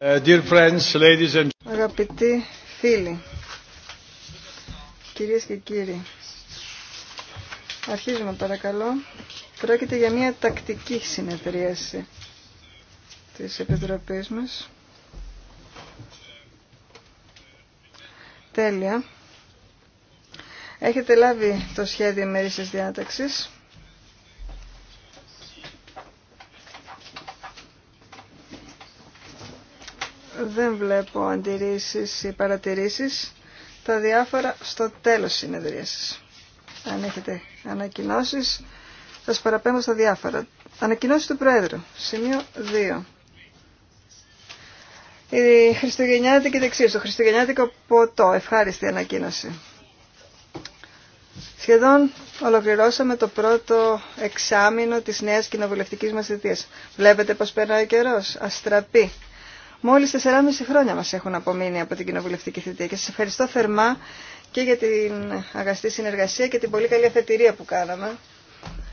Uh, Αγαπητοί φίλοι, κυρίες και κύριοι, αρχίζουμε παρακαλώ. Πρόκειται για μια τακτική συνεδρίαση της Επιτροπής μας. Τέλεια. Έχετε λάβει το σχέδιο μέρης της διάταξης. Δεν βλέπω αντιρρήσεις ή παρατηρήσεις. Τα διάφορα στο τέλος συνεδρίασης. Αν έχετε ανακοινώσεις, σας παραπέμπω στα διάφορα. Ανακοινώσεις του Πρόεδρου. Σημείο 2. Η Χριστουγεννιάτικη δεξίωση, το Χριστουγεννιάτικο ποτό, ευχάριστη ανακοίνωση. Σχεδόν ολοκληρώσαμε το πρώτο εξάμεινο της νέας κοινοβουλευτικής μας θητείας. Βλέπετε πως περνάει ο καιρός, αστραπή. Μόλις 4,5 χρόνια μας έχουν απομείνει από την κοινοβουλευτική θητεία και σας ευχαριστώ θερμά και για την αγαστή συνεργασία και την πολύ καλή αφετηρία που κάναμε.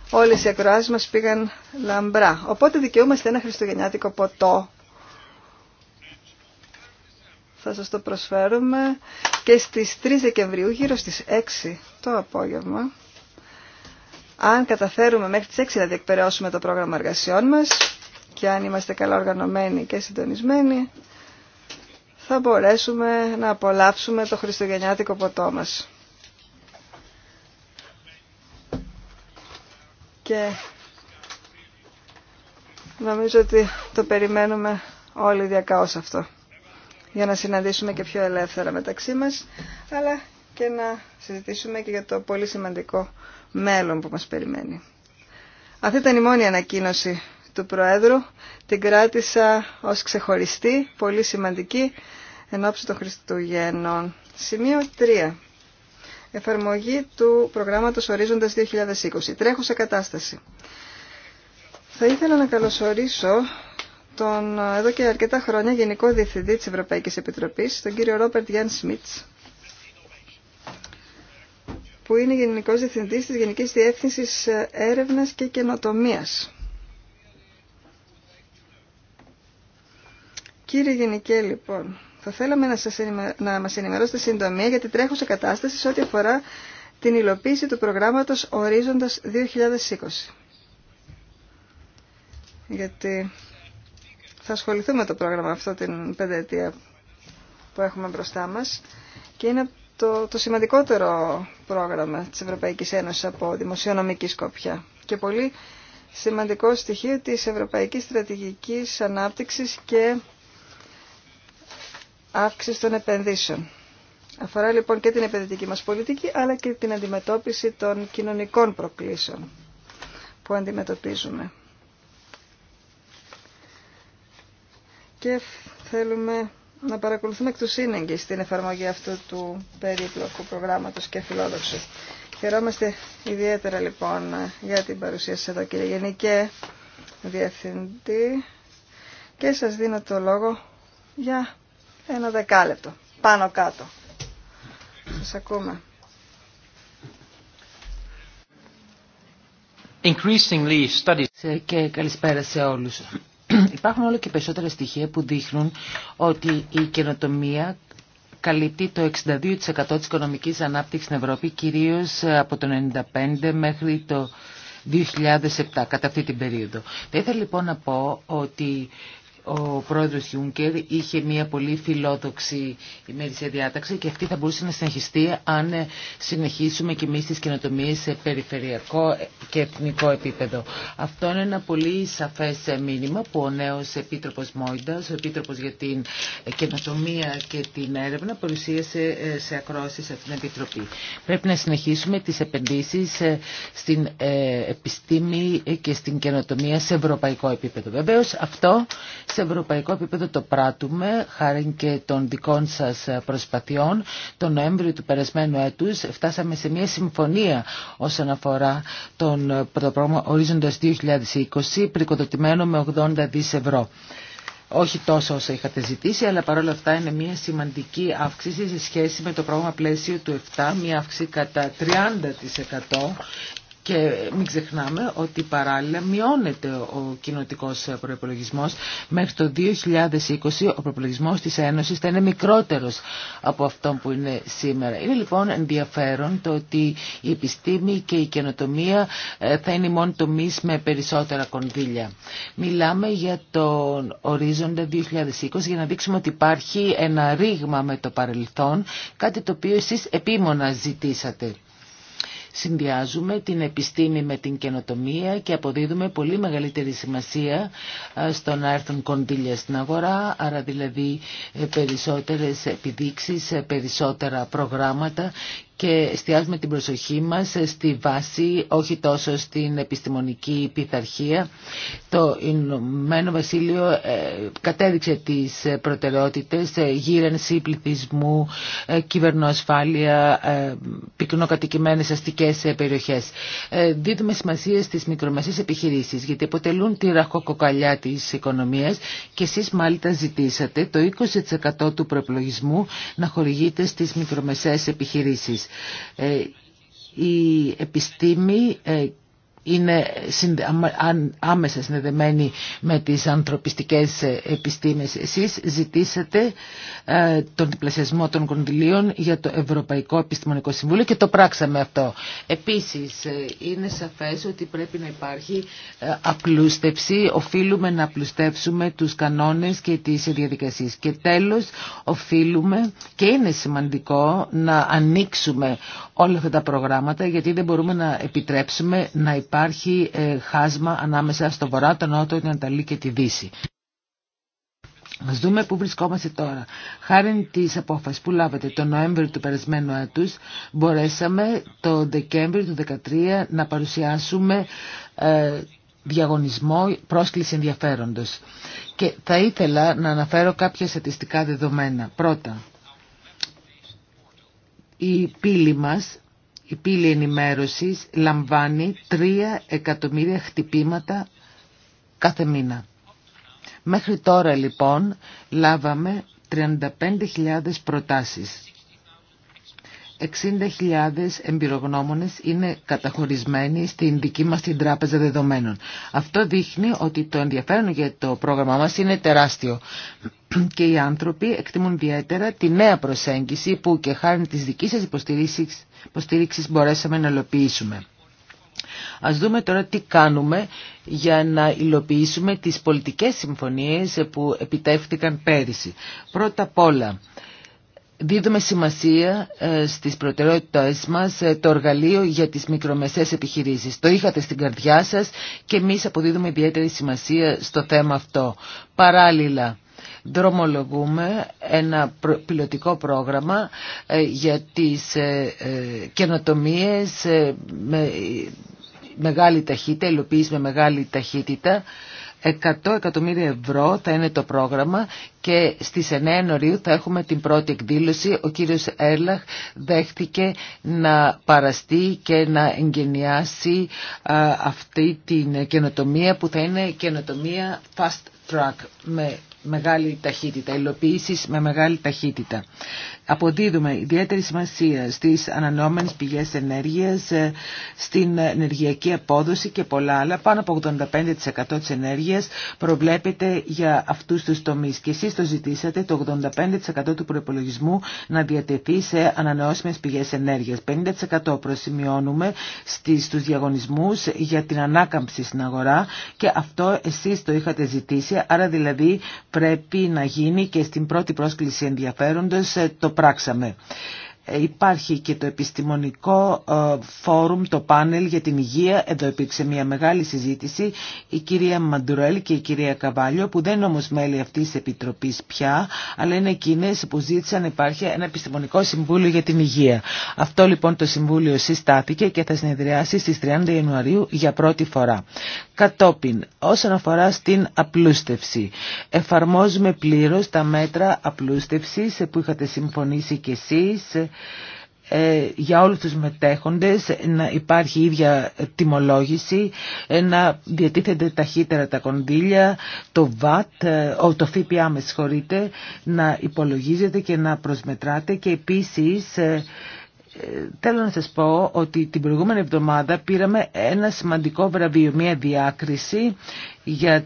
Όλες οι ακροάσεις μας πήγαν λαμπρά. Οπότε δικαιούμαστε ένα χριστουγεννιάτικο ποτό. Θα σας το προσφέρουμε και στις 3 Δεκεμβρίου, γύρω στις 6 το απόγευμα. Αν καταφέρουμε μέχρι τις 6 να διεκπαιρεώσουμε το πρόγραμμα εργασιών μας, και αν είμαστε καλά οργανωμένοι και συντονισμένοι, θα μπορέσουμε να απολαύσουμε το χριστουγεννιάτικο ποτό μας. Και νομίζω ότι το περιμένουμε όλοι διακάως αυτό για να συναντήσουμε και πιο ελεύθερα μεταξύ μας, αλλά και να συζητήσουμε και για το πολύ σημαντικό μέλλον που μας περιμένει. Αυτή ήταν η μόνη ανακοίνωση του Προέδρου την κράτησα ως ξεχωριστή, πολύ σημαντική, εν ώψη των Χριστουγέννων. Σημείο 3. Εφαρμογή του προγράμματος Ορίζοντας 2020. Τρέχουσα κατάσταση. Θα ήθελα να καλωσορίσω τον εδώ και αρκετά χρόνια Γενικό Διευθυντή της Ευρωπαϊκής Επιτροπής, τον κύριο Ρόπερτ Γιάν Σμιτς, που είναι Γενικός Διευθυντής της Γενικής Διεύθυνσης Έρευνας και Καινοτομίας. Κύριε Γενικέ, λοιπόν, θα θέλαμε να, σας να μας ενημερώσετε συντομία για την τρέχουσα κατάσταση σε ό,τι αφορά την υλοποίηση του προγράμματος Ορίζοντας 2020. Γιατί θα ασχοληθούμε με το πρόγραμμα αυτό την πενταετία που έχουμε μπροστά μας και είναι το, το σημαντικότερο πρόγραμμα της Ευρωπαϊκής Ένωσης από δημοσιονομική σκοπιά και πολύ σημαντικό στοιχείο της Ευρωπαϊκής Στρατηγικής Ανάπτυξης και αύξηση των επενδύσεων. Αφορά λοιπόν και την επενδυτική μας πολιτική, αλλά και την αντιμετώπιση των κοινωνικών προκλήσεων που αντιμετωπίζουμε. Και θέλουμε να παρακολουθούμε εκ του σύνεγγυ στην εφαρμογή αυτού του περίπλοκου προγράμματος και φιλόδοξου. Χαιρόμαστε ιδιαίτερα λοιπόν για την παρουσία σας εδώ κύριε Γενικέ Διευθυντή και σας δίνω το λόγο για ένα δεκάλεπτο. Πάνω κάτω. Σας ακούμε. Increasingly studies. Και καλησπέρα σε όλους. Υπάρχουν όλο και περισσότερα στοιχεία που δείχνουν ότι η καινοτομία καλύπτει το 62% της οικονομικής ανάπτυξης στην Ευρώπη, κυρίως από το 1995 μέχρι το 2007, κατά αυτή την περίοδο. Θα ήθελα λοιπόν να πω ότι ο Πρόεδρο Ιούνκερ είχε μια πολύ φιλόδοξη ημερήσια διάταξη και αυτή θα μπορούσε να συνεχιστεί αν ε, συνεχίσουμε και εμεί τις καινοτομίε σε περιφερειακό ε, και εθνικό επίπεδο. Αυτό είναι ένα πολύ σαφές ε, μήνυμα που ο νέος Επίτροπος Μόιντας, ο Επίτροπος για την Καινοτομία και την Έρευνα παρουσίασε σε ακρόαση σε αυτήν την Επιτροπή. Πρέπει να συνεχίσουμε τις επενδύσεις στην επιστήμη και στην καινοτομία σε ευρωπαϊκό επίπεδο. Βεβαίω αυτό σε ευρωπαϊκό επίπεδο το πράττουμε χάρη και των δικών σας ε, προσπαθειών. Τον Νοέμβριο του περασμένου έτους φτάσαμε σε μια συμφωνία όσον αφορά τον ε, πρόγραμμα Ορίζοντας 2020 πρικοδοτημένο με 80 δις ευρώ. Όχι τόσο όσο είχατε ζητήσει, αλλά παρόλα αυτά είναι μια σημαντική αύξηση σε σχέση με το πρόγραμμα πλαίσιο του 7, μια αύξηση κατά 30% και μην ξεχνάμε ότι παράλληλα μειώνεται ο κοινοτικό προπολογισμό. Μέχρι το 2020 ο προπολογισμό τη Ένωση θα είναι μικρότερο από αυτό που είναι σήμερα. Είναι λοιπόν ενδιαφέρον το ότι η επιστήμη και η καινοτομία ε, θα είναι μόνο τομεί με περισσότερα κονδύλια. Μιλάμε για τον ορίζοντα 2020 για να δείξουμε ότι υπάρχει ένα ρήγμα με το παρελθόν, κάτι το οποίο εσείς επίμονα ζητήσατε συνδυάζουμε την επιστήμη με την καινοτομία και αποδίδουμε πολύ μεγαλύτερη σημασία στο να έρθουν κοντήλια στην αγορά, άρα δηλαδή ε, περισσότερες επιδείξεις, ε, περισσότερα προγράμματα και εστιάζουμε την προσοχή μας στη βάση, όχι τόσο στην επιστημονική πειθαρχία. Το Ηνωμένο Βασίλειο ε, κατέδειξε τις προτεραιότητες, ε, γύρανση πληθυσμού, ε, κυβερνοασφάλεια, πυκνοκατοικημένες αστικές περιοχές. Δίδουμε σημασία στις μικρομεσαίες επιχειρήσεις, γιατί αποτελούν τη ραχοκοκαλιά της οικονομίας και εσείς μάλιστα ζητήσατε το 20% του προεπλογισμού να χορηγείται στις μικρομεσαίες επιχειρήσεις. Ε, η επιστήμη ε, είναι άμεσα συνδεδεμένη με τις ανθρωπιστικές ε, επιστήμες. Εσείς ζητήσατε ε, τον διπλασιασμό των κονδυλίων για το Ευρωπαϊκό Επιστημονικό Συμβούλιο και το πράξαμε αυτό. Επίσης, ε, είναι σαφές ότι πρέπει να υπάρχει απλούστευση. Οφείλουμε να απλουστεύσουμε τους κανόνες και τις διαδικασίες. Και τέλος, οφείλουμε και είναι σημαντικό να ανοίξουμε όλα αυτά τα προγράμματα γιατί δεν μπορούμε να επιτρέψουμε να υπάρχει ε, χάσμα ανάμεσα στο βορρά, τον νότο, την Ανταλή και τη Δύση. Α δούμε πού βρισκόμαστε τώρα. Χάρη της απόφασης που βρισκομαστε τωρα χαρη της αποφαση που λαβατε τον Νοέμβριο του περασμένου έτου, μπορέσαμε τον Δεκέμβριο του 2013 να παρουσιάσουμε ε, διαγωνισμό πρόσκληση ενδιαφέροντο. Και θα ήθελα να αναφέρω κάποια στατιστικά δεδομένα. Πρώτα, η πύλη μας η πύλη ενημέρωσης λαμβάνει 3 εκατομμύρια χτυπήματα κάθε μήνα. Μέχρι τώρα λοιπόν λάβαμε 35.000 προτάσεις. 60.000 εμπειρογνώμονες είναι καταχωρισμένοι στην δική μας την τράπεζα δεδομένων. Αυτό δείχνει ότι το ενδιαφέρον για το πρόγραμμά μας είναι τεράστιο και οι άνθρωποι εκτιμούν ιδιαίτερα τη νέα προσέγγιση που και χάρη της δικής σας υποστήριξης μπορέσαμε να υλοποιήσουμε. Ας δούμε τώρα τι κάνουμε για να υλοποιήσουμε τις πολιτικές συμφωνίες που επιτεύχθηκαν πέρυσι. Πρώτα απ' όλα, Δίδουμε σημασία ε, στις προτεραιότητες μας ε, το εργαλείο για τις μικρομεσαίες επιχειρήσεις. Το είχατε στην καρδιά σας και εμείς αποδίδουμε ιδιαίτερη σημασία στο θέμα αυτό. Παράλληλα, δρομολογούμε ένα πιλωτικό πρόγραμμα ε, για τις καινοτομίες με μεγάλη ταχύτητα, με μεγάλη ταχύτητα 100 εκατομμύρια ευρώ θα είναι το πρόγραμμα και στις 9 Ιανουαρίου θα έχουμε την πρώτη εκδήλωση. Ο κύριος Έρλαχ δέχτηκε να παραστεί και να εγγενιάσει αυτή την καινοτομία που θα είναι καινοτομία fast track με μεγάλη ταχύτητα, υλοποίησης με μεγάλη ταχύτητα. Αποδίδουμε ιδιαίτερη σημασία στις ανανόμενες πηγές ενέργειας, ε, στην ενεργειακή απόδοση και πολλά άλλα. Πάνω από 85% της ενέργειας προβλέπεται για αυτούς τους τομείς. Και εσείς το ζητήσατε το 85% του προπολογισμού να διατεθεί σε ανανεώσιμες πηγές ενέργειας. 50% προσημειώνουμε στους διαγωνισμούς για την ανάκαμψη στην αγορά και αυτό εσείς το είχατε ζητήσει, άρα δηλαδή πρέπει να γίνει και στην πρώτη πρόσκληση ενδιαφέροντος ε, το πράξαμε. Ε, υπάρχει και το επιστημονικό ε, φόρουμ, το πάνελ για την υγεία. Εδώ υπήρξε μια μεγάλη συζήτηση. Η κυρία Μαντουρέλ και η κυρία Καβάλιο, που δεν είναι όμως μέλη αυτής της Επιτροπής πια, αλλά είναι εκείνες που ζήτησαν να υπάρχει ένα επιστημονικό συμβούλιο για την υγεία. Αυτό λοιπόν το συμβούλιο συστάθηκε και θα συνεδριάσει στις 30 Ιανουαρίου για πρώτη φορά. Κατόπιν, όσον αφορά στην απλούστευση, εφαρμόζουμε πλήρως τα μέτρα απλούστευσης ε, που είχατε συμφωνήσει κι εσείς ε, για όλους τους μετέχοντες να υπάρχει ίδια τιμολόγηση, ε, να διατίθεται ταχύτερα τα κονδύλια, το VAT, ε, το ΦΠΑ με να υπολογίζεται και να προσμετράτε και επίσης Θέλω να σας πω ότι την προηγούμενη εβδομάδα πήραμε ένα σημαντικό βραβείο, μια διάκριση για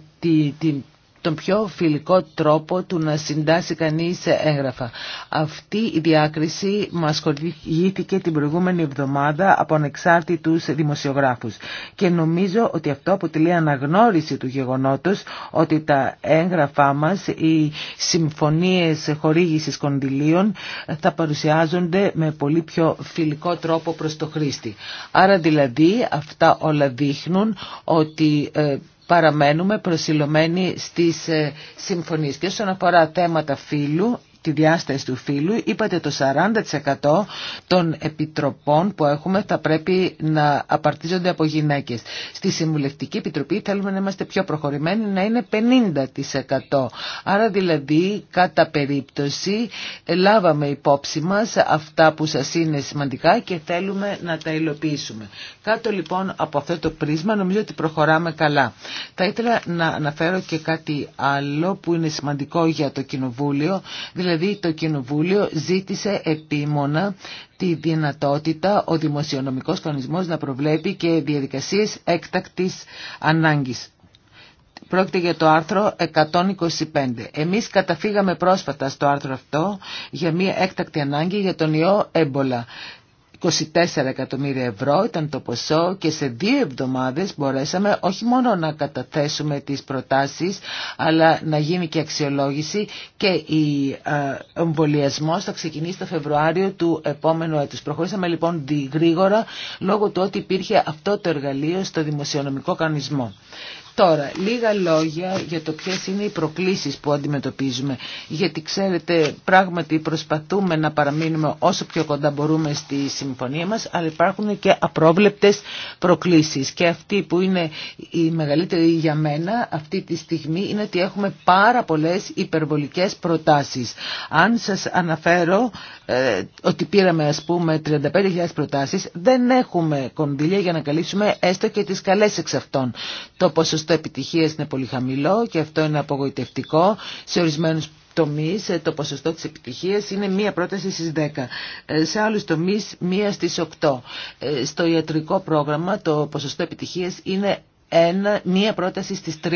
την τον πιο φιλικό τρόπο του να συντάσει κανείς έγγραφα. Αυτή η διάκριση μας χορηγήθηκε την προηγούμενη εβδομάδα από ανεξάρτητους δημοσιογράφους και νομίζω ότι αυτό αποτελεί αναγνώριση του γεγονότος ότι τα έγγραφά μας, οι συμφωνίες χορήγησης κονδυλίων θα παρουσιάζονται με πολύ πιο φιλικό τρόπο προς το χρήστη. Άρα δηλαδή αυτά όλα δείχνουν ότι ε, παραμένουμε προσιλωμένοι στις ε, συμφωνίες. Και όσον αφορά θέματα φύλου, τη διάσταση του φύλου. Είπατε το 40% των επιτροπών που έχουμε θα πρέπει να απαρτίζονται από γυναίκες. Στη Συμβουλευτική Επιτροπή θέλουμε να είμαστε πιο προχωρημένοι, να είναι 50%. Άρα δηλαδή κατά περίπτωση λάβαμε υπόψη μας αυτά που σας είναι σημαντικά και θέλουμε να τα υλοποιήσουμε. Κάτω λοιπόν από αυτό το πρίσμα νομίζω ότι προχωράμε καλά. Θα ήθελα να αναφέρω και κάτι άλλο που είναι σημαντικό για το Κοινοβούλιο, δηλαδή Δηλαδή το Κοινοβούλιο ζήτησε επίμονα τη δυνατότητα ο δημοσιονομικός κανονισμός να προβλέπει και διαδικασίες έκτακτης ανάγκης. Πρόκειται για το άρθρο 125. Εμείς καταφύγαμε πρόσφατα στο άρθρο αυτό για μια έκτακτη ανάγκη για τον ιό έμπολα. 24 εκατομμύρια ευρώ ήταν το ποσό και σε δύο εβδομάδες μπορέσαμε όχι μόνο να καταθέσουμε τις προτάσεις αλλά να γίνει και αξιολόγηση και η ε, εμβολιασμό θα ξεκινήσει το Φεβρουάριο του επόμενου έτους. Προχωρήσαμε λοιπόν γρήγορα λόγω του ότι υπήρχε αυτό το εργαλείο στο δημοσιονομικό κανονισμό. Τώρα, λίγα λόγια για το ποιες είναι οι προκλήσεις που αντιμετωπίζουμε. Γιατί ξέρετε, πράγματι προσπαθούμε να παραμείνουμε όσο πιο κοντά μπορούμε στη συμφωνία μας, αλλά υπάρχουν και απρόβλεπτες προκλήσεις. Και αυτή που είναι η μεγαλύτερη για μένα αυτή τη στιγμή είναι ότι έχουμε πάρα πολλές υπερβολικές προτάσεις. Αν σας αναφέρω ε, ότι πήραμε ας πούμε 35.000 προτάσεις, δεν έχουμε κονδύλια για να καλύψουμε έστω και τις καλές εξ αυτών. Το ποσοστό ποσοστό επιτυχίας είναι πολύ χαμηλό και αυτό είναι απογοητευτικό σε ορισμένους τομείς ε, το ποσοστό της επιτυχίας είναι μία πρόταση στις 10. Ε, σε άλλους τομείς μία στις 8. Ε, στο ιατρικό πρόγραμμα το ποσοστό επιτυχίας είναι ένα, μία πρόταση στις 30.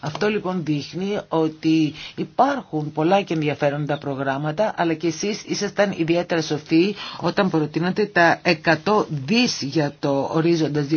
Αυτό λοιπόν δείχνει ότι υπάρχουν πολλά και ενδιαφέροντα προγράμματα, αλλά και εσείς ήσασταν ιδιαίτερα σοφοί όταν προτείνατε τα 100 δις για το ορίζοντας 2020.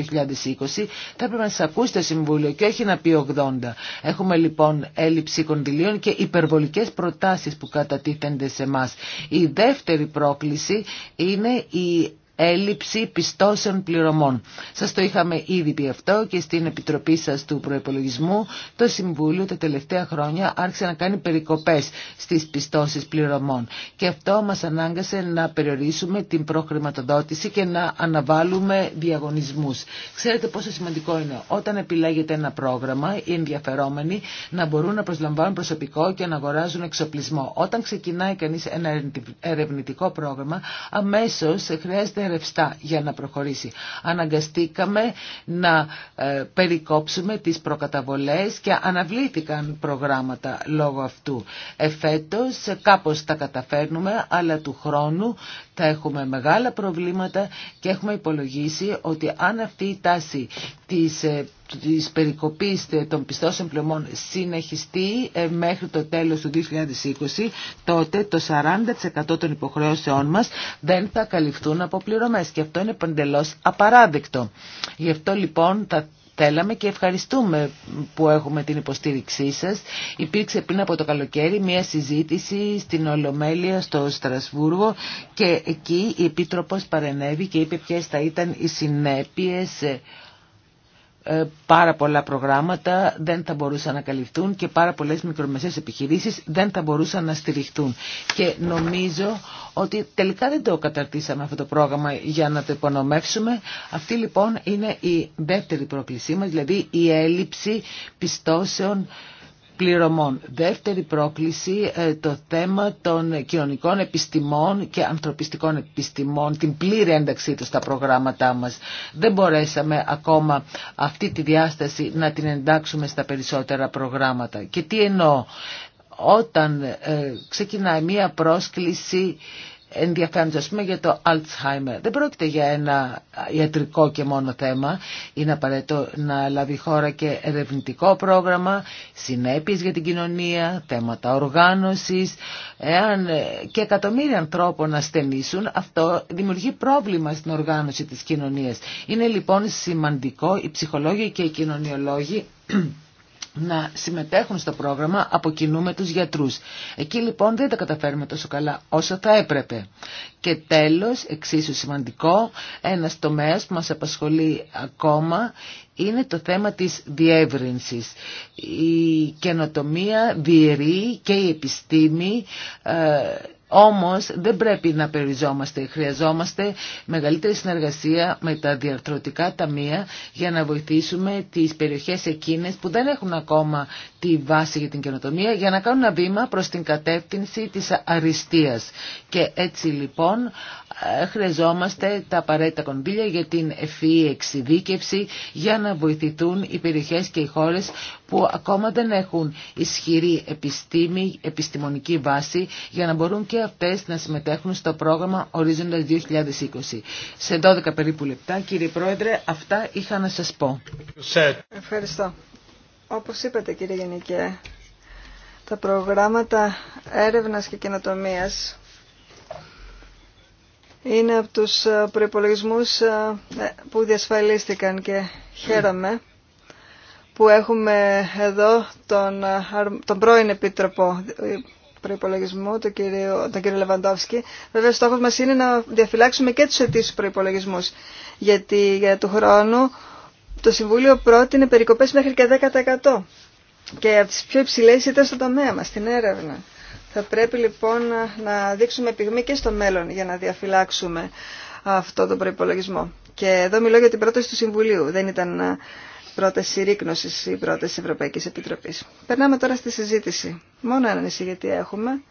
Θα έπρεπε να σας ακούσει το Συμβούλιο και όχι να πει 80. Έχουμε λοιπόν έλλειψη κονδυλίων και υπερβολικές προτάσεις που κατατίθενται σε εμά. Η δεύτερη πρόκληση είναι η έλλειψη πιστώσεων πληρωμών. Σας το είχαμε ήδη πει αυτό και στην Επιτροπή σας του Προϋπολογισμού το Συμβούλιο τα τελευταία χρόνια άρχισε να κάνει περικοπές στις πιστώσεις πληρωμών και αυτό μας ανάγκασε να περιορίσουμε την προχρηματοδότηση και να αναβάλουμε διαγωνισμούς. Ξέρετε πόσο σημαντικό είναι όταν επιλέγετε ένα πρόγραμμα οι ενδιαφερόμενοι να μπορούν να προσλαμβάνουν προσωπικό και να αγοράζουν εξοπλισμό. Όταν ξεκινάει κανείς ένα ερευνητικό πρόγραμμα αμέσως χρειάζεται ρευστά για να προχωρήσει. Αναγκαστήκαμε να ε, περικόψουμε τις προκαταβολές και αναβλήθηκαν προγράμματα λόγω αυτού. Εφέτος κάπως τα καταφέρνουμε, αλλά του χρόνου θα έχουμε μεγάλα προβλήματα και έχουμε υπολογίσει ότι αν αυτή η τάση της, ε, της περικοπής ε, των πιστώσεων πλεμών συνεχιστεί ε, μέχρι το τέλος του 2020, τότε το 40% των υποχρεώσεών μας δεν θα καλυφθούν από πληρωμές και αυτό είναι παντελώς απαράδεκτο. Γι' αυτό λοιπόν θα θέλαμε και ευχαριστούμε που έχουμε την υποστήριξή σας. Υπήρξε πριν από το καλοκαίρι μια συζήτηση στην Ολομέλεια στο Στρασβούργο και εκεί η Επίτροπος παρενέβη και είπε ποιες θα ήταν οι συνέπειες ε, πάρα πολλά προγράμματα δεν θα μπορούσαν να καλυφθούν και πάρα πολλές μικρομεσαίες επιχειρήσεις δεν θα μπορούσαν να στηριχτούν. Και νομίζω ότι τελικά δεν το καταρτήσαμε αυτό το πρόγραμμα για να το υπονομεύσουμε. Αυτή λοιπόν είναι η δεύτερη πρόκλησή μας, δηλαδή η έλλειψη πιστώσεων πληρωμών. Δεύτερη πρόκληση, ε, το θέμα των κοινωνικών επιστημών και ανθρωπιστικών επιστημών, την πλήρη ένταξή του στα προγράμματά μας. Δεν μπορέσαμε ακόμα αυτή τη διάσταση να την εντάξουμε στα περισσότερα προγράμματα. Και τι εννοώ, όταν ε, ξεκινάει μία πρόσκληση ενδιαφέροντα, πούμε για το Alzheimer. Δεν πρόκειται για ένα ιατρικό και μόνο θέμα. Είναι απαραίτητο να λάβει χώρα και ερευνητικό πρόγραμμα, συνέπειες για την κοινωνία, θέματα οργάνωσης. Εάν και εκατομμύρια ανθρώπων ασθενήσουν, αυτό δημιουργεί πρόβλημα στην οργάνωση της κοινωνία. Είναι λοιπόν σημαντικό οι ψυχολόγοι και οι κοινωνιολόγοι να συμμετέχουν στο πρόγραμμα από κοινού με τους γιατρούς. Εκεί λοιπόν δεν τα καταφέρουμε τόσο καλά όσο θα έπρεπε. Και τέλος, εξίσου σημαντικό, ένας τομέας που μας απασχολεί ακόμα είναι το θέμα της διεύρυνσης. Η καινοτομία διαιρεί και η επιστήμη ε, όμως δεν πρέπει να περιζόμαστε. Χρειαζόμαστε μεγαλύτερη συνεργασία με τα διαρθρωτικά ταμεία για να βοηθήσουμε τις περιοχές εκείνες που δεν έχουν ακόμα τη βάση για την καινοτομία για να κάνουν ένα βήμα προς την κατεύθυνση της αριστείας. Και έτσι λοιπόν χρειαζόμαστε τα απαραίτητα κονδύλια για την ευφυή εξειδίκευση για να βοηθηθούν οι περιοχές και οι χώρες που ακόμα δεν έχουν ισχυρή επιστήμη, επιστημονική βάση για να μπορούν και αυτές να συμμετέχουν στο πρόγραμμα Ορίζοντας 2020. Σε 12 περίπου λεπτά, κύριε Πρόεδρε, αυτά είχα να σας πω. Ευχαριστώ. Όπως είπατε κύριε Γενικέ, τα προγράμματα έρευνας και καινοτομίας είναι από τους ε, προϋπολογισμούς ε, που διασφαλίστηκαν και χαίρομαι που έχουμε εδώ τον, ε, τον πρώην Επίτροπο Προϋπολογισμού, τον κύριο, τον κύριο Λεβαντόφσκι. Βέβαια, στόχος μας είναι να διαφυλάξουμε και τους αιτήσεις προϋπολογισμούς, γιατί για του χρόνου το Συμβούλιο πρότεινε περικοπές μέχρι και 10% και από τις πιο υψηλές ήταν στο τομέα μας, στην έρευνα. Θα πρέπει λοιπόν να δείξουμε πυγμή και στο μέλλον για να διαφυλάξουμε αυτό το προπολογισμό. Και εδώ μιλώ για την πρόταση του Συμβουλίου. Δεν ήταν πρόταση ρήκνωση ή πρόταση Ευρωπαϊκή Επιτροπή. Περνάμε τώρα στη συζήτηση. Μόνο έναν εισηγητή έχουμε.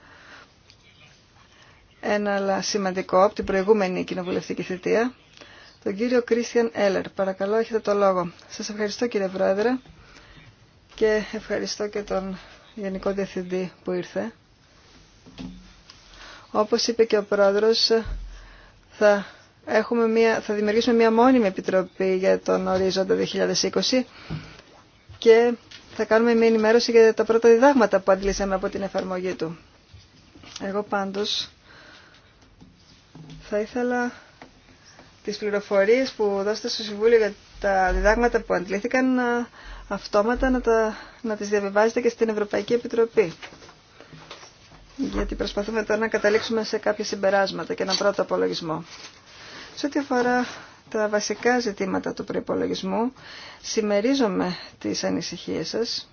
Ένα αλλά σημαντικό από την προηγούμενη κοινοβουλευτική θητεία. Τον κύριο Κρίστιαν Έλερ. Παρακαλώ, έχετε το λόγο. Σα ευχαριστώ κύριε Πρόεδρε και ευχαριστώ και τον Γενικό Διευθυντή που ήρθε. Όπως είπε και ο πρόεδρος, θα, έχουμε μια, θα δημιουργήσουμε μια μόνιμη επιτροπή για τον ορίζοντα 2020 και θα κάνουμε μια ενημέρωση για τα πρώτα διδάγματα που αντλήσαμε από την εφαρμογή του. Εγώ πάντως θα ήθελα τις πληροφορίες που δώσετε στο Συμβούλιο για τα διδάγματα που αντλήθηκαν ε, αυτόματα να, τα, να τις διαβιβάζετε και στην Ευρωπαϊκή Επιτροπή γιατί προσπαθούμε τώρα να καταλήξουμε σε κάποια συμπεράσματα και ένα πρώτο απολογισμό. Σε ό,τι αφορά τα βασικά ζητήματα του προϋπολογισμού, συμμερίζομαι τις ανησυχίες σας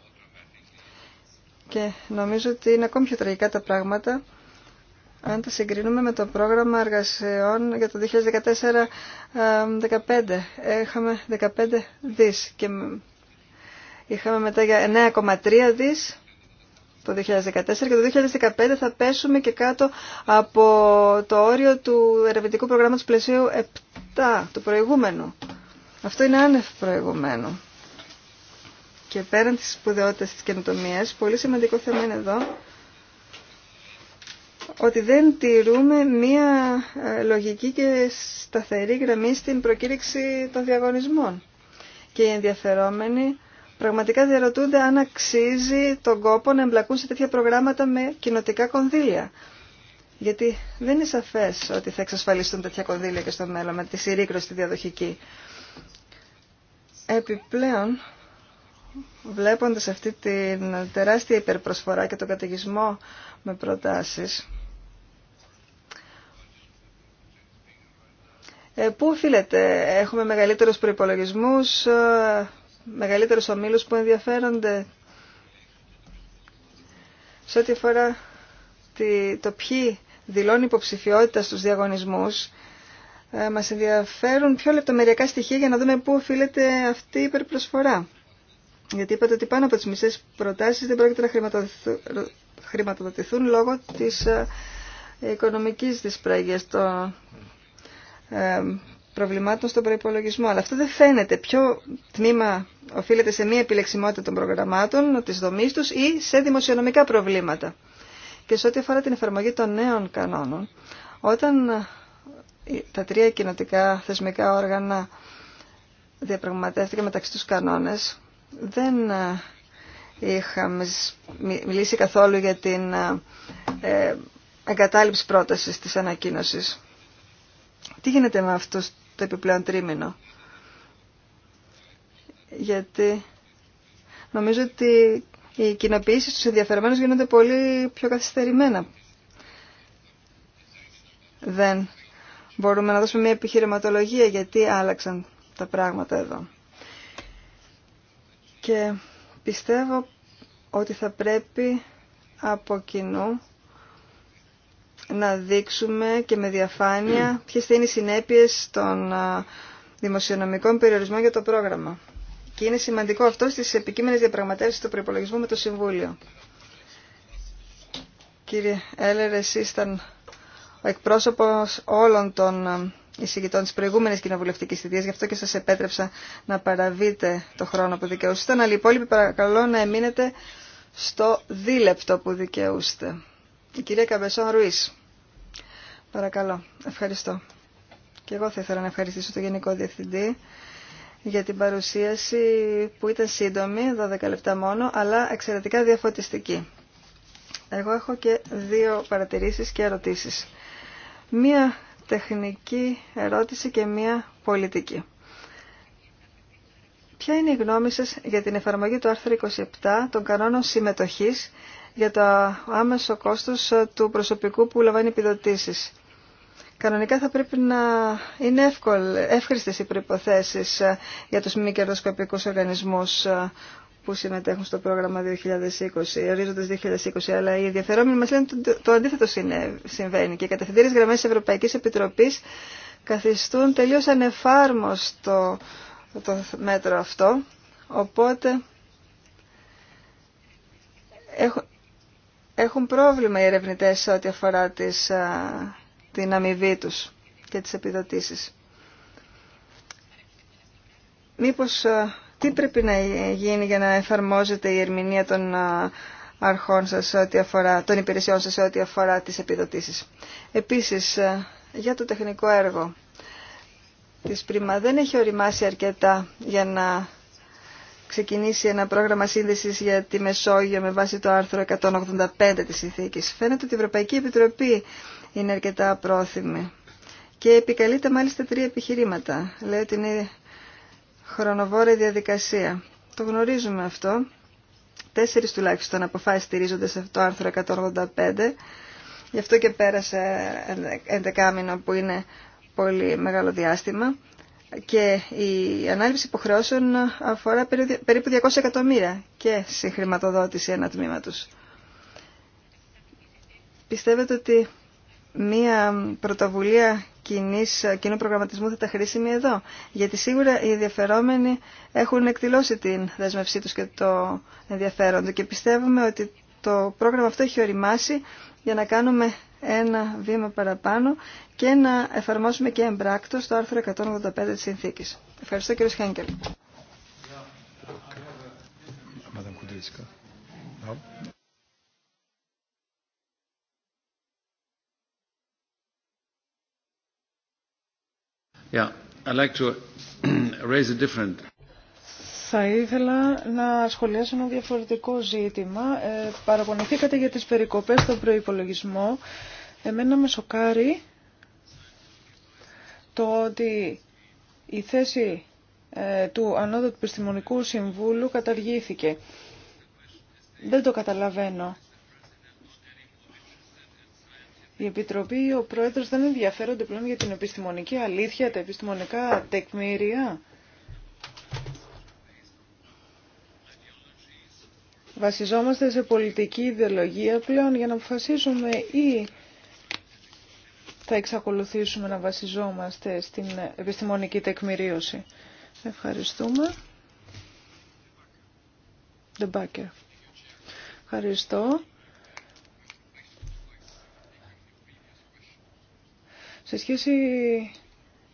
και νομίζω ότι είναι ακόμη πιο τραγικά τα πράγματα αν τα συγκρίνουμε με το πρόγραμμα εργασιών για το 2014-2015. Έχαμε 15 δις και είχαμε μετά για 9,3 δις το 2014 και το 2015 θα πέσουμε και κάτω από το όριο του ερευνητικού προγράμματος πλαισίου 7, του προηγούμενου. Αυτό είναι άνευ προηγουμένο. Και πέραν της σπουδαιότητας της καινοτομίας, πολύ σημαντικό θέμα είναι εδώ, ότι δεν τηρούμε μία ε, λογική και σταθερή γραμμή στην προκήρυξη των διαγωνισμών. Και οι ενδιαφερόμενοι πραγματικά διαρωτούνται αν αξίζει τον κόπο να εμπλακούν σε τέτοια προγράμματα με κοινοτικά κονδύλια. Γιατί δεν είναι σαφέ ότι θα εξασφαλιστούν τέτοια κονδύλια και στο μέλλον με τη συρρήκρωση τη διαδοχική. Επιπλέον, βλέποντας αυτή την τεράστια υπερπροσφορά και τον καταιγισμό με προτάσεις, ε, πού οφείλεται, έχουμε μεγαλύτερους προϋπολογισμούς, ε, μεγαλύτερους ομίλους που ενδιαφέρονται σε ό,τι αφορά το ποιοι δηλώνει υποψηφιότητα στους διαγωνισμούς ε, μας ενδιαφέρουν πιο λεπτομεριακά στοιχεία για να δούμε πού οφείλεται αυτή η υπερπροσφορά. Γιατί είπατε ότι πάνω από τις μισές προτάσεις δεν πρόκειται να χρηματοδοτηθούν λόγω της ε, οικονομικής δυσπραγίας των προβλημάτων στον προπολογισμό. Αλλά αυτό δεν φαίνεται. Ποιο τμήμα οφείλεται σε μία επιλεξιμότητα των προγραμμάτων, τη δομή του ή σε δημοσιονομικά προβλήματα. Και σε ό,τι αφορά την εφαρμογή των νέων κανόνων, όταν ε, τα τρία κοινοτικά θεσμικά όργανα διαπραγματεύτηκαν μεταξύ τους κανόνες, δεν ε, είχαμε μιλήσει καθόλου για την ε, εγκατάλειψη πρότασης της ανακοίνωσης. Τι γίνεται με αυτούς το επιπλέον τρίμηνο. Γιατί νομίζω ότι οι κοινοποιήσεις στους ενδιαφερομένους γίνονται πολύ πιο καθυστερημένα. Δεν μπορούμε να δώσουμε μια επιχειρηματολογία γιατί άλλαξαν τα πράγματα εδώ. Και πιστεύω ότι θα πρέπει από κοινού να δείξουμε και με διαφάνεια ποιες θα είναι οι συνέπειες των δημοσιονομικών περιορισμών για το πρόγραμμα. Και είναι σημαντικό αυτό στις επικείμενες διαπραγματεύσεις του προπολογισμού με το Συμβούλιο. Κύριε Έλερ, εσείς ήταν ο εκπρόσωπος όλων των εισηγητών της προηγούμενης κοινοβουλευτικής θητείας, γι' αυτό και σας επέτρεψα να παραβείτε το χρόνο που δικαιούσατε. Αλλά οι υπόλοιποι λοιπόν, παρακαλώ να εμείνετε στο δίλεπτο που δικαιούστε. Η κυρία Καμπεσόν Ρουίς. Παρακαλώ. Ευχαριστώ. Και εγώ θα ήθελα να ευχαριστήσω τον Γενικό Διευθυντή για την παρουσίαση που ήταν σύντομη, 12 λεπτά μόνο, αλλά εξαιρετικά διαφωτιστική. Εγώ έχω και δύο παρατηρήσεις και ερωτήσεις. Μία τεχνική ερώτηση και μία πολιτική. Ποια είναι η γνώμη σας για την εφαρμογή του άρθρου 27 των κανόνων συμμετοχής για το άμεσο κόστος του προσωπικού που λαμβάνει επιδοτήσεις Κανονικά θα πρέπει να είναι εύκολ, οι προϋποθέσεις ε, για τους μη κερδοσκοπικούς οργανισμούς ε, που συμμετέχουν στο πρόγραμμα 2020, ορίζοντας 2020, αλλά οι ενδιαφερόμενοι μας λένε ότι το αντίθετο συμβαίνει και οι κατευθυντήρες γραμμές της Ευρωπαϊκής Επιτροπής καθιστούν τελείως ανεφάρμοστο το μέτρο αυτό, οπότε έχουν, πρόβλημα οι ερευνητές ό,τι αφορά τις ε, την αμοιβή τους και τις επιδοτήσεις. Μήπως ε, τι πρέπει να γίνει για να εφαρμόζεται η ερμηνεία των ε, αρχών σας ό,τι αφορά, των υπηρεσιών σας σε ό,τι αφορά τις επιδοτήσεις. Επίσης, ε, για το τεχνικό έργο της Πρίμα δεν έχει οριμάσει αρκετά για να ξεκινήσει ένα πρόγραμμα σύνδεσης για τη Μεσόγειο με βάση το άρθρο 185 της Συνθήκης. Φαίνεται ότι η Ευρωπαϊκή Επιτροπή είναι αρκετά απρόθυμη. Και επικαλείται μάλιστα τρία επιχειρήματα. Λέει ότι είναι χρονοβόρη διαδικασία. Το γνωρίζουμε αυτό. Τέσσερις τουλάχιστον αποφάσεις στηρίζονται σε αυτό το άρθρο 185. Γι' αυτό και πέρασε 11 που είναι πολύ μεγάλο διάστημα. Και η ανάληψη υποχρεώσεων αφορά περίπου 200 εκατομμύρια και συγχρηματοδότηση ένα τμήμα τους. Πιστεύετε ότι μία πρωτοβουλία κοινής, κοινού προγραμματισμού θα τα χρήσιμη εδώ. Γιατί σίγουρα οι ενδιαφερόμενοι έχουν εκδηλώσει την δέσμευσή τους και το ενδιαφέρον του και πιστεύουμε ότι το πρόγραμμα αυτό έχει οριμάσει για να κάνουμε ένα βήμα παραπάνω και να εφαρμόσουμε και εμπράκτο το άρθρο 185 της Συνθήκης. Ευχαριστώ κύριε Χένκελ. Θα ήθελα να σχολιάσω ένα διαφορετικό ζήτημα. Ε, παραπονηθήκατε για τις περικοπές στον προϋπολογισμό. Εμένα με σοκάρει το ότι η θέση ε, του ανώτατου επιστημονικού συμβούλου καταργήθηκε. Δεν το καταλαβαίνω η Επιτροπή, ο Πρόεδρος δεν ενδιαφέρονται πλέον για την επιστημονική αλήθεια, τα επιστημονικά τεκμήρια. Βασιζόμαστε σε πολιτική ιδεολογία πλέον για να αποφασίσουμε ή θα εξακολουθήσουμε να βασιζόμαστε στην επιστημονική τεκμηρίωση. Ευχαριστούμε. Ευχαριστώ. Σε σχέση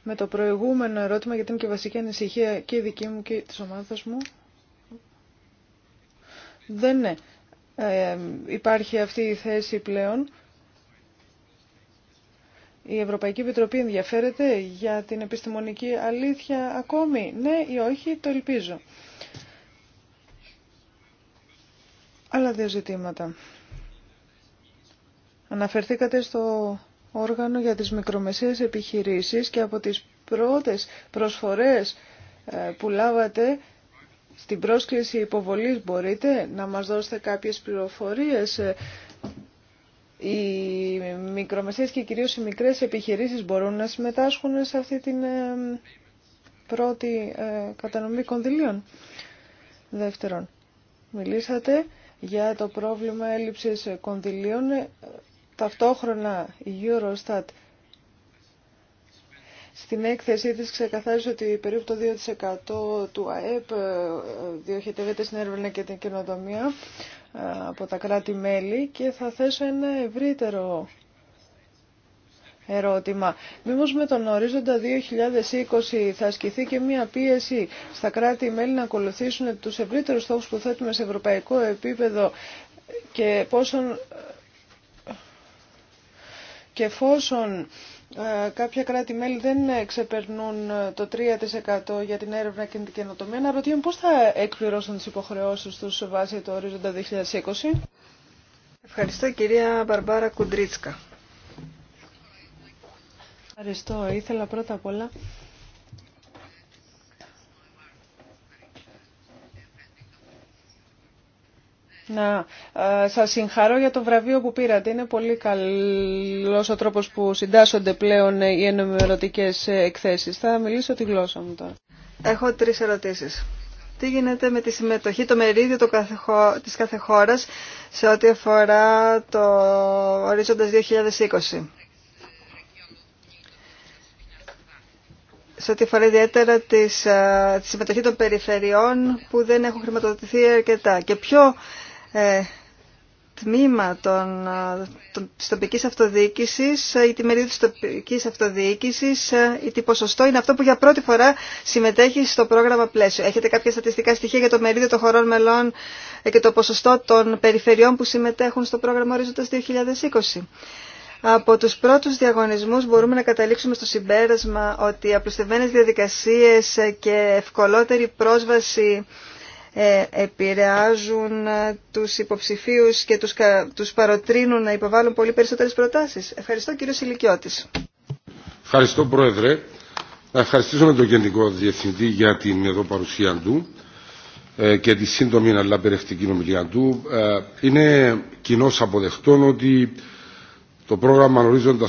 με το προηγούμενο ερώτημα, γιατί είναι και βασική ανησυχία και δική μου και της ομάδας μου, δεν ε, υπάρχει αυτή η θέση πλέον. Η Ευρωπαϊκή Επιτροπή ενδιαφέρεται για την επιστημονική αλήθεια ακόμη. Ναι ή όχι, το ελπίζω. Άλλα δύο ζητήματα. Αναφερθήκατε στο όργανο για τις μικρομεσαίες επιχειρήσεις και από τις πρώτες προσφορές ε, που λάβατε στην πρόσκληση υποβολής μπορείτε να μας δώσετε κάποιες πληροφορίες. Ε, οι μικρομεσαίες και κυρίως οι μικρές επιχειρήσεις μπορούν να συμμετάσχουν σε αυτή την ε, πρώτη κατανομή κονδυλίων. Δεύτερον, μιλήσατε για το πρόβλημα έλλειψης κονδυλίων Ταυτόχρονα η Eurostat στην έκθεσή της ξεκαθάρισε ότι περίπου το 2% του ΑΕΠ ε, διοχετεύεται στην έρευνα και την καινοτομία ε, από τα κράτη-μέλη και θα θέσω ένα ευρύτερο ερώτημα. Μήπως με τον ορίζοντα 2020 θα ασκηθεί και μία πίεση στα κράτη-μέλη να ακολουθήσουν τους ευρύτερους στόχους που θέτουμε σε ευρωπαϊκό επίπεδο και πόσον και εφόσον ε, κάποια κράτη-μέλη δεν ξεπερνούν ε, το 3% για την έρευνα και την καινοτομία, να ρωτήσουν πώς θα εκπληρώσουν τις υποχρεώσεις τους σε βάση το ορίζοντα 2020. Ευχαριστώ κυρία Μπαρμπάρα Κουντρίτσκα. Ευχαριστώ. Ήθελα πρώτα απ' όλα Να σας συγχαρώ για το βραβείο που πήρατε. Είναι πολύ καλός ο τρόπος που συντάσσονται πλέον οι ενημερωτικές εκθέσεις. Θα μιλήσω τη γλώσσα μου τώρα. Έχω τρεις ερωτήσεις. Τι γίνεται με τη συμμετοχή, το μερίδιο τη της κάθε χώρας σε ό,τι αφορά το ορίζοντας 2020. σε ό,τι αφορά ιδιαίτερα τη συμμετοχή των περιφερειών που δεν έχουν χρηματοδοτηθεί αρκετά. Και ποιο ε, τμήμα των, ε, των, της τοπικής αυτοδιοίκησης ή ε, τη μερίδα της τοπικής αυτοδιοίκησης ή ε, τι ποσοστό είναι αυτό που για πρώτη φορά συμμετέχει στο πρόγραμμα πλαίσιο. Έχετε κάποια στατιστικά στοιχεία για το μερίδιο των χωρών μελών και το ποσοστό των περιφερειών που συμμετέχουν στο πρόγραμμα ορίζοντας 2020. Από τους πρώτους διαγωνισμούς μπορούμε να καταλήξουμε στο συμπέρασμα ότι απλουστευμένες διαδικασίες και ευκολότερη πρόσβαση ε, επηρεάζουν ε, τους υποψηφίους και τους, τους παροτρύνουν να υποβάλουν πολύ περισσότερες προτάσεις. Ευχαριστώ κύριο Σιλικιώτης. Ευχαριστώ Πρόεδρε. Να ευχαριστήσουμε τον Γενικό Διευθυντή για την εδώ παρουσία του ε, και τη σύντομη αλλά περιεκτική ομιλία του. Είναι κοινό αποδεχτών ότι το πρόγραμμα Ορίζοντα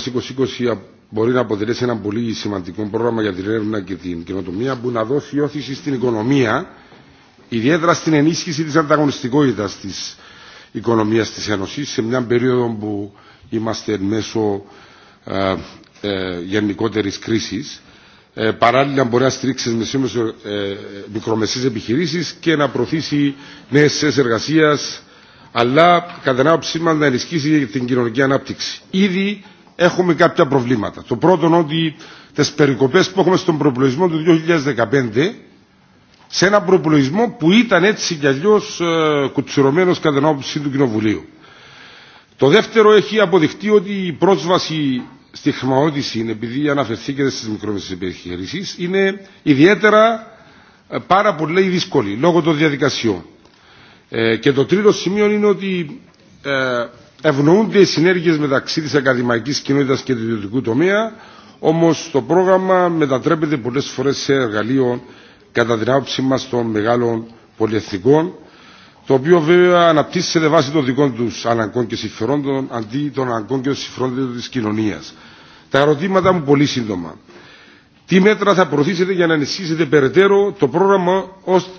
2020 μπορεί να αποτελέσει ένα πολύ σημαντικό πρόγραμμα για την έρευνα και την κοινοτομία... που να δώσει όθηση στην οικονομία ιδιαίτερα στην ενίσχυση της ανταγωνιστικότητας της οικονομίας της Ένωσης σε μια περίοδο που είμαστε μέσω ε, ε, γενικότερης κρίσης. Ε, παράλληλα μπορεί να στηρίξει ε, ε, μικρομεσαίες επιχειρήσεις και να προωθήσει νέες θέσεις εργασίας αλλά κατά ένα μας να ενισχύσει την κοινωνική ανάπτυξη. Ήδη έχουμε κάποια προβλήματα. Το πρώτο είναι ότι τις περικοπές που έχουμε στον προπολογισμό του 2015 σε έναν προπολογισμό που ήταν έτσι κι αλλιώ ε, κουτσουρωμένο κατά την άποψη του Κοινοβουλίου. Το δεύτερο έχει αποδειχτεί ότι η πρόσβαση στη χρηματοδότηση, επειδή αναφερθήκατε στι μικρομεσαίε επιχειρήσει, είναι ιδιαίτερα ε, πάρα πολύ δύσκολη λόγω των διαδικασιών. Ε, και το τρίτο σημείο είναι ότι ευνοούνται οι συνέργειε μεταξύ τη ακαδημαϊκής κοινότητα και του ιδιωτικού τομέα, όμω το πρόγραμμα μετατρέπεται πολλέ φορέ σε εργαλείο κατά την άποψή μα των μεγάλων πολυεθνικών, το οποίο βέβαια αναπτύσσεται βάσει των δικών του αναγκών και συμφερόντων αντί των αναγκών και των συμφερόντων τη κοινωνία. Τα ερωτήματα μου πολύ σύντομα. Τι μέτρα θα προωθήσετε για να ενισχύσετε περαιτέρω το πρόγραμμα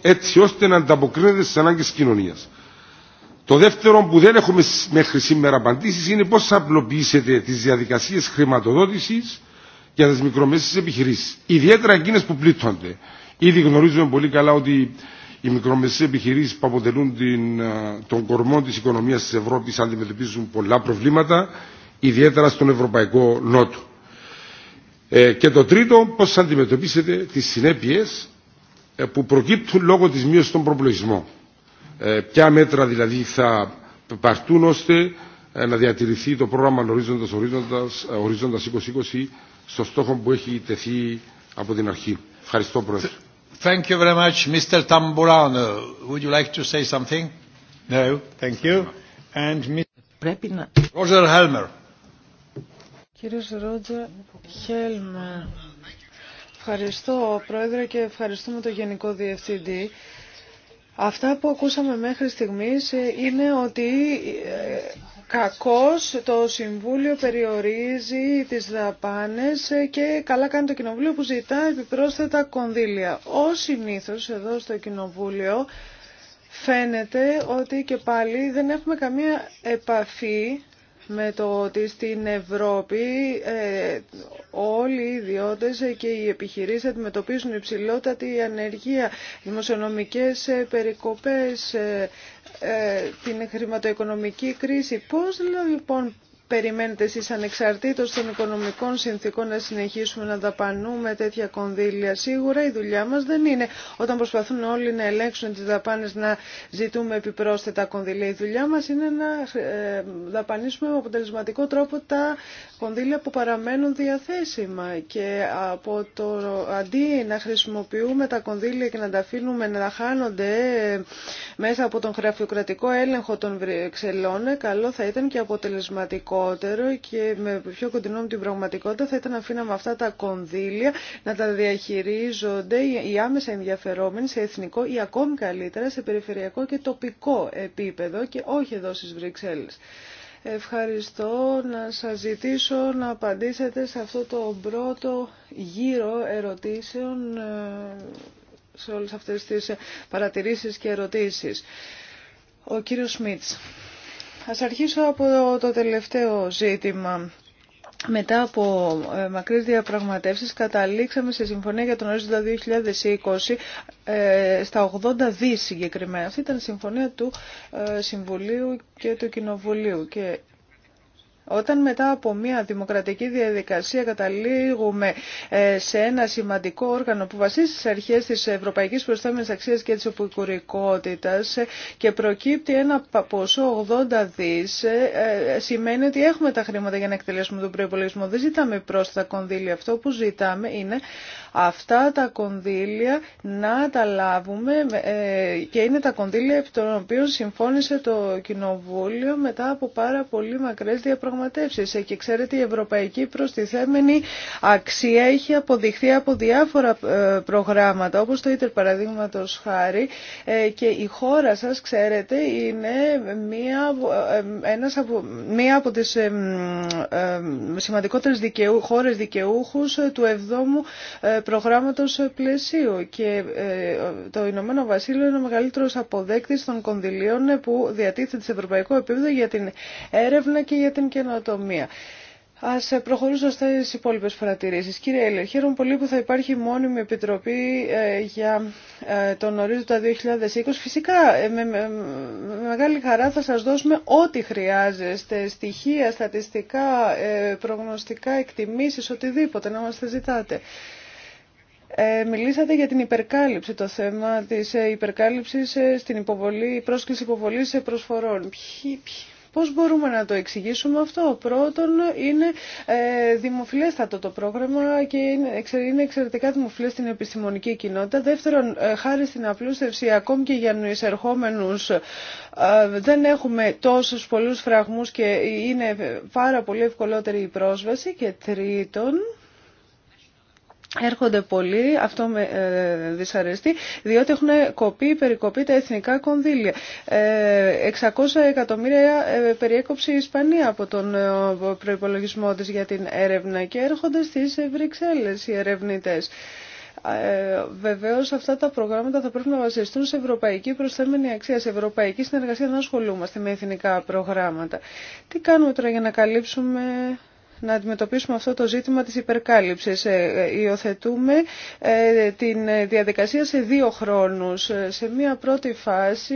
έτσι ώστε να ανταποκρίνεται στι ανάγκε τη κοινωνία. Το δεύτερο που δεν έχουμε μέχρι σήμερα απαντήσει είναι πώ θα απλοποιήσετε τι διαδικασίε χρηματοδότηση για τι μικρομεσαίε επιχειρήσει, ιδιαίτερα εκείνε που πλήττονται. Ήδη γνωρίζουμε πολύ καλά ότι οι μικρομεσαίες επιχειρήσεις που αποτελούν την, ε, τον κορμό της οικονομίας της Ευρώπης αντιμετωπίζουν πολλά προβλήματα, ιδιαίτερα στον Ευρωπαϊκό Νότο. Ε, και το τρίτο, πώς αντιμετωπίσετε τις συνέπειες ε, που προκύπτουν λόγω της μείωσης των προπολογισμών. Ε, ποια μέτρα δηλαδή θα παρτούν ώστε να διατηρηθεί το πρόγραμμα ορίζοντας, ορίζοντας, ορίζοντας 2020 στο στόχο που έχει τεθεί από την αρχή. Ευχαριστώ Πρόεδρε. Thank you very much. Mr. Tamburano, would you like to say something? No, thank you. And Mr. Πρέπει να... Roger Helmer. Κύριος Ρότζερ Χέλμερ. Ευχαριστώ, Πρόεδρε, και ευχαριστούμε τον Γενικό Διευθυντή. Αυτά που ακούσαμε μέχρι στιγμής ε, είναι ότι ε, Κακώς το Συμβούλιο περιορίζει τις δαπάνες και καλά κάνει το Κοινοβούλιο που ζητά επιπρόσθετα κονδύλια. ό συνήθως εδώ στο Κοινοβούλιο φαίνεται ότι και πάλι δεν έχουμε καμία επαφή με το ότι στην Ευρώπη ε, όλοι οι ιδιώτες και οι επιχειρήσεις αντιμετωπίζουν υψηλότατη ανεργία, δημοσιονομικές ε, περικοπές, ε, ε, την χρηματοοικονομική κρίση. Πώς λοιπόν περιμένετε εσείς ανεξαρτήτως των οικονομικών συνθήκων να συνεχίσουμε να δαπανούμε τέτοια κονδύλια. Σίγουρα η δουλειά μας δεν είναι όταν προσπαθούν όλοι να ελέγξουν τις δαπάνες να ζητούμε επιπρόσθετα κονδύλια. Η δουλειά μας είναι να ε, δαπανίσουμε με αποτελεσματικό τρόπο τα κονδύλια που παραμένουν διαθέσιμα και από το αντί να χρησιμοποιούμε τα κονδύλια και να τα αφήνουμε να χάνονται μέσα από τον γραφειοκρατικό έλεγχο των Βρυξελών, καλό θα ήταν και αποτελεσματικό και με πιο κοντινό με την πραγματικότητα θα ήταν να αφήναμε αυτά τα κονδύλια να τα διαχειρίζονται οι άμεσα ενδιαφερόμενοι σε εθνικό ή ακόμη καλύτερα σε περιφερειακό και τοπικό επίπεδο και όχι εδώ στις Βρυξέλλες. Ευχαριστώ να σας ζητήσω να απαντήσετε σε αυτό το πρώτο γύρο ερωτήσεων ε, σε όλες αυτές τις παρατηρήσεις και ερωτήσεις. Ο κύριος Σμίτς. Ας αρχίσω από το τελευταίο ζήτημα. Μετά από ε, μακρύς διαπραγματεύσεις καταλήξαμε σε συμφωνία για τον ορίζοντα 2020 ε, στα 80 δις συγκεκριμένα. Αυτή ήταν η συμφωνία του ε, Συμβουλίου και του Κοινοβουλίου και όταν μετά από μια δημοκρατική διαδικασία καταλήγουμε ε, σε ένα σημαντικό όργανο που βασίζει στις αρχές της ευρωπαϊκής προστάμενης αξίας και της οπικουρικότητας ε, και προκύπτει ένα ποσό 80 δις, ε, σημαίνει ότι έχουμε τα χρήματα για να εκτελέσουμε τον προϋπολογισμό. Δεν ζητάμε πρόσθετα κονδύλια. Αυτό που ζητάμε είναι Αυτά τα κονδύλια να τα λάβουμε ε, και είναι τα κονδύλια επί των οποίων συμφώνησε το Κοινοβούλιο μετά από πάρα πολύ μακρές διαπραγματεύσεις. Ε, και ξέρετε η ευρωπαϊκή προστιθέμενη αξία έχει αποδειχθεί από διάφορα ε, προγράμματα όπως το ίτερ παραδείγματος χάρη και η χώρα σας ξέρετε είναι μία, ένας από, μία από τις ε, σημαντικότερες χώρες δικαιούχους του 7ου προγράμματος πλαισίου και ε, το Ηνωμένο Βασίλειο είναι ο μεγαλύτερο αποδέκτης των κονδυλίων που διατίθεται σε ευρωπαϊκό επίπεδο για την έρευνα και για την καινοτομία. Α ε, προχωρήσω στι υπόλοιπε παρατηρήσει. Κύριε Έλλερ, χαίρομαι πολύ που θα υπάρχει μόνιμη επιτροπή ε, για τον ορίζοντα 2020. Φυσικά, με μεγάλη χαρά θα σα δώσουμε ό,τι χρειάζεστε. Στοιχεία, στατιστικά, προγνωστικά, εκτιμήσει, οτιδήποτε να μα ζητάτε. Ε, μιλήσατε για την υπερκάλυψη, το θέμα της ε, υπερκάλυψης ε, στην υποβολή, πρόσκληση υποβολής προσφορών. Πώ Πώς μπορούμε να το εξηγήσουμε αυτό. Πρώτον, είναι ε, δημοφιλέστατο το πρόγραμμα και είναι, εξαιρετικά δημοφιλές στην επιστημονική κοινότητα. Δεύτερον, χάρη στην απλούστευση, ακόμη και για νοησερχόμενους, δεν έχουμε τόσους πολλούς φραγμούς και είναι πάρα πολύ ευκολότερη η πρόσβαση. Και τρίτον, Έρχονται πολλοί, αυτό με ε, δυσαρεστεί, διότι έχουν κοπεί, περικοπεί τα εθνικά κονδύλια. 600 ε, εκατομμύρια ε, περιέκοψε η Ισπανία από τον ε, προϋπολογισμό της για την έρευνα και έρχονται στις Βρυξέλλες οι ερευνητές. Ε, Βεβαίω αυτά τα προγράμματα θα πρέπει να βασιστούν σε ευρωπαϊκή προσθέμενη αξία, σε ευρωπαϊκή συνεργασία. να ασχολούμαστε με εθνικά προγράμματα. Τι κάνουμε τώρα για να καλύψουμε να αντιμετωπίσουμε αυτό το ζήτημα της υπερκάλυψης. Ε, υιοθετούμε ε, την διαδικασία σε δύο χρόνους. Ε, σε μία πρώτη φάση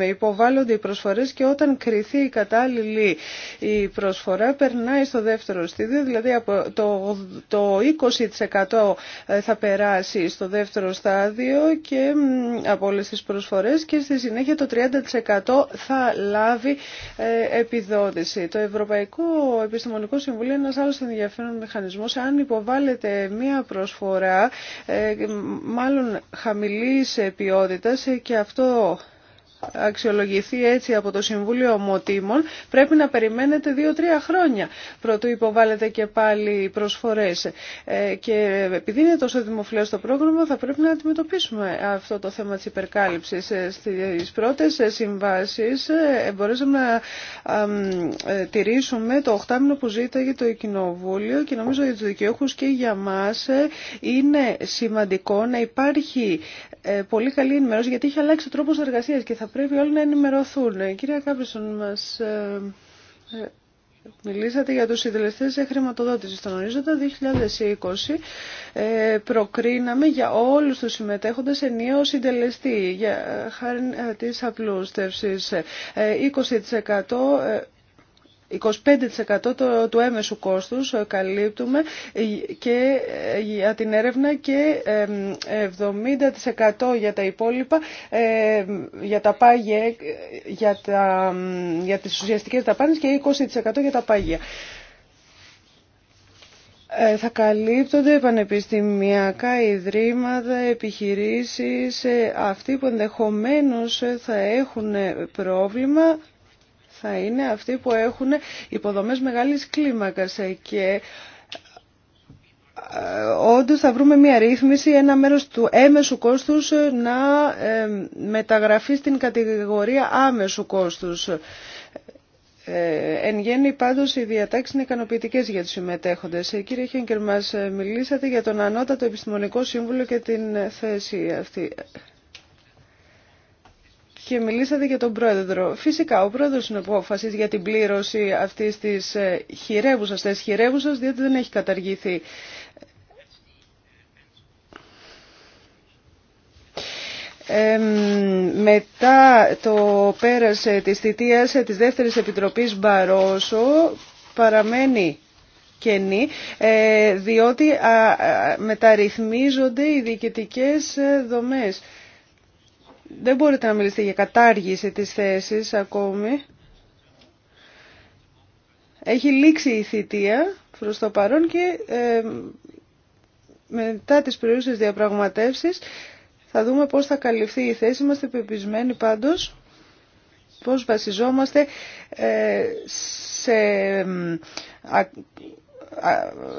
υποβάλλονται οι προσφορές και όταν κριθεί η κατάλληλη η προσφορά περνάει στο δεύτερο στάδιο, δηλαδή από το, το 20% θα περάσει στο δεύτερο στάδιο και από όλες τις προσφορές και στη συνέχεια το 30% θα λάβει επιδότηση. Το Ευρωπαϊκό Επιστημονικό Συμβούλιο είναι ένας άλλος ενδιαφέρον μηχανισμός. Αν υποβάλλεται μία προσφορά, ε, μάλλον χαμηλής ποιότητας ε, και αυτό αξιολογηθεί έτσι από το Συμβούλιο Ομοτήμων, πρέπει να περιμένετε δύο-τρία χρόνια πρωτού υποβάλλετε και πάλι προσφορές. Ε, και επειδή είναι τόσο δημοφιλέ το πρόγραμμα, θα πρέπει να αντιμετωπίσουμε αυτό το θέμα της υπερκάλυψης. Ε, στις πρώτες ε, συμβάσεις μπορέσαμε να τηρήσουμε το οχτάμινο που ζήταγε το Κοινοβούλιο και νομίζω για του δικαιούχους και για μας είναι σημαντικό να υπάρχει πολύ καλή ενημέρωση γιατί έχει αλλάξει ο τρόπος και θα πρέπει όλοι να ενημερωθούν. Κυρία Κάπρισον, μας ε, ε, Μιλήσατε για τους συντελεστές χρηματοδότηση. Στον ορίζοντα 2020 ε, προκρίναμε για όλους τους συμμετέχοντες ενιαίο συντελεστή για χάρη της απλούστευσης. 20% 25% του έμεσου κόστους ε, καλύπτουμε ε, και ε, για την έρευνα και 70% για τα υπόλοιπα για τα πάγια, για, τα, για τις ουσιαστικές δαπάνες και 20% για τα πάγια. Θα καλύπτονται πανεπιστημιακά ιδρύματα, επιχειρήσεις, αυτοί που ενδεχομένως θα έχουν πρόβλημα θα είναι αυτοί που έχουν υποδομές μεγάλης κλίμακας και ε, όντως θα βρούμε μια ρύθμιση, ένα μέρος του έμεσου κόστους να ε, μεταγραφεί στην κατηγορία άμεσου κόστους. Ε, εν γέννη πάντως οι διατάξεις είναι ικανοποιητικέ για τους συμμετέχοντες. Ε, κύριε Χένκερ, μας μιλήσατε για τον Ανώτατο Επιστημονικό Σύμβουλο και την θέση αυτή και μιλήσατε για τον πρόεδρο. Φυσικά, ο πρόεδρο είναι απόφαση για την πλήρωση αυτή τη ε, χειρεύουσα θέση, χειρεύουσα διότι δεν έχει καταργηθεί. μετά το πέρασε της θητείας ε, της δεύτερης επιτροπής Μπαρόσο παραμένει κενή ε, διότι μεταρρυθμίζονται οι διοικητικές δομές. Δεν μπορείτε να μιλήσετε για κατάργηση της θέσης ακόμη. Έχει λήξει η θητεία προς το παρόν και ε, μετά τις προϋποθέσεις διαπραγματεύσεις θα δούμε πώς θα καλυφθεί η θέση. Είμαστε πεπισμένοι πάντως πώς βασιζόμαστε ε, σε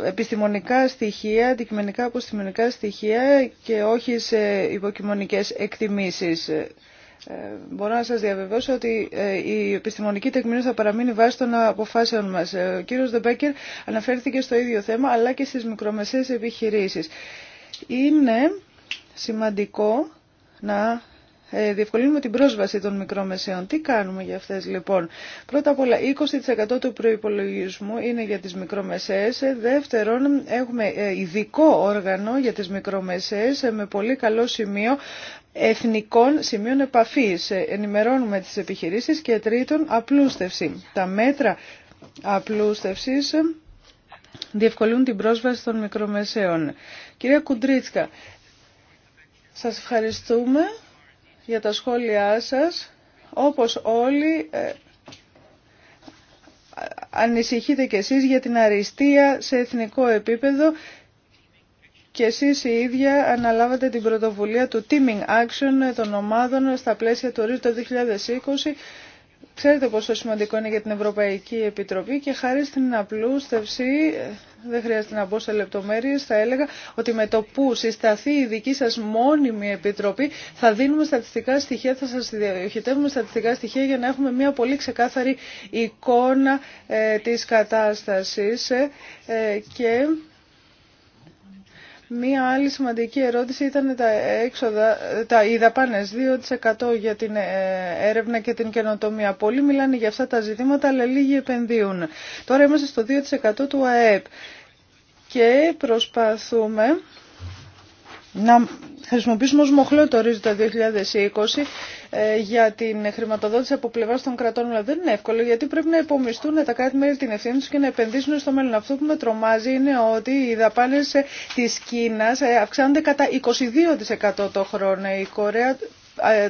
επιστημονικά στοιχεία, αντικειμενικά αποστημονικά στοιχεία και όχι σε υποκειμονικές εκτιμήσεις. Ε, μπορώ να σας διαβεβαιώσω ότι ε, η επιστημονική τεκμηρίωση θα παραμείνει βάση των αποφάσεων μας. Ε, ο κύριος Δεμπέκερ αναφέρθηκε στο ίδιο θέμα, αλλά και στις μικρομεσαίες επιχειρήσεις. Είναι σημαντικό να ε, διευκολύνουμε την πρόσβαση των μικρομεσαίων. Τι κάνουμε για αυτές λοιπόν. Πρώτα απ' όλα 20% του προϋπολογισμού είναι για τις μικρομεσαίες. Δεύτερον έχουμε ε, ειδικό όργανο για τις μικρομεσαίες ε, με πολύ καλό σημείο εθνικών σημείων επαφής. Ενημερώνουμε τις επιχειρήσεις και τρίτον απλούστευση. Τα μέτρα απλούστευσης διευκολύνουν την πρόσβαση των μικρομεσαίων. Κυρία Κουντρίτσκα, σας ευχαριστούμε για τα σχόλιά σας. Όπως όλοι, ε, ανησυχείτε κι εσείς για την αριστεία σε εθνικό επίπεδο και εσείς η ίδια αναλάβατε την πρωτοβουλία του Teaming Action των ομάδων στα πλαίσια του ΡΙΤΟ 2020 Ξέρετε πόσο σημαντικό είναι για την Ευρωπαϊκή Επιτροπή και χάρη στην απλούστευση, ε, δεν χρειάζεται να μπω σε λεπτομέρειες, θα έλεγα ότι με το που συσταθεί η δική σας μόνιμη Επιτροπή θα δίνουμε στατιστικά στοιχεία, θα σας διοχετεύουμε στατιστικά στοιχεία για να έχουμε μια πολύ ξεκάθαρη εικόνα ε, της κατάστασης ε, και... Μία άλλη σημαντική ερώτηση ήταν τα έξοδα, τα, οι δαπάνε 2% για την ε, έρευνα και την καινοτομία. Πολλοί μιλάνε για αυτά τα ζητήματα, αλλά λίγοι επενδύουν. Τώρα είμαστε στο 2% του ΑΕΠ και προσπαθούμε να χρησιμοποιήσουμε ως μοχλό το ρίζο το 2020 για την χρηματοδότηση από πλευρά των κρατών. δεν είναι εύκολο γιατί πρέπει να υπομισθούν τα κράτη-μέλη την ευθύνη του και να επενδύσουν στο μέλλον. Αυτό που με τρομάζει είναι ότι οι δαπάνε ε, τη Κίνα ε, αυξάνονται κατά 22% το χρόνο. Η Κορέα ε,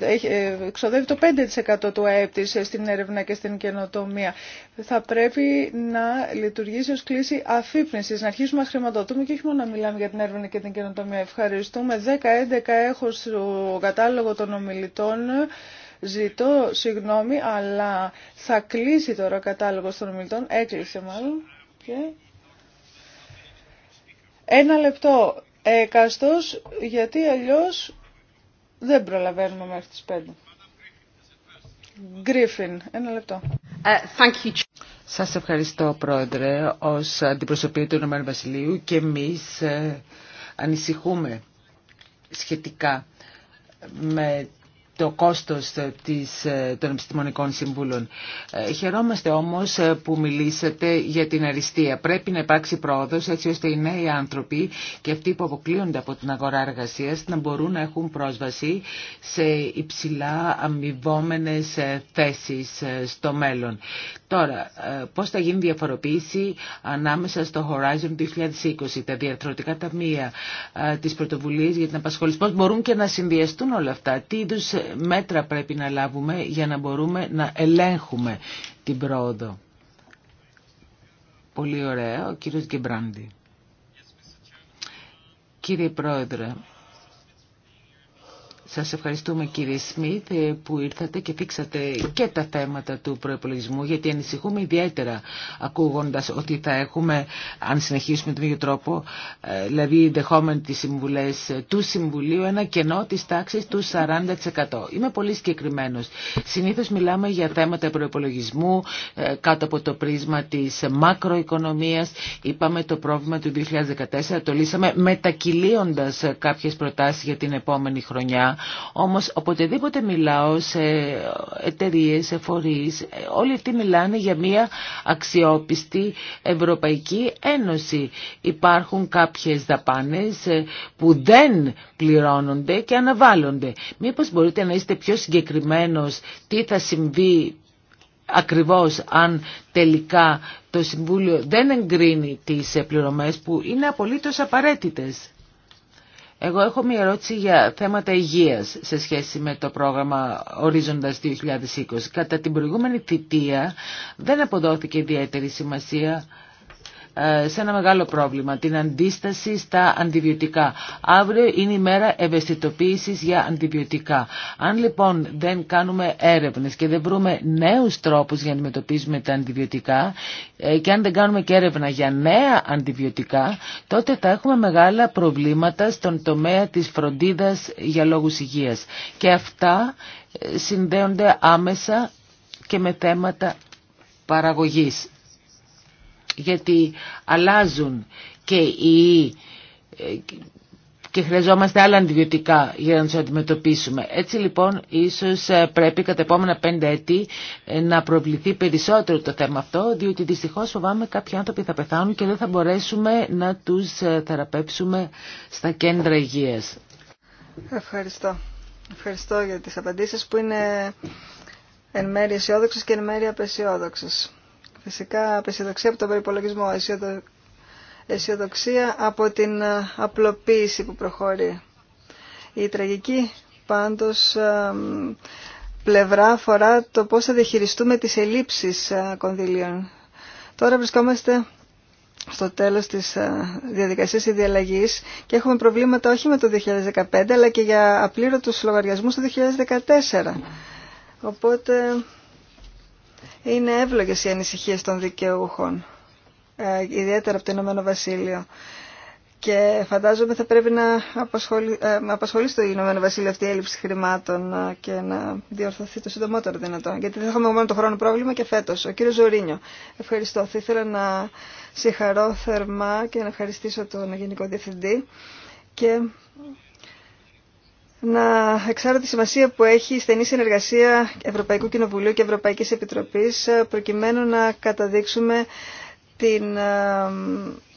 ε, ξοδεύει το 5% του ΑΕΠ ε, στην έρευνα και στην καινοτομία. Θα πρέπει να λειτουργήσει ως κλίση αφύπνισης, να αρχίσουμε να χρηματοδοτούμε και όχι μόνο να μιλάμε για την έρευνα και την καινοτομία. Ευχαριστούμε. 10-11 έχω στο κατάλογο των ομιλητών. Ζητώ συγγνώμη, αλλά θα κλείσει τώρα ο κατάλογος των ομιλητών. Έκλεισε μάλλον. Και... Ένα λεπτό. Εκαστός, γιατί αλλιώς δεν προλαβαίνουμε μέχρι τις 5. Γκρίφιν, ένα λεπτό. Ε, thank you. Σας ευχαριστώ πρόεδρε ως αντιπροσωπή του Ηνωμένου Βασιλείου και εμείς ε, ανησυχούμε σχετικά με το κόστος ε, της, ε, των επιστημονικών συμβούλων. Ε, χαιρόμαστε όμως που μιλήσατε για την αριστεία. Πρέπει να υπάρξει πρόοδος έτσι ώστε οι νέοι άνθρωποι και αυτοί που αποκλείονται από την αγορά εργασίας να μπορούν να έχουν πρόσβαση σε υψηλά αμοιβόμενες θέσεις στο μέλλον. Τώρα, ε, πώς θα γίνει διαφοροποίηση ανάμεσα στο Horizon 2020, τα διαρθρωτικά ταμεία, ε, της πρωτοβουλίας για την απασχόληση, πώς μπορούν και να συνδυαστούν όλα αυτά, τι είδου ε, μέτρα πρέπει να λάβουμε για να μπορούμε να ελέγχουμε την πρόοδο. Πολύ ωραία, ο κύριος Γκεμπράντη. Κύριε Πρόεδρε, σας ευχαριστούμε κύριε Σμίθ που ήρθατε και φίξατε και τα θέματα του προϋπολογισμού γιατί ανησυχούμε ιδιαίτερα ακούγοντας ότι θα έχουμε, αν συνεχίσουμε τον ίδιο τρόπο, ε, δηλαδή δεχόμενη τις συμβουλές του Συμβουλίου ένα κενό της τάξης του 40%. Είμαι πολύ συγκεκριμένο. Συνήθως μιλάμε για θέματα προϋπολογισμού ε, κάτω από το πρίσμα της μακροοικονομίας. Είπαμε το πρόβλημα του 2014, το λύσαμε μετακυλίοντας κάποιες προτάσεις για την επόμενη χρονιά όμως οποτεδήποτε μιλάω σε εταιρείε, σε φορείς, όλοι αυτοί μιλάνε για μια αξιόπιστη Ευρωπαϊκή Ένωση. Υπάρχουν κάποιες δαπάνες ε, που δεν πληρώνονται και αναβάλλονται. Μήπως μπορείτε να είστε πιο συγκεκριμένος τι θα συμβεί ακριβώς αν τελικά το Συμβούλιο δεν εγκρίνει τις ε, πληρωμές που είναι απολύτως απαραίτητες. Εγώ έχω μια ερώτηση για θέματα υγείας σε σχέση με το πρόγραμμα Ορίζοντας 2020. Κατά την προηγούμενη θητεία δεν αποδόθηκε ιδιαίτερη σημασία ε, σε ένα μεγάλο πρόβλημα, την αντίσταση στα αντιβιωτικά. Αύριο είναι η μέρα ευαισθητοποίησης για αντιβιωτικά. Αν λοιπόν δεν κάνουμε έρευνες και δεν βρούμε νέους τρόπους για να αντιμετωπίζουμε τα αντιβιωτικά ε, και αν δεν κάνουμε και έρευνα για νέα αντιβιωτικά, τότε θα έχουμε μεγάλα προβλήματα στον τομέα της φροντίδας για λόγους υγείας. Και αυτά ε, συνδέονται άμεσα και με θέματα παραγωγής γιατί αλλάζουν και οι ε, χρειαζόμαστε άλλα αντιβιωτικά για να του αντιμετωπίσουμε. Έτσι λοιπόν ίσως ε, πρέπει κατά επόμενα πέντε έτη ε, να προβληθεί περισσότερο το θέμα αυτό, διότι δυστυχώς φοβάμαι κάποιοι άνθρωποι θα πεθάνουν και δεν θα μπορέσουμε να τους θεραπεύσουμε στα κέντρα υγείας. Ευχαριστώ. Ευχαριστώ για τις απαντήσεις που είναι εν μέρει αισιόδοξες και εν μέρει απεσιόδοξες. Φυσικά απεσιοδοξία από τον προπολογισμό, αισιοδοξία από την ε, απλοποίηση που προχωρεί. Η τραγική πάντως ε, πλευρά αφορά το πώς θα διαχειριστούμε τις ελλείψεις ε, κονδυλίων. Τώρα βρισκόμαστε στο τέλος της διαδικασίας ιδιαλλαγής και έχουμε προβλήματα όχι με το 2015 αλλά και για απλήρωτους λογαριασμούς το 2014. Οπότε είναι εύλογες οι ανησυχίε των δικαιούχων, ε, ιδιαίτερα από το Ηνωμένο Βασίλειο. Και φαντάζομαι θα πρέπει να απασχολεί, απασχολήσει το Ηνωμένο Βασίλειο αυτή η έλλειψη χρημάτων ε, και να διορθωθεί το συντομότερο δυνατόν. Γιατί δεν θα έχουμε μόνο το χρόνο πρόβλημα και φέτο. Ο κύριο Ζωρίνιο. Ευχαριστώ. Θα ήθελα να συγχαρώ θερμά και να ευχαριστήσω τον Γενικό Διευθυντή να εξάρω τη σημασία που έχει η στενή συνεργασία Ευρωπαϊκού Κοινοβουλίου και Ευρωπαϊκής Επιτροπής ε, προκειμένου να καταδείξουμε την, ε,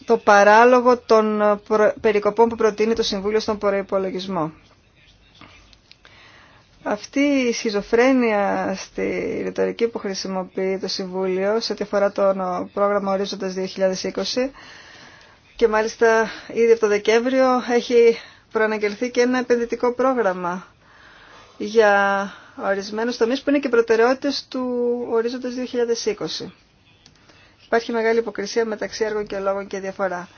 το παράλογο των ε, περικοπών που προτείνει το Συμβούλιο στον προϋπολογισμό. Αυτή η σχιζοφρένεια στη ρητορική που χρησιμοποιεί το Συμβούλιο σε ό,τι αφορά το πρόγραμμα Ορίζοντας 2020 και μάλιστα ήδη από το Δεκέμβριο έχει προαναγγελθεί και ένα επενδυτικό πρόγραμμα για ορισμένου τομείς που είναι και προτεραιότητες του Ορίζοντα 2020. Υπάρχει μεγάλη υποκρισία μεταξύ έργων και λόγων και διαφορά.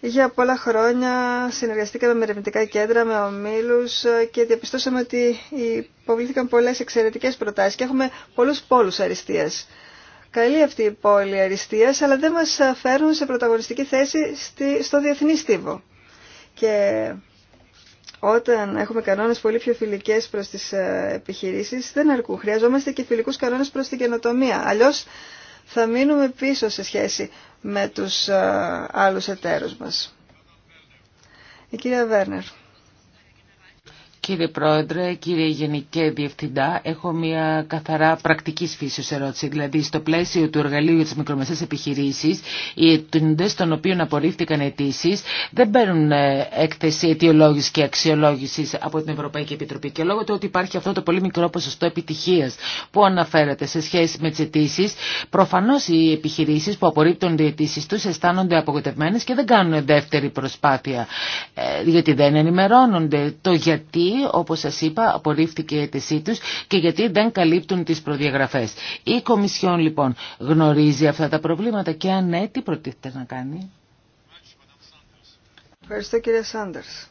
Για πολλά χρόνια συνεργαστήκαμε με ερευνητικά κέντρα, με ομίλου και διαπιστώσαμε ότι υποβλήθηκαν πολλέ εξαιρετικέ προτάσει και έχουμε πολλού πόλου αριστείας. Καλή αυτή η πόλη αριστείας, αλλά δεν μα φέρνουν σε πρωταγωνιστική θέση στο διεθνή στίβο. Και όταν έχουμε κανόνες πολύ πιο φιλικές προς τις ε, επιχειρήσεις δεν αρκούν. Χρειαζόμαστε και φιλικούς κανόνες προς την καινοτομία. Αλλιώς θα μείνουμε πίσω σε σχέση με τους ε, άλλους εταίρους μας. Η κυρία Βέρνερ. Κύριε Πρόεδρε, κύριε Γενικέ Διευθυντά, έχω μια καθαρά πρακτική φύση ερώτηση. Δηλαδή, στο πλαίσιο του εργαλείου για τι μικρομεσαίε επιχειρήσει, οι εταιρείε των οποίων απορρίφθηκαν αιτήσει δεν παίρνουν ε, έκθεση αιτιολόγηση και αξιολόγηση από την Ευρωπαϊκή Επιτροπή. Και λόγω του ότι υπάρχει αυτό το πολύ μικρό ποσοστό επιτυχία που αναφέρεται σε σχέση με τι αιτήσει, προφανώ οι επιχειρήσει που απορρίπτουν οι αιτήσει του αισθάνονται απογοητευμένε και δεν κάνουν δεύτερη προσπάθεια. Ε, γιατί δεν ενημερώνονται το γιατί όπως σας είπα απορρίφθηκε η αίτησή τους και γιατί δεν καλύπτουν τις προδιαγραφές. Η Κομισιόν λοιπόν γνωρίζει αυτά τα προβλήματα και αν ναι τι προτίθεται να κάνει. Ευχαριστώ κύριε Σάντερς.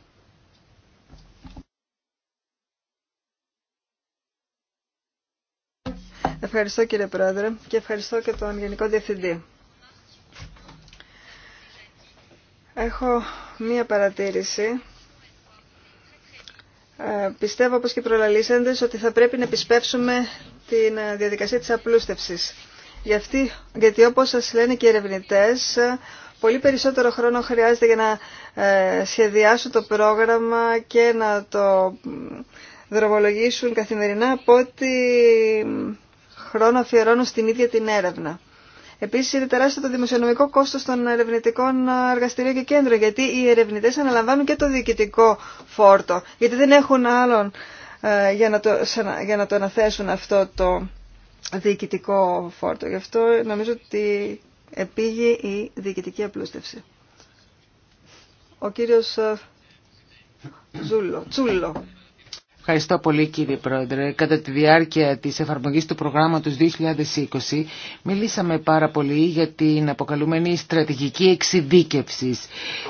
Ευχαριστώ κύριε Πρόεδρε και ευχαριστώ και τον Γενικό Διευθυντή. Έχω μία παρατήρηση ε, πιστεύω, όπως και προλαλήσαντες, ότι θα πρέπει να επισπεύσουμε την ε, διαδικασία της απλούστευσης. Γιατί, γιατί όπως σας λένε και οι ερευνητές, ε, πολύ περισσότερο χρόνο χρειάζεται για να σχεδιάσουν το πρόγραμμα και να το δρομολογήσουν καθημερινά από ότι χρόνο αφιερώνουν στην ίδια την έρευνα. Επίσης είναι τεράστιο το δημοσιονομικό κόστος των ερευνητικών εργαστηρίων και κέντρων γιατί οι ερευνητές αναλαμβάνουν και το διοικητικό φόρτο γιατί δεν έχουν άλλον για, να το, για να το αναθέσουν αυτό το διοικητικό φόρτο. Γι' αυτό νομίζω ότι επήγει η διοικητική απλούστευση. Ο κύριος Τσούλο. Ευχαριστώ πολύ κύριε Πρόεδρε. Κατά τη διάρκεια της εφαρμογής του προγράμματος 2020 μιλήσαμε πάρα πολύ για την αποκαλούμενη στρατηγική εξειδίκευση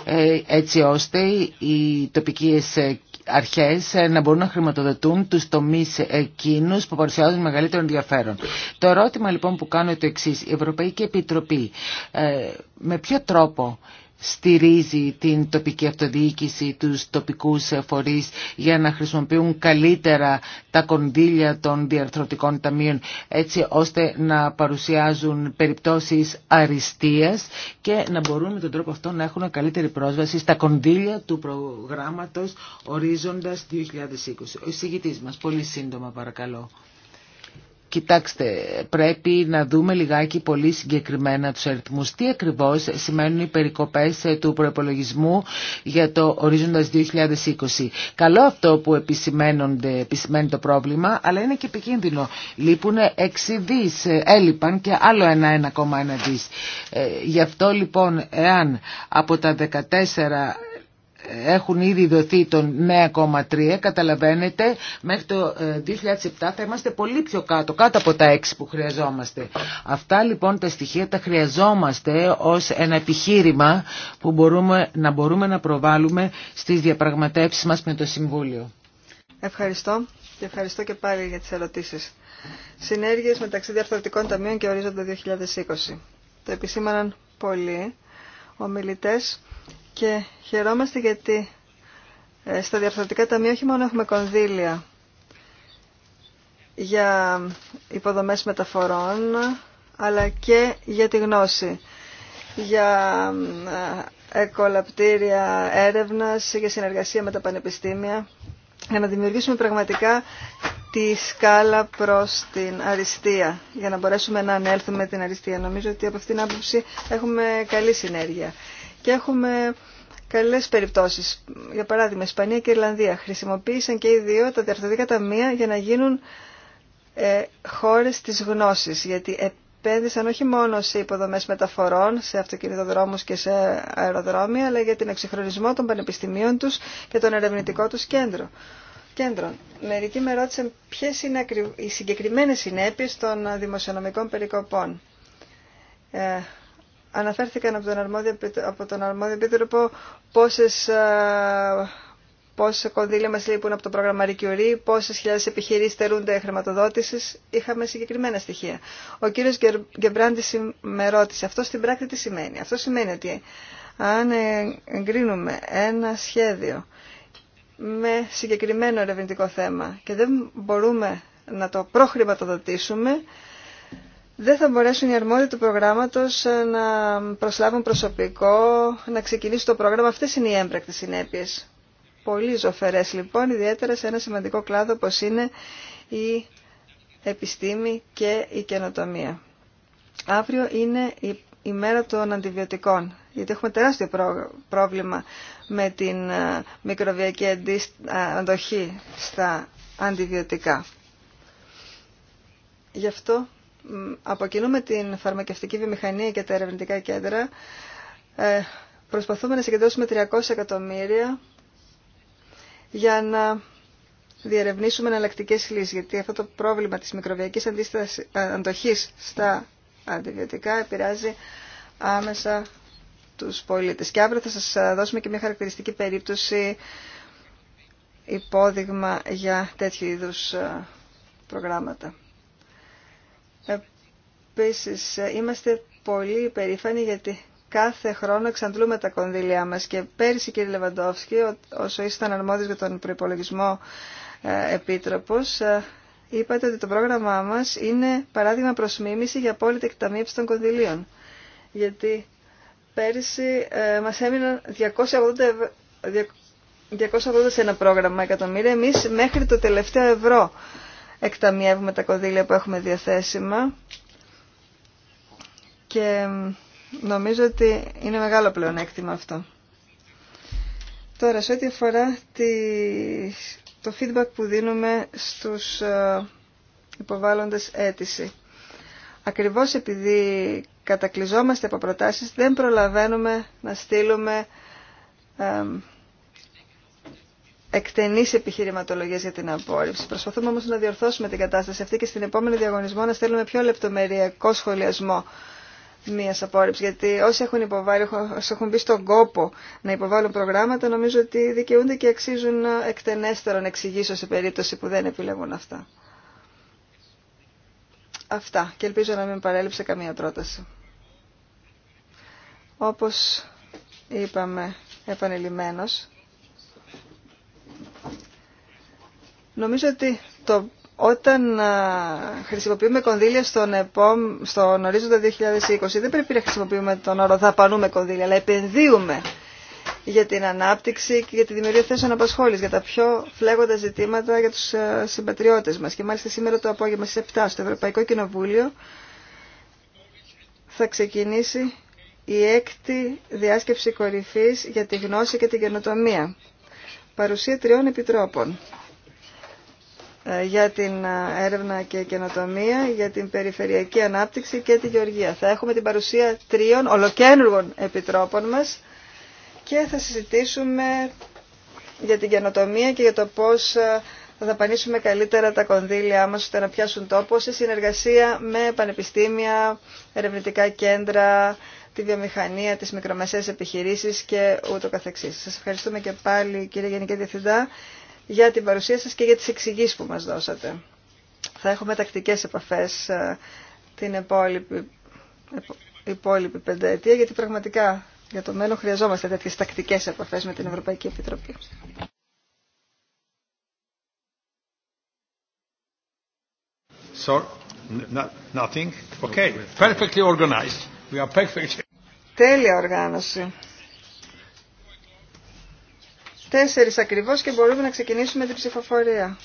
ε, έτσι ώστε οι τοπικές ε, αρχές ε, να μπορούν να χρηματοδοτούν τους τομείς εκείνους που παρουσιάζουν μεγαλύτερο ενδιαφέρον. Το ερώτημα λοιπόν που κάνω είναι το εξής. Η Ευρωπαϊκή Επιτροπή με ποιο τρόπο στηρίζει την τοπική αυτοδιοίκηση, τους τοπικούς φορείς για να χρησιμοποιούν καλύτερα τα κονδύλια των διαρθρωτικών ταμείων έτσι ώστε να παρουσιάζουν περιπτώσεις αριστείας και να μπορούν με τον τρόπο αυτό να έχουν καλύτερη πρόσβαση στα κονδύλια του προγράμματος ορίζοντας 2020. Ο εισηγητής μας, πολύ σύντομα παρακαλώ. Κοιτάξτε, πρέπει να δούμε λιγάκι πολύ συγκεκριμένα τους αριθμούς. Τι ακριβώς σημαίνουν οι περικοπές ε, του προπολογισμού για το ορίζοντας 2020. Καλό αυτό που επισημαίνει το πρόβλημα, αλλά είναι και επικίνδυνο. Λείπουν 6 δις, ε, έλειπαν και άλλο ένα 1,1 δις. Ε, γι' αυτό λοιπόν, εάν από τα 14 έχουν ήδη δοθεί τον 9,3 καταλαβαίνετε μέχρι το 2007 ε, θα είμαστε πολύ πιο κάτω κάτω από τα 6 που χρειαζόμαστε αυτά λοιπόν τα στοιχεία τα χρειαζόμαστε ως ένα επιχείρημα που μπορούμε, να μπορούμε να προβάλλουμε στις διαπραγματεύσεις μας με το Συμβούλιο Ευχαριστώ και ευχαριστώ και πάλι για τις ερωτήσεις Συνέργειες μεταξύ διαρθρωτικών ταμείων και ορίζοντα 2020 το επισήμαναν πολλοί ομιλητές και χαιρόμαστε γιατί ε, στα διαρθρωτικά ταμεία όχι μόνο έχουμε κονδύλια για υποδομές μεταφορών, αλλά και για τη γνώση, για ε, εκολαπτήρια έρευνας, για συνεργασία με τα πανεπιστήμια, για να δημιουργήσουμε πραγματικά τη σκάλα προς την αριστεία, για να μπορέσουμε να ανέλθουμε την αριστεία. Νομίζω ότι από αυτήν την άποψη έχουμε καλή συνέργεια και έχουμε καλές περιπτώσεις. Για παράδειγμα, Ισπανία και Ιρλανδία χρησιμοποίησαν και οι δύο τα διαρθρωτικά ταμεία για να γίνουν ε, χώρες της γνώσης, γιατί επένδυσαν όχι μόνο σε υποδομές μεταφορών, σε αυτοκινητοδρόμους και σε αεροδρόμια, αλλά για την εξυγχρονισμό των πανεπιστημίων τους και τον ερευνητικό τους κέντρο. Μερικοί με ρώτησαν ποιε είναι οι συγκεκριμένε συνέπειε των δημοσιονομικών περικοπών. Ε, αναφέρθηκαν από τον αρμόδιο, από τον αρμόδιο επίτροπο πόσες, ε, πόσες κονδύλια μας λείπουν από το πρόγραμμα Ρικιουρί, πόσες χιλιάδες επιχειρήσεις θερούνται χρηματοδότησης. Είχαμε συγκεκριμένα στοιχεία. Ο κύριος Γκεμπράντη με ρώτησε αυτό στην πράξη τι σημαίνει. Αυτό σημαίνει ότι αν εγκρίνουμε ένα σχέδιο με συγκεκριμένο ερευνητικό θέμα και δεν μπορούμε να το προχρηματοδοτήσουμε, δεν θα μπορέσουν οι αρμόδιοι του προγράμματος ε, να προσλάβουν προσωπικό, να ξεκινήσουν το πρόγραμμα. Αυτές είναι οι έμπρακτες συνέπειες. Πολύ ζωφερές λοιπόν, ιδιαίτερα σε ένα σημαντικό κλάδο όπως είναι η επιστήμη και η καινοτομία. Αύριο είναι η μέρα των αντιβιωτικών, γιατί έχουμε τεράστιο πρόβλημα με την ε, μικροβιακή ε, αντοχή στα αντιβιωτικά. Γι' αυτό με την φαρμακευτική βιομηχανία και τα ερευνητικά κέντρα, ε, προσπαθούμε να συγκεντρώσουμε 300 εκατομμύρια για να διερευνήσουμε εναλλακτικέ λύσει. Γιατί αυτό το πρόβλημα τη μικροβιακή ε, αντοχή στα αντιβιωτικά επηρεάζει άμεσα του πολίτε. Και αύριο θα σα δώσουμε και μια χαρακτηριστική περίπτωση υπόδειγμα για τέτοιου είδου ε, προγράμματα. Επίσης, είμαστε πολύ υπερήφανοι γιατί κάθε χρόνο εξαντλούμε τα κονδύλια μας και πέρυσι, κύριε Λεβαντόφσκι, όσο ήσταν αρμόδιος για τον προϋπολογισμό ε, επίτροπος, ε, είπατε ότι το πρόγραμμά μας είναι παράδειγμα προς για απόλυτη εκταμείευση των κονδυλίων. Γιατί πέρυσι ε, μας έμειναν 280, 280 σε ένα πρόγραμμα εκατομμύρια, Εμεί μέχρι το τελευταίο ευρώ εκταμιεύουμε τα κονδύλια που έχουμε διαθέσιμα και νομίζω ότι είναι μεγάλο πλεονέκτημα αυτό. Τώρα, σε ό,τι αφορά το feedback που δίνουμε στους ε, υποβάλλοντες αίτηση. Ακριβώς επειδή κατακλυζόμαστε από προτάσεις, δεν προλαβαίνουμε να στείλουμε ε, εκτενείς επιχειρηματολογίες για την απόρριψη. Προσπαθούμε όμως να διορθώσουμε την κατάσταση αυτή και στην επόμενη διαγωνισμό να στέλνουμε πιο λεπτομεριακό σχολιασμό μία απόρριψη. Γιατί όσοι έχουν υποβάλει, όσοι έχουν μπει στον κόπο να υποβάλουν προγράμματα, νομίζω ότι δικαιούνται και αξίζουν να εξηγήσω σε περίπτωση που δεν επιλέγουν αυτά. Αυτά και ελπίζω να μην παρέλειψε καμία πρόταση. Όπως είπαμε επανειλημμένος, νομίζω ότι το όταν χρησιμοποιούμε κονδύλια στον, στον ορίζοντα 2020 δεν πρέπει να χρησιμοποιούμε τον όρο δαπανούμε κονδύλια, αλλά επενδύουμε για την ανάπτυξη και για τη δημιουργία θέσεων απασχόληση, για τα πιο φλέγοντα ζητήματα για του συμπατριώτες μα. Και μάλιστα σήμερα το απόγευμα στι 7 στο Ευρωπαϊκό Κοινοβούλιο θα ξεκινήσει η έκτη διάσκεψη κορυφής για τη γνώση και την καινοτομία. Παρουσία τριών επιτρόπων. Ε, για την ε, έρευνα και καινοτομία, για την περιφερειακή ανάπτυξη και τη γεωργία. Θα έχουμε την παρουσία τριών ολοκένουργων επιτρόπων μας και θα συζητήσουμε για την καινοτομία και για το πώς ε, θα δαπανίσουμε καλύτερα τα κονδύλια μας ώστε να πιάσουν τόπο σε συνεργασία με πανεπιστήμια, ερευνητικά κέντρα, τη βιομηχανία, τις μικρομεσαίες επιχειρήσεις και ούτω καθεξής. Σας ευχαριστούμε και πάλι κύριε Γενική Διευθυντά για την παρουσία σας και για τις εξηγήσεις που μας δώσατε. Θα έχουμε τακτικές επαφές ε, την υπόλοιπη, υπόλοιπη πενταετία, γιατί πραγματικά για το μέλλον χρειαζόμαστε τέτοιες τακτικές επαφές με την Ευρωπαϊκή Επιτροπή. So, nothing. Okay. Perfectly We are Τέλεια οργάνωση. Τέσσερις ακριβώς και μπορούμε να ξεκινήσουμε την ψηφοφορία.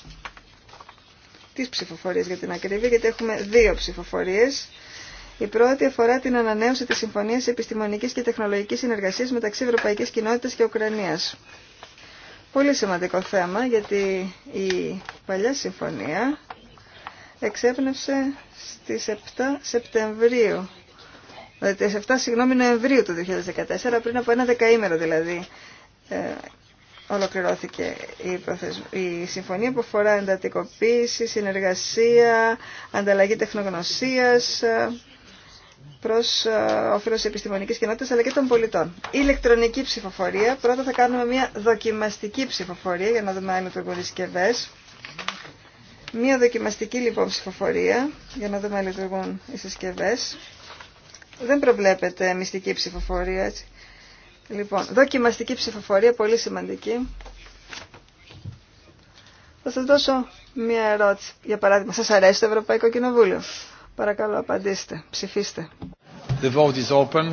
Τις ψηφοφορίες για την ακριβή, γιατί έχουμε δύο ψηφοφορίες. Η πρώτη αφορά την ανανέωση της Συμφωνίας Επιστημονικής και Τεχνολογικής Συνεργασίας μεταξύ Ευρωπαϊκής Κοινότητας και Ουκρανίας. Πολύ σημαντικό θέμα, γιατί η παλιά συμφωνία εξέπνευσε στις 7 Σεπτεμβρίου. Στις ε, 7 συγγνώμη Νοεμβρίου του 2014, πριν από ένα δεκαήμερο δηλαδή. Ε, ολοκληρώθηκε η, η συμφωνία που αφορά εντατικοποίηση, συνεργασία, ανταλλαγή τεχνογνωσίας ε, προς ε, όφελος επιστημονικής κοινότητας αλλά και των πολιτών. ηλεκτρονική ψηφοφορία. Πρώτα θα κάνουμε μια δοκιμαστική ψηφοφορία για να δούμε αν λειτουργούν οι συσκευές. Μια δοκιμαστική λοιπόν ψηφοφορία για να δούμε αν λειτουργούν οι συσκευές. Δεν προβλέπεται μυστική ψηφοφορία έτσι. Λοιπόν, δοκιμαστική ψηφοφορία, πολύ σημαντική. Θα σας δώσω μία ερώτηση. Για παράδειγμα, σας αρέσει το Ευρωπαϊκό Κοινοβούλιο. Παρακαλώ, απαντήστε, ψηφίστε. The vote is open.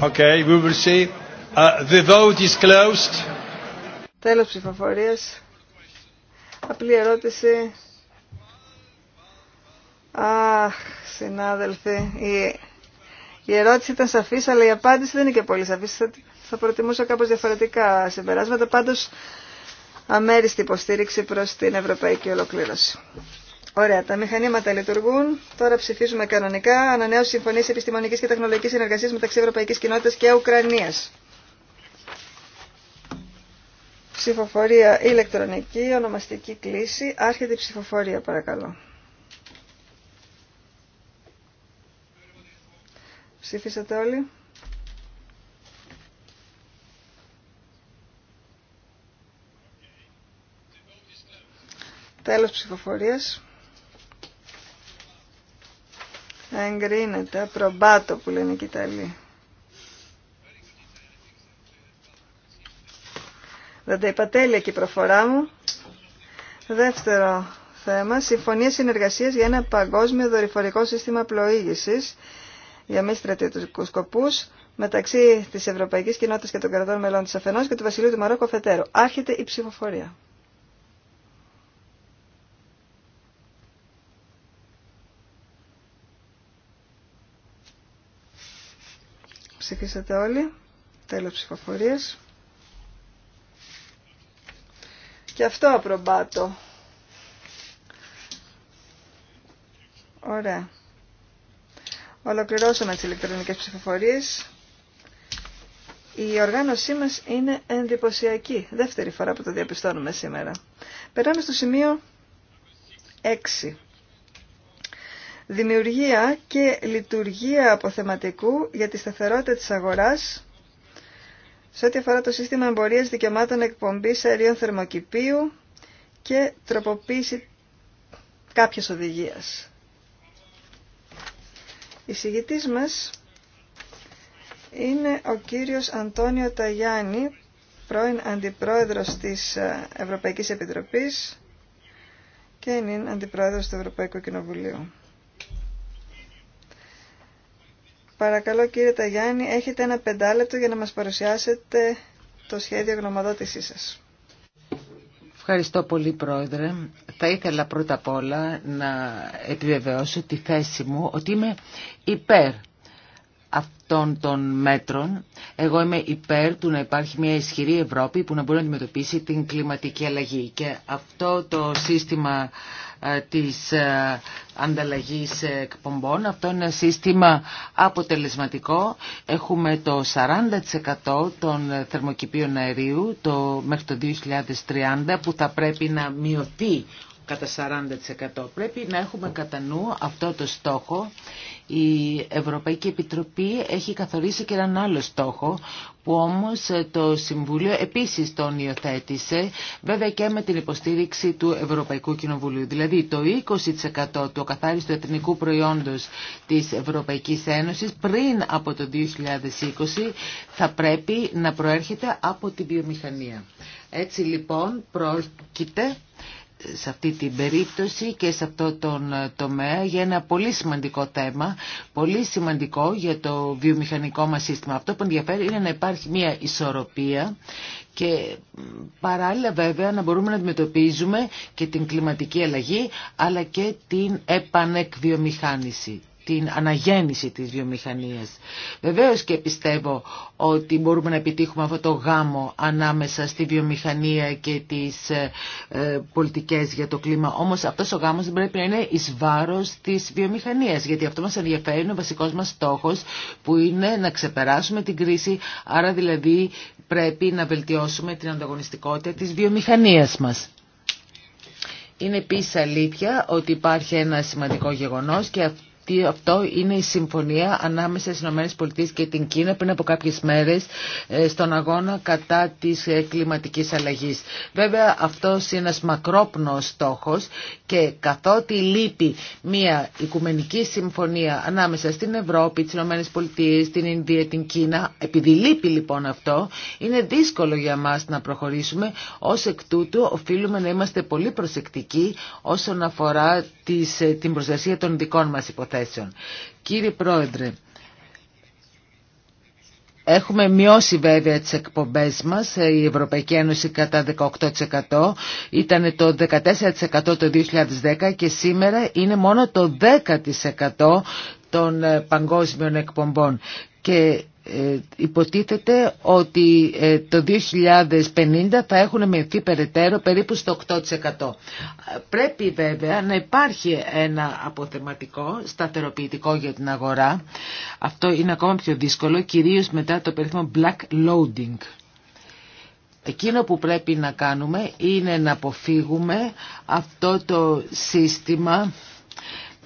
Okay, we will see. Uh, the vote is closed. Τέλος ψηφοφορίας. Απλή ερώτηση. Αχ, συνάδελφοι, η η ερώτηση ήταν σαφής, αλλά η απάντηση δεν είναι και πολύ σαφής. Θα, θα προτιμούσα κάπως διαφορετικά συμπεράσματα. Πάντως, αμέριστη υποστήριξη προς την ευρωπαϊκή ολοκλήρωση. Ωραία, τα μηχανήματα λειτουργούν. Τώρα ψηφίζουμε κανονικά ανανέωση συμφωνία επιστημονική και τεχνολογική συνεργασία μεταξύ Ευρωπαϊκή Κοινότητα και Ουκρανία. Ψηφοφορία ηλεκτρονική, ονομαστική κλίση. Άρχεται η ψηφοφορία, παρακαλώ. Ψήφισατε όλοι. Τέλος ψηφοφορίας. Εγκρίνεται, Προμπάτο που λένε και οι Ιταλοί. Δεν τα είπα τέλεια και η προφορά μου. Δεύτερο θέμα, συμφωνία συνεργασίας για ένα παγκόσμιο δορυφορικό σύστημα πλοήγησης για μη στρατιωτικού σκοπού μεταξύ τη Ευρωπαϊκή Κοινότητα και των κρατών μελών τη αφενό και του Βασιλείου του Μαρόκου αφετέρου. Άρχεται η ψηφοφορία. Ψηφίσατε όλοι. Τέλος ψηφοφορίας. Και αυτό απρομπάτω. Ωραία. Ολοκληρώσαμε τις ηλεκτρονικές ψηφοφορίες. Η οργάνωσή μας είναι εντυπωσιακή. Δεύτερη φορά που το διαπιστώνουμε σήμερα. Περάμε στο σημείο 6. Δημιουργία και λειτουργία αποθεματικού για τη σταθερότητα της αγοράς σε ό,τι αφορά το σύστημα εμπορία δικαιωμάτων εκπομπή αερίων θερμοκηπίου και τροποποίηση κάποιες οδηγίας. Η μας είναι ο κύριος Αντώνιο Ταγιάννη, πρώην Αντιπρόεδρος της Ευρωπαϊκής Επιτροπής και είναι Αντιπρόεδρος του Ευρωπαϊκού Κοινοβουλίου. Παρακαλώ κύριε Ταγιάννη, έχετε ένα πεντάλεπτο για να μας παρουσιάσετε το σχέδιο γνωμοδότησής σας. Ευχαριστώ πολύ Πρόεδρε. Θα ήθελα πρώτα απ' όλα να επιβεβαιώσω τη θέση μου ότι είμαι υπέρ αυτών των μέτρων. Εγώ είμαι υπέρ του να υπάρχει μια ισχυρή Ευρώπη που να μπορεί να αντιμετωπίσει την κλιματική αλλαγή. Και αυτό το σύστημα ε, της ε, ανταλλαγής εκπομπών. Αυτό είναι ένα σύστημα αποτελεσματικό. Έχουμε το 40% των θερμοκηπίων αερίου το, μέχρι το 2030 που θα πρέπει να μειωθεί κατά 40%. Πρέπει να έχουμε κατά νου αυτό το στόχο η Ευρωπαϊκή Επιτροπή έχει καθορίσει και έναν άλλο στόχο που όμως ε, το Συμβούλιο επίσης τον υιοθέτησε βέβαια και με την υποστήριξη του Ευρωπαϊκού Κοινοβουλίου. Δηλαδή το 20% του καθάριστου εθνικού προϊόντος της Ευρωπαϊκής Ένωσης πριν από το 2020 θα πρέπει να προέρχεται από την βιομηχανία. Έτσι λοιπόν πρόκειται σε αυτή την περίπτωση και σε αυτό τον ε, τομέα για ένα πολύ σημαντικό θέμα, πολύ σημαντικό για το βιομηχανικό μας σύστημα. Αυτό που ενδιαφέρει είναι να υπάρχει μια ισορροπία και παράλληλα βέβαια να μπορούμε να αντιμετωπίζουμε και την κλιματική αλλαγή αλλά και την επανεκβιομηχάνηση την αναγέννηση της βιομηχανίας. Βεβαίως και πιστεύω ότι μπορούμε να επιτύχουμε αυτό το γάμο ανάμεσα στη βιομηχανία και τις ε, ε, πολιτικές για το κλίμα. Όμως αυτός ο γάμος δεν πρέπει να είναι εις βάρος της βιομηχανίας, γιατί αυτό μας ενδιαφέρει είναι ο βασικός μας στόχος που είναι να ξεπεράσουμε την κρίση, άρα δηλαδή πρέπει να βελτιώσουμε την ανταγωνιστικότητα της βιομηχανίας μας. Είναι επίση αλήθεια ότι υπάρχει ένα σημαντικό γεγονός και αυτό ότι αυτό είναι η συμφωνία ανάμεσα στις ΗΠΑ και την Κίνα πριν από κάποιες μέρες ε, στον αγώνα κατά της ε, κλιματικής αλλαγής. Βέβαια αυτός είναι ένας μακρόπνο στόχος και καθότι λείπει μια οικουμενική συμφωνία ανάμεσα στην Ευρώπη, τις ΗΠΑ, την Ινδία, την Κίνα, επειδή λείπει λοιπόν αυτό, είναι δύσκολο για μας να προχωρήσουμε. Ως εκ τούτου οφείλουμε να είμαστε πολύ προσεκτικοί όσον αφορά ε, την προστασία των δικών μας υποθέσεων. Κύριε Πρόεδρε, Έχουμε μειώσει βέβαια τις εκπομπές μας, ε, η Ευρωπαϊκή Ένωση κατά 18%, ήταν το 14% το 2010 και σήμερα είναι μόνο το 10% των ε, παγκόσμιων εκπομπών. Και ε, υποτίθεται ότι ε, το 2050 θα έχουν μειωθεί περαιτέρω περίπου στο 8%. Πρέπει βέβαια να υπάρχει ένα αποθεματικό σταθεροποιητικό για την αγορά. Αυτό είναι ακόμα πιο δύσκολο, κυρίως μετά το περίφημο black loading. Εκείνο που πρέπει να κάνουμε είναι να αποφύγουμε αυτό το σύστημα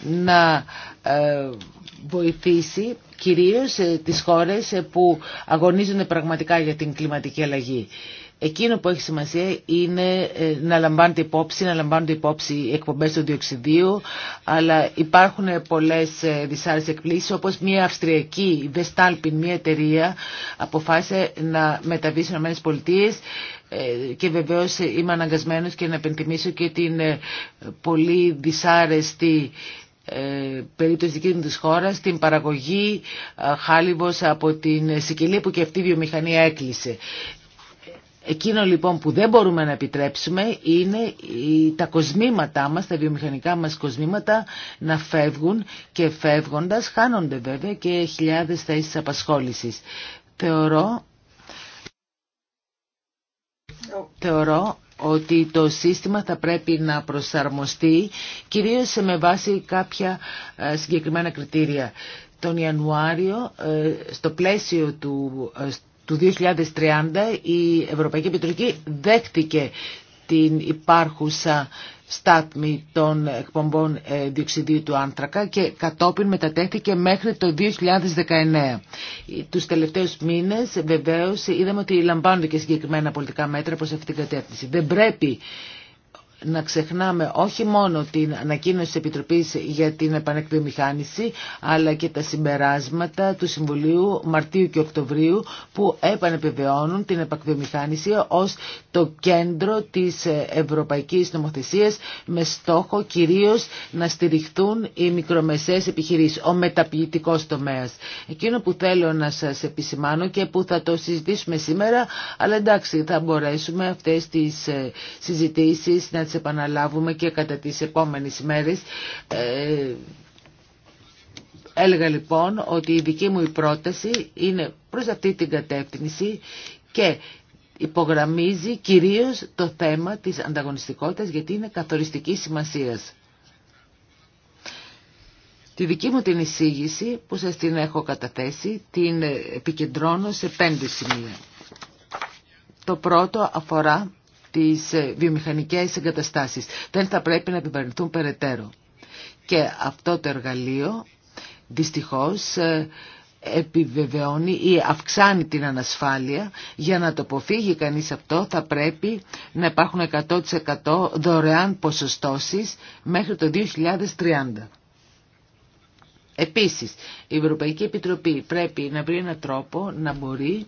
να ε, βοηθήσει κυρίως ε, τις χώρες ε, που αγωνίζονται πραγματικά για την κλιματική αλλαγή. Εκείνο που έχει σημασία είναι ε, να λαμβάνεται υπόψη, να λαμβάνονται υπόψη οι εκπομπές του διοξιδίου, αλλά υπάρχουν πολλές δυσάρες εκπλήσεις, όπως μια αυστριακή, η Vestalpin, μια εταιρεία, αποφάσισε να μεταβεί στις ΗΠΑ και βεβαίως είμαι αναγκασμένος και να επενθυμίσω και την πολύ δυσάρεστη ε, περίπτωση δική μου της χώρας την παραγωγή ε, από την Σικελία που και αυτή η βιομηχανία έκλεισε. Εκείνο λοιπόν που δεν μπορούμε να επιτρέψουμε είναι τα κοσμήματά μας, τα βιομηχανικά μας κοσμήματα να φεύγουν και φεύγοντας χάνονται βέβαια και χιλιάδες θέσεις απασχόλησης. Θεωρώ, θεωρώ ότι το σύστημα θα πρέπει να προσαρμοστεί κυρίως με βάση κάποια ε, συγκεκριμένα κριτήρια. Τον Ιανουάριο, ε, στο πλαίσιο του, ε, του 2030, η Ευρωπαϊκή Επιτροπή δέχτηκε την υπάρχουσα στάθμι των εκπομπών ε, διοξιδίου του άνθρακα και κατόπιν μετατέθηκε μέχρι το 2019. Ε, τους τελευταίους μήνες βεβαίως είδαμε ότι λαμβάνονται και συγκεκριμένα πολιτικά μέτρα προς αυτήν την κατεύθυνση. Δεν πρέπει να ξεχνάμε όχι μόνο την ανακοίνωση της Επιτροπής για την επανεκβιομηχάνηση αλλά και τα συμπεράσματα του Συμβουλίου Μαρτίου και Οκτωβρίου που επανεπιβεβαιώνουν την επανεκβιομηχάνηση ως το κέντρο της Ευρωπαϊκής Νομοθεσίας με στόχο κυρίως να στηριχθούν οι μικρομεσαίες επιχειρήσεις, ο μεταποιητικός τομέας. Εκείνο που θέλω να σας επισημάνω και που θα το συζητήσουμε σήμερα αλλά εντάξει θα μπορέσουμε αυτές τις ε, συζητήσεις τις επαναλάβουμε και κατά τις επόμενες μέρες. Ε, έλεγα λοιπόν ότι η δική μου η πρόταση είναι προς αυτή την κατεύθυνση και υπογραμμίζει κυρίως το θέμα της ανταγωνιστικότητας γιατί είναι καθοριστική σημασίας. Τη δική μου την εισήγηση που σας την έχω καταθέσει την επικεντρώνω σε πέντε σημεία. Το πρώτο αφορά τις ε, βιομηχανικές εγκαταστάσεις. Δεν θα πρέπει να επιβαρυνθούν περαιτέρω. Και αυτό το εργαλείο δυστυχώς ε, επιβεβαιώνει ή αυξάνει την ανασφάλεια. Για να το αποφύγει κανείς αυτό θα πρέπει να υπάρχουν 100% δωρεάν ποσοστώσεις μέχρι το 2030. Επίσης, η Ευρωπαϊκή Επιτροπή πρέπει να βρει έναν τρόπο να μπορεί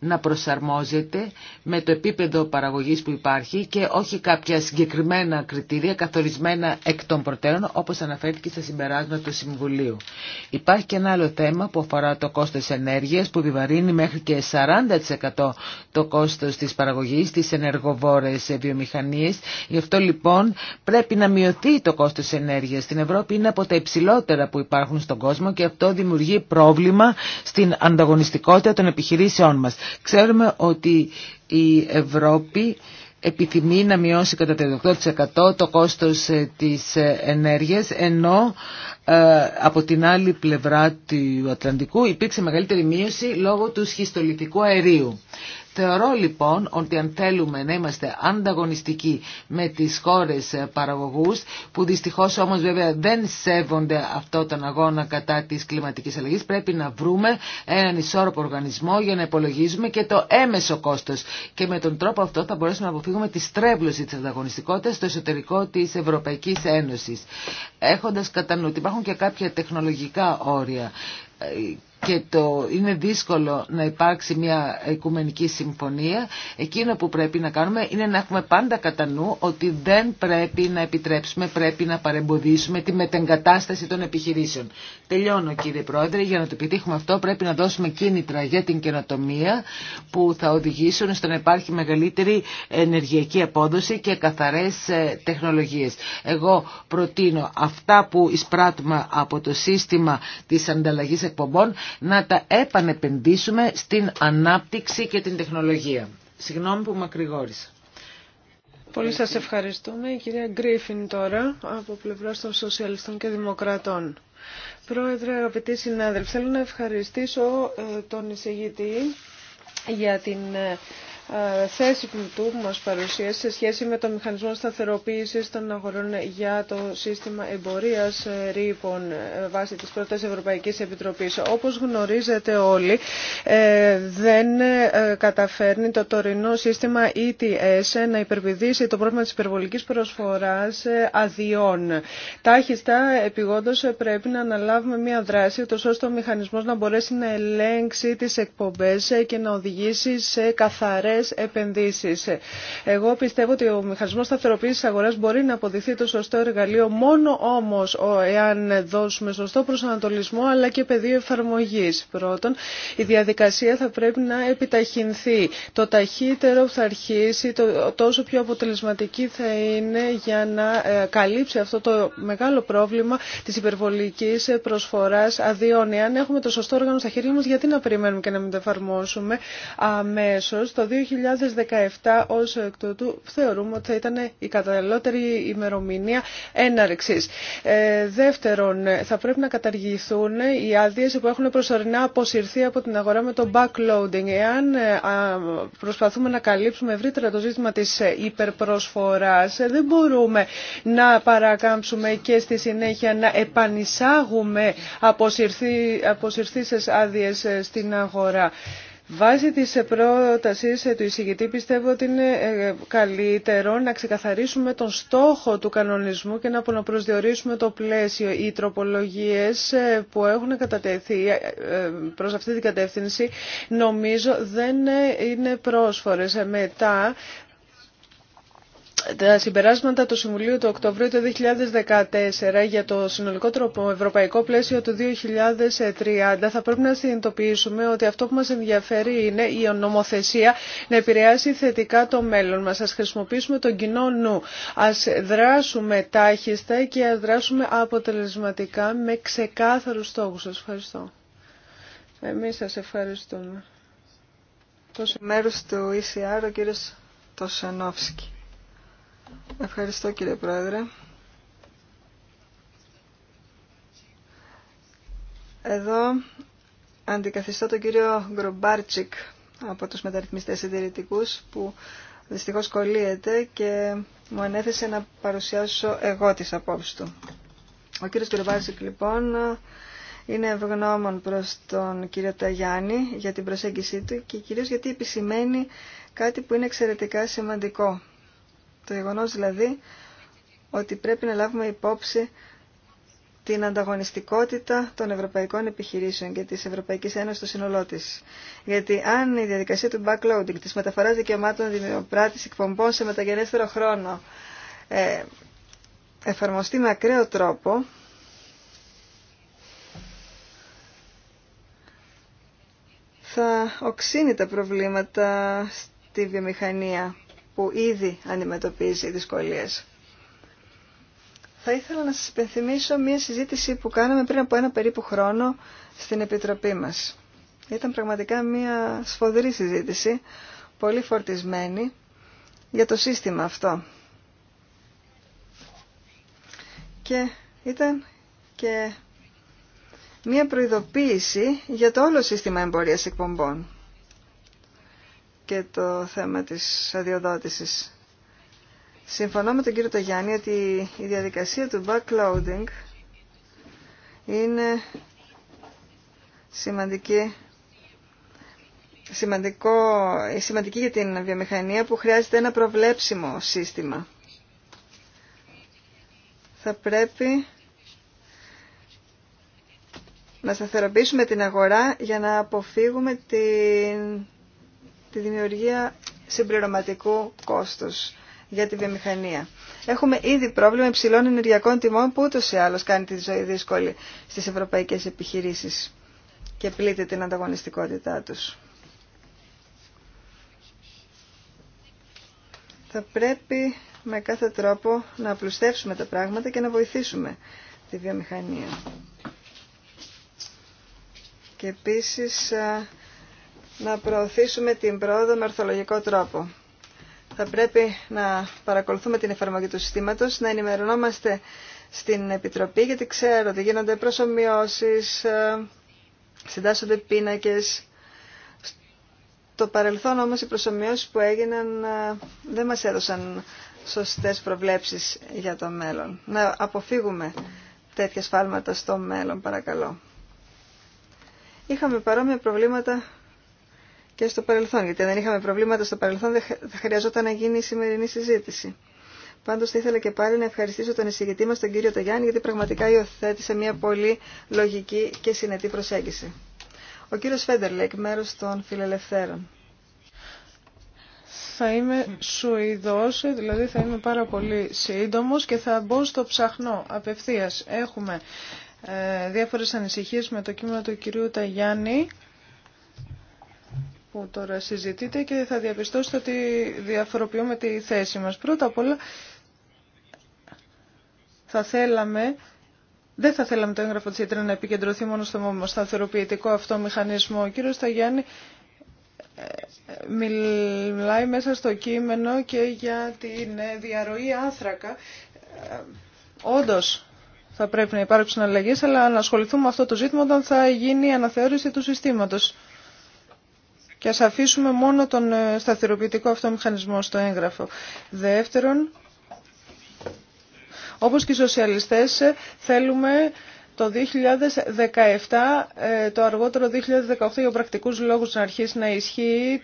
να προσαρμόζεται με το επίπεδο παραγωγής που υπάρχει και όχι κάποια συγκεκριμένα κριτήρια καθορισμένα εκ των προτέρων όπως αναφέρθηκε στα συμπεράσματα του Συμβουλίου. Υπάρχει και ένα άλλο θέμα που αφορά το κόστος ενέργειας που επιβαρύνει μέχρι και 40% το κόστος της παραγωγής στις ενεργοβόρες βιομηχανίες. Γι' αυτό λοιπόν πρέπει να μειωθεί το κόστος ενέργειας. Στην Ευρώπη είναι από τα υψηλότερα που υπάρχουν στον κόσμο και αυτό δημιουργεί πρόβλημα στην ανταγωνιστικότητα των επιχειρήσεών μας. Ξέρουμε ότι η Ευρώπη επιθυμεί να μειώσει κατά 38% το κόστος ε, της ε, ενέργειας, ενώ ε, από την άλλη πλευρά του Ατλαντικού υπήρξε μεγαλύτερη μείωση λόγω του σχιστολιτικού αερίου. Θεωρώ λοιπόν ότι αν θέλουμε να είμαστε ανταγωνιστικοί με τις χώρες παραγωγούς που δυστυχώς όμως βέβαια δεν σέβονται αυτό τον αγώνα κατά της κλιματικής αλλαγής πρέπει να βρούμε έναν ισόρροπο οργανισμό για να υπολογίζουμε και το έμεσο κόστος και με τον τρόπο αυτό θα μπορέσουμε να αποφύγουμε τη στρέβλωση της ανταγωνιστικότητας στο εσωτερικό της Ευρωπαϊκής Ένωσης έχοντας κατά νου ότι υπάρχουν και κάποια τεχνολογικά όρια ε, και το είναι δύσκολο να υπάρξει μια οικουμενική συμφωνία, εκείνο που πρέπει να κάνουμε είναι να έχουμε πάντα κατά νου ότι δεν πρέπει να επιτρέψουμε, πρέπει να παρεμποδίσουμε τη μετεγκατάσταση των επιχειρήσεων. Τελειώνω κύριε Πρόεδρε, για να το επιτύχουμε αυτό πρέπει να δώσουμε κίνητρα για την καινοτομία που θα οδηγήσουν στο να υπάρχει μεγαλύτερη ενεργειακή απόδοση και καθαρές ε, τεχνολογίες. Εγώ προτείνω αυτά που εισπράττουμε από το σύστημα της ανταλλαγής εκπομπών να τα επανεπενδύσουμε στην ανάπτυξη και την τεχνολογία. Συγγνώμη που μακρηγόρησα. Πολύ σας ευχαριστούμε. Η κυρία Γκρίφιν τώρα από πλευρά των Σοσιαλιστών και Δημοκρατών. Πρόεδρε, αγαπητοί συνάδελφοι, θέλω να ευχαριστήσω ε, τον εισηγητή για την ε, ε, θέση που μας παρουσίασε σε σχέση με το μηχανισμό σταθεροποίησης των αγορών για το σύστημα εμπορίας ε, ρήπων ε, βάσει της πρώτη Ευρωπαϊκής Επιτροπής. Όπως γνωρίζετε όλοι, δεν καταφέρνει το τωρινό σύστημα ETS να υπερπηδήσει το πρόβλημα της υπερβολικής προσφοράς αδειών. Τάχιστα, επιγόντως, πρέπει να αναλάβουμε μια δράση, ώστε ο μηχανισμός να μπορέσει να ελέγξει τις εκπομπές και να οδηγήσει σε επενδύσεις. Εγώ πιστεύω ότι ο μηχανισμός σταθεροποίησης αγοράς μπορεί να αποδειχθεί το σωστό εργαλείο μόνο όμως εάν δώσουμε σωστό προσανατολισμό αλλά και πεδίο εφαρμογής. Πρώτον, η διαδικασία θα πρέπει να επιταχυνθεί. Το ταχύτερο που θα αρχίσει, το, τόσο πιο αποτελεσματική θα είναι για να ε, καλύψει αυτό το μεγάλο πρόβλημα της υπερβολικής προσφοράς αδειών. Εάν έχουμε το σωστό όργανο στα χέρια μας, γιατί να περιμένουμε και να μην το εφαρμόσουμε αμέσως. Το 2017 ως εκ τούτου θεωρούμε ότι θα ήταν η καταλληλότερη ημερομηνία έναρξης. Ε, δεύτερον, θα πρέπει να καταργηθούν οι άδειες που έχουν προσωρινά αποσυρθεί από την αγορά με το backloading. Εάν ε, προσπαθούμε να καλύψουμε ευρύτερα το ζήτημα της ε, υπερπροσφοράς, ε, δεν μπορούμε να παρακάμψουμε και στη συνέχεια να επανεισάγουμε αποσυρθεί, αποσυρθήσεις άδειες στην αγορά. Βάσει τη πρότασή ε, του εισηγητή πιστεύω ότι είναι ε, καλύτερο να ξεκαθαρίσουμε τον στόχο του κανονισμού και να προσδιορίσουμε το πλαίσιο. Οι τροπολογίε ε, που έχουν κατατεθεί προς αυτή την κατεύθυνση νομίζω δεν είναι πρόσφορες. Μετά τα συμπεράσματα του Συμβουλίου του Οκτωβρίου του 2014 για το συνολικό τρόπο ευρωπαϊκό πλαίσιο του 2030 θα πρέπει να συνειδητοποιήσουμε ότι αυτό που μας ενδιαφέρει είναι η ονομοθεσία να επηρεάσει θετικά το μέλλον μας. Ας χρησιμοποιήσουμε τον κοινό νου. Ας δράσουμε τάχιστα και ας δράσουμε αποτελεσματικά με ξεκάθαρους στόχους. Σας ευχαριστώ. Εμείς σας ευχαριστούμε. Μέρος του ECR ο κύριος Τοσενόφσκι. Ευχαριστώ κύριε Πρόεδρε. Εδώ αντικαθιστώ τον κύριο Γκρομπάρτσικ από τους μεταρρυθμιστές συντηρητικού που δυστυχώς κολλείεται και μου ανέθεσε να παρουσιάσω εγώ τις απόψεις του. Ο κύριος Γκρομπάρτσικ λοιπόν είναι ευγνώμων προς τον κύριο Ταγιάννη για την προσέγγιση του και κυρίως γιατί επισημαίνει κάτι που είναι εξαιρετικά σημαντικό το γεγονό δηλαδή ότι πρέπει να λάβουμε υπόψη την ανταγωνιστικότητα των ευρωπαϊκών επιχειρήσεων και της ευρωπαϊκή ένωση στο σύνολό τη. Γιατί αν η διαδικασία του backloading, της μεταφοράς δικαιωμάτων δημιουργικής εκπομπών σε μεταγενέστερο χρόνο ε, εφαρμοστεί με ακραίο τρόπο, θα οξύνει τα προβλήματα στη βιομηχανία που ήδη αντιμετωπίζει δυσκολίες. Θα ήθελα να σας υπενθυμίσω μία συζήτηση που κάναμε πριν από ένα περίπου χρόνο στην Επιτροπή μας. Ήταν πραγματικά μία σφοδρή συζήτηση, πολύ φορτισμένη, για το σύστημα αυτό. Και ήταν και μία προειδοποίηση για το όλο σύστημα εμπορίας εκπομπών και το θέμα της αδειοδότησης. Συμφωνώ με τον κύριο Ταγιάννη ότι η διαδικασία του backloading είναι σημαντική, σημαντικό, σημαντική για την βιομηχανία που χρειάζεται ένα προβλέψιμο σύστημα. Θα πρέπει να σταθεροποιήσουμε την αγορά για να αποφύγουμε την τη δημιουργία συμπληρωματικού κόστους για τη βιομηχανία. Έχουμε ήδη πρόβλημα υψηλών ενεργειακών τιμών που ούτως ή άλλως κάνει τη ζωή δύσκολη στις ευρωπαϊκές επιχειρήσεις και πλήττει την ανταγωνιστικότητά τους. Θα πρέπει με κάθε τρόπο να απλουστεύσουμε τα πράγματα και να βοηθήσουμε τη βιομηχανία. Και επίσης να προωθήσουμε την πρόοδο με ορθολογικό τρόπο. Θα πρέπει να παρακολουθούμε την εφαρμογή του συστήματος, να ενημερωνόμαστε στην Επιτροπή, γιατί ξέρω ότι γίνονται προσωμιώσεις, ε, συντάσσονται πίνακες. Το παρελθόν όμως οι προσωμιώσεις που έγιναν ε, δεν μας έδωσαν σωστές προβλέψεις για το μέλλον. Να αποφύγουμε τέτοια σφάλματα στο μέλλον, παρακαλώ. Είχαμε παρόμοια προβλήματα και στο παρελθόν, γιατί αν δεν είχαμε προβλήματα στο παρελθόν δεν χρειαζόταν να γίνει η σημερινή συζήτηση. Πάντω, θα ήθελα και πάλι να ευχαριστήσω τον εισηγητή μα, τον κύριο Ταγιάννη, γιατί πραγματικά υιοθέτησε μια πολύ λογική και συνετή προσέγγιση. Ο κύριος Φέντερλεκ, εκ των φιλελευθέρων. Θα είμαι Σουηδός, δηλαδή θα είμαι πάρα πολύ σύντομος και θα μπω στο ψαχνό απευθείας. Έχουμε ε, διάφορες ανησυχίες με το κείμενο του κυρίου Ταγιάννη που τώρα συζητείτε και θα διαπιστώσετε ότι διαφοροποιούμε τη θέση μας. Πρώτα απ' όλα θα θέλαμε δεν θα θέλαμε το έγγραφο της ΙΤΡΑ να επικεντρωθεί μόνο στο σταθεροποιητικό αυτό μηχανισμό. Ο κύριος Σταγιάννη ε, μιλάει μέσα στο κείμενο και για την ε, διαρροή άθρακα. Ε, όντως θα πρέπει να υπάρξουν αλλαγέ, αλλά να ασχοληθούμε με αυτό το ζήτημα όταν θα γίνει η αναθεώρηση του συστήματος και ας αφήσουμε μόνο τον ε, σταθεροποιητικό αυτό μηχανισμό στο έγγραφο. Δεύτερον, όπως και οι σοσιαλιστές ε, θέλουμε το 2017, ε, το αργότερο 2018 για πρακτικούς λόγους να αρχίσει να ισχύει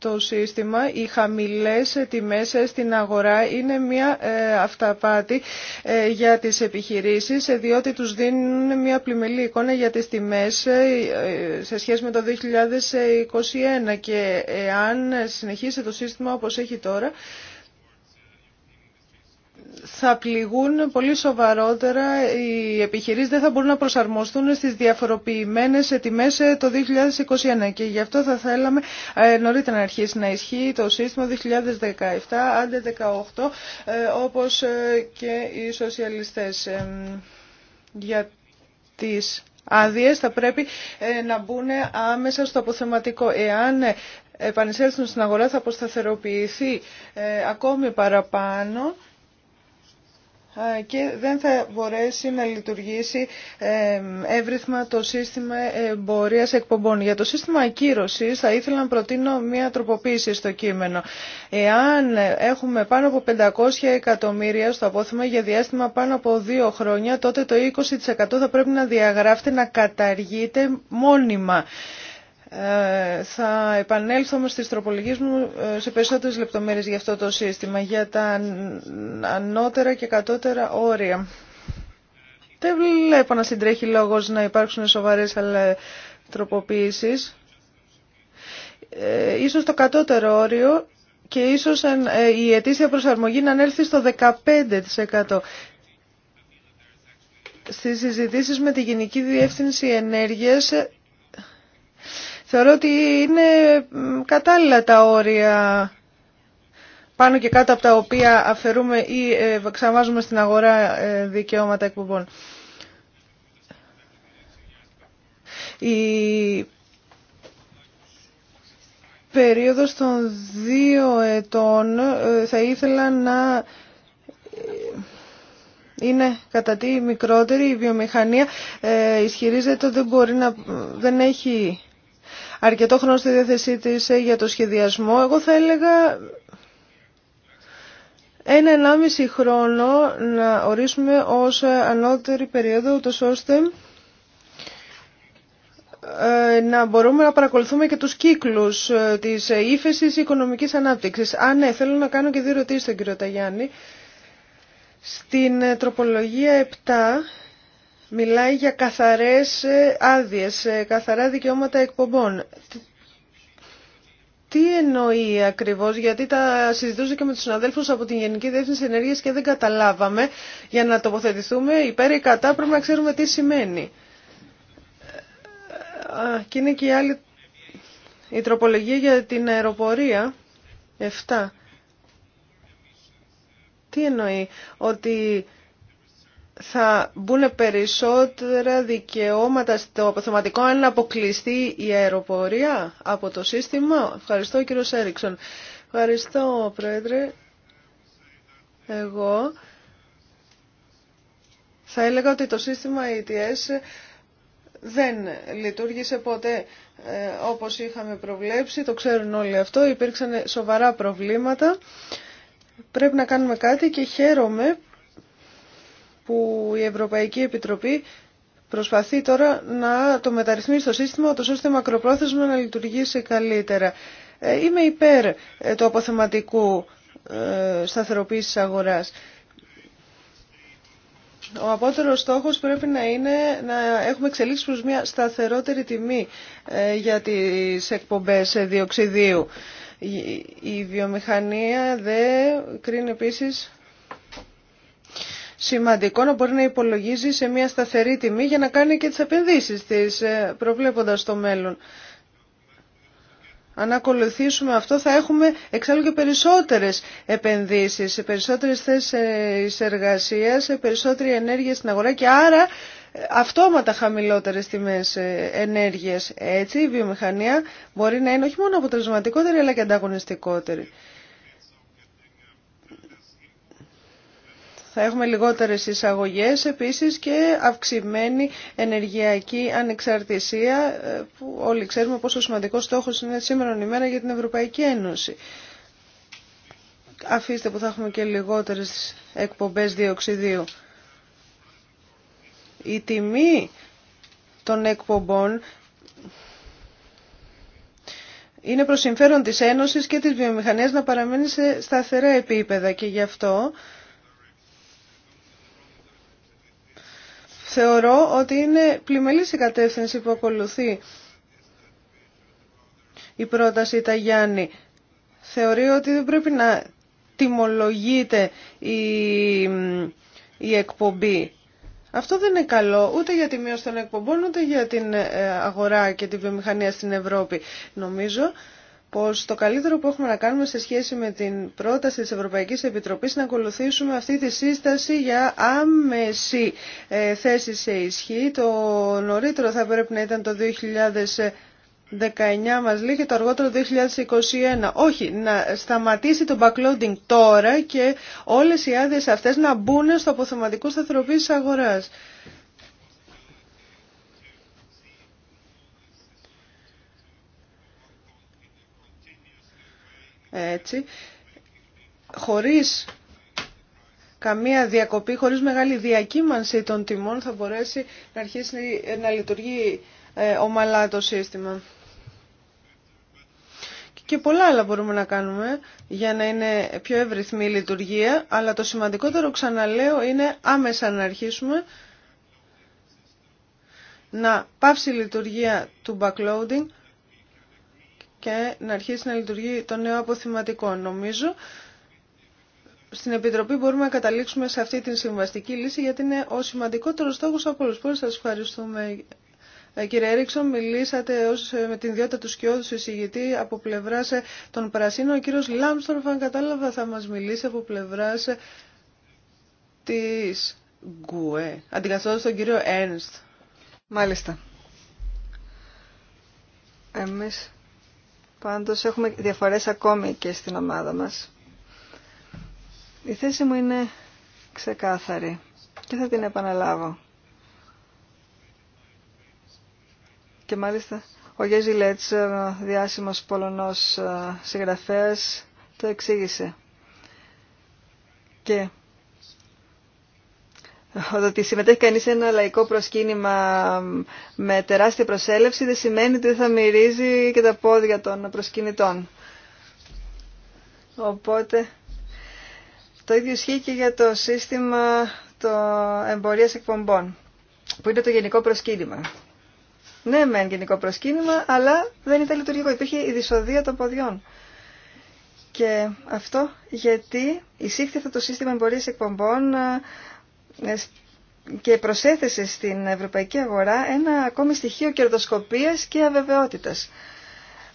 το σύστημα, οι χαμηλές τιμές στην αγορά είναι μια ε, αυταπάτη ε, για τις επιχειρήσεις ε, διότι τους δίνουν μια πλημελή εικόνα για τις τιμές σε σχέση με το 2021 και αν συνεχίσει το σύστημα όπως έχει τώρα θα πληγούν πολύ σοβαρότερα οι επιχειρήσεις, δεν θα μπορούν να προσαρμοστούν στις διαφοροποιημένες τιμές ε, το 2021 και γι' αυτό θα θέλαμε ε, νωρίτερα να αρχίσει να ισχύει το σύστημα 2017, άντε 18, ε, όπως και οι σοσιαλιστές. Για τις άδειες θα πρέπει να μπουν άμεσα στο αποθεματικό. Εάν επανεισέλθουν στην αγορά θα αποσταθεροποιηθεί ακόμη παραπάνω και δεν θα μπορέσει να λειτουργήσει εύρυθμα το σύστημα εμπορία εκπομπών. Για το σύστημα ακύρωση θα ήθελα να προτείνω μία τροποποίηση στο κείμενο. Εάν έχουμε πάνω από 500 εκατομμύρια στο απόθυμα για διάστημα πάνω από δύο χρόνια, τότε το 20% θα πρέπει να διαγράφεται, να καταργείται μόνιμα. Ε, θα επανέλθω όμως στις τροπολογίες μου ε, σε περισσότερες λεπτομέρειες για αυτό το σύστημα, για τα ανώτερα και κατώτερα όρια. Δεν βλέπω να συντρέχει λόγος να υπάρξουν σοβαρές τροποποίησεις. Ε, ίσως το κατώτερο όριο και ίσως η ετήσια προσαρμογή να ανέλθει στο 15%. Στις συζητήσεις με τη Γενική Διεύθυνση Ενέργειας Θεωρώ ότι είναι κατάλληλα τα όρια πάνω και κάτω από τα οποία αφαιρούμε ή ε, ξαμάζουμε στην αγορά ε, δικαιώματα εκπομπών. Η περίοδος των δύο ετών ε, θα ήθελα να είναι κατά τι μικρότερη. Η βιομηχανία ισχυρίζεται ότι δεν, μπορεί να, δεν έχει αρκετό χρόνο στη διάθεσή της ε, για το σχεδιασμό. Εγώ θα έλεγα ένα-ενάμιση χρόνο να ορίσουμε ως ανώτερη περίοδο, ούτως ώστε ε, να μπορούμε να παρακολουθούμε και τους κύκλους ε, της ύφεσης οικονομικής ανάπτυξης. Α, ναι, θέλω να κάνω και δύο ερωτήσεις στον κύριο Ταγιάννη. Στην τροπολογία 7 μιλάει για καθαρές ε, άδειες, ε, καθαρά δικαιώματα εκπομπών. Τι εννοεί ακριβώς, γιατί τα συζητούσε και με τους συναδέλφου από την Γενική Διεύθυνση Ενέργειας και δεν καταλάβαμε. Για να τοποθετηθούμε υπέρ ή κατά, πρέπει να ξέρουμε τι σημαίνει. Ε, και είναι και η άλλη. Η τροπολογία για την αεροπορία. 7. Τι εννοεί, ότι θα μπουν περισσότερα δικαιώματα στο αποθεματικό αν αποκλειστεί η αεροπορία από το σύστημα. Ευχαριστώ κύριο Σέριξον. Ευχαριστώ πρόεδρε. Εγώ θα έλεγα ότι το σύστημα ETS δεν λειτουργήσε ποτέ ε, όπως είχαμε προβλέψει. Το ξέρουν όλοι αυτό. Υπήρξαν σοβαρά προβλήματα. Πρέπει να κάνουμε κάτι και χαίρομαι που η Ευρωπαϊκή Επιτροπή προσπαθεί τώρα να το μεταρρυθμίσει το σύστημα, ώστε μακροπρόθεσμα να λειτουργήσει καλύτερα. Ε, είμαι υπέρ ε, του αποθεματικού ε, σταθεροποίησης αγοράς. Ο απότερος στόχος πρέπει να είναι να έχουμε εξελίξει προς μια σταθερότερη τιμή για τις εκπομπές διοξιδίου. Η βιομηχανία δεν κρίνει επίσης σημαντικό να μπορεί να υπολογίζει σε μια σταθερή τιμή για να κάνει και τις επενδύσεις της ε, προβλέποντας το μέλλον. Αν ακολουθήσουμε αυτό θα έχουμε εξάλλου και περισσότερες επενδύσεις, περισσότερες θέσεις εργασίας, περισσότερη ενέργεια στην αγορά και άρα ε, αυτόματα χαμηλότερες τιμές ε, ενέργειας. Έτσι η βιομηχανία μπορεί να είναι όχι μόνο αποτελεσματικότερη αλλά και ανταγωνιστικότερη. θα έχουμε λιγότερες εισαγωγές επίσης και αυξημένη ενεργειακή ανεξαρτησία ε, που όλοι ξέρουμε πόσο σημαντικό στόχος είναι σήμερα ημέρα για την Ευρωπαϊκή Ένωση. Αφήστε που θα έχουμε και λιγότερες εκπομπές διοξιδίου. Η τιμή των εκπομπών είναι προς συμφέρον της Ένωσης και της βιομηχανίας να παραμένει σε σταθερά επίπεδα και γι' αυτό Θεωρώ ότι είναι πλημελή η κατεύθυνση που ακολουθεί η πρόταση Ταγιάννη. Θεωρεί ότι δεν πρέπει να τιμολογείται η, η εκπομπή. Αυτό δεν είναι καλό ούτε για τη μείωση των εκπομπών ούτε για την ε, αγορά και τη βιομηχανία στην Ευρώπη. Νομίζω πως το καλύτερο που έχουμε να κάνουμε σε σχέση με την πρόταση της Ευρωπαϊκής Επιτροπής να ακολουθήσουμε αυτή τη σύσταση για άμεση ε, θέση σε ισχύ. Το νωρίτερο θα πρέπει να ήταν το 2019 19 μας λέει και το αργότερο 2021. Όχι, να σταματήσει το backloading τώρα και όλες οι άδειες αυτές να μπουν στο αποθεματικό σταθεροποίηση αγοράς. έτσι, χωρίς καμία διακοπή, χωρίς μεγάλη διακύμανση των τιμών θα μπορέσει να αρχίσει να λειτουργεί ε, ομαλά το σύστημα. Και πολλά άλλα μπορούμε να κάνουμε για να είναι πιο εύρυθμη η λειτουργία, αλλά το σημαντικότερο ξαναλέω είναι άμεσα να αρχίσουμε να πάψει η λειτουργία του backloading και να αρχίσει να λειτουργεί το νέο αποθυματικό. Νομίζω στην Επιτροπή μπορούμε να καταλήξουμε σε αυτή την συμβαστική λύση γιατί είναι ο σημαντικότερος στόχος από όλους. Πολύ σας ευχαριστούμε. Ε, κύριε Έριξον, μιλήσατε ως, ε, με την ιδιότητα του σκιώδου εισηγητή από πλευρά ε, των Πρασίνων. Ο κύριος Λάμστορφ, αν κατάλαβα, θα μας μιλήσει από πλευρά της Γκουέ, τον κύριο Ένστ. Μάλιστα. Εμείς Πάντως έχουμε διαφορές ακόμη και στην ομάδα μας. Η θέση μου είναι ξεκάθαρη και θα την επαναλάβω. Και μάλιστα ο Γέζι ε, διάσημος Πολωνός ε, συγγραφέας, το εξήγησε. Και ότι συμμετέχει κανείς σε ένα λαϊκό προσκύνημα με τεράστια προσέλευση δεν σημαίνει ότι δεν θα μυρίζει και τα πόδια των προσκυνητών. Οπότε το ίδιο ισχύει και για το σύστημα το εμπορίας εκπομπών που είναι το γενικό προσκύνημα. Ναι, μεν γενικό προσκύνημα, αλλά δεν ήταν λειτουργικό. Υπήρχε η δυσοδεία των ποδιών. Και αυτό γιατί εισήχθη αυτό το σύστημα εμπορίας εκπομπών και προσέθεσε στην ευρωπαϊκή αγορά ένα ακόμη στοιχείο κερδοσκοπίας και αβεβαιότητας.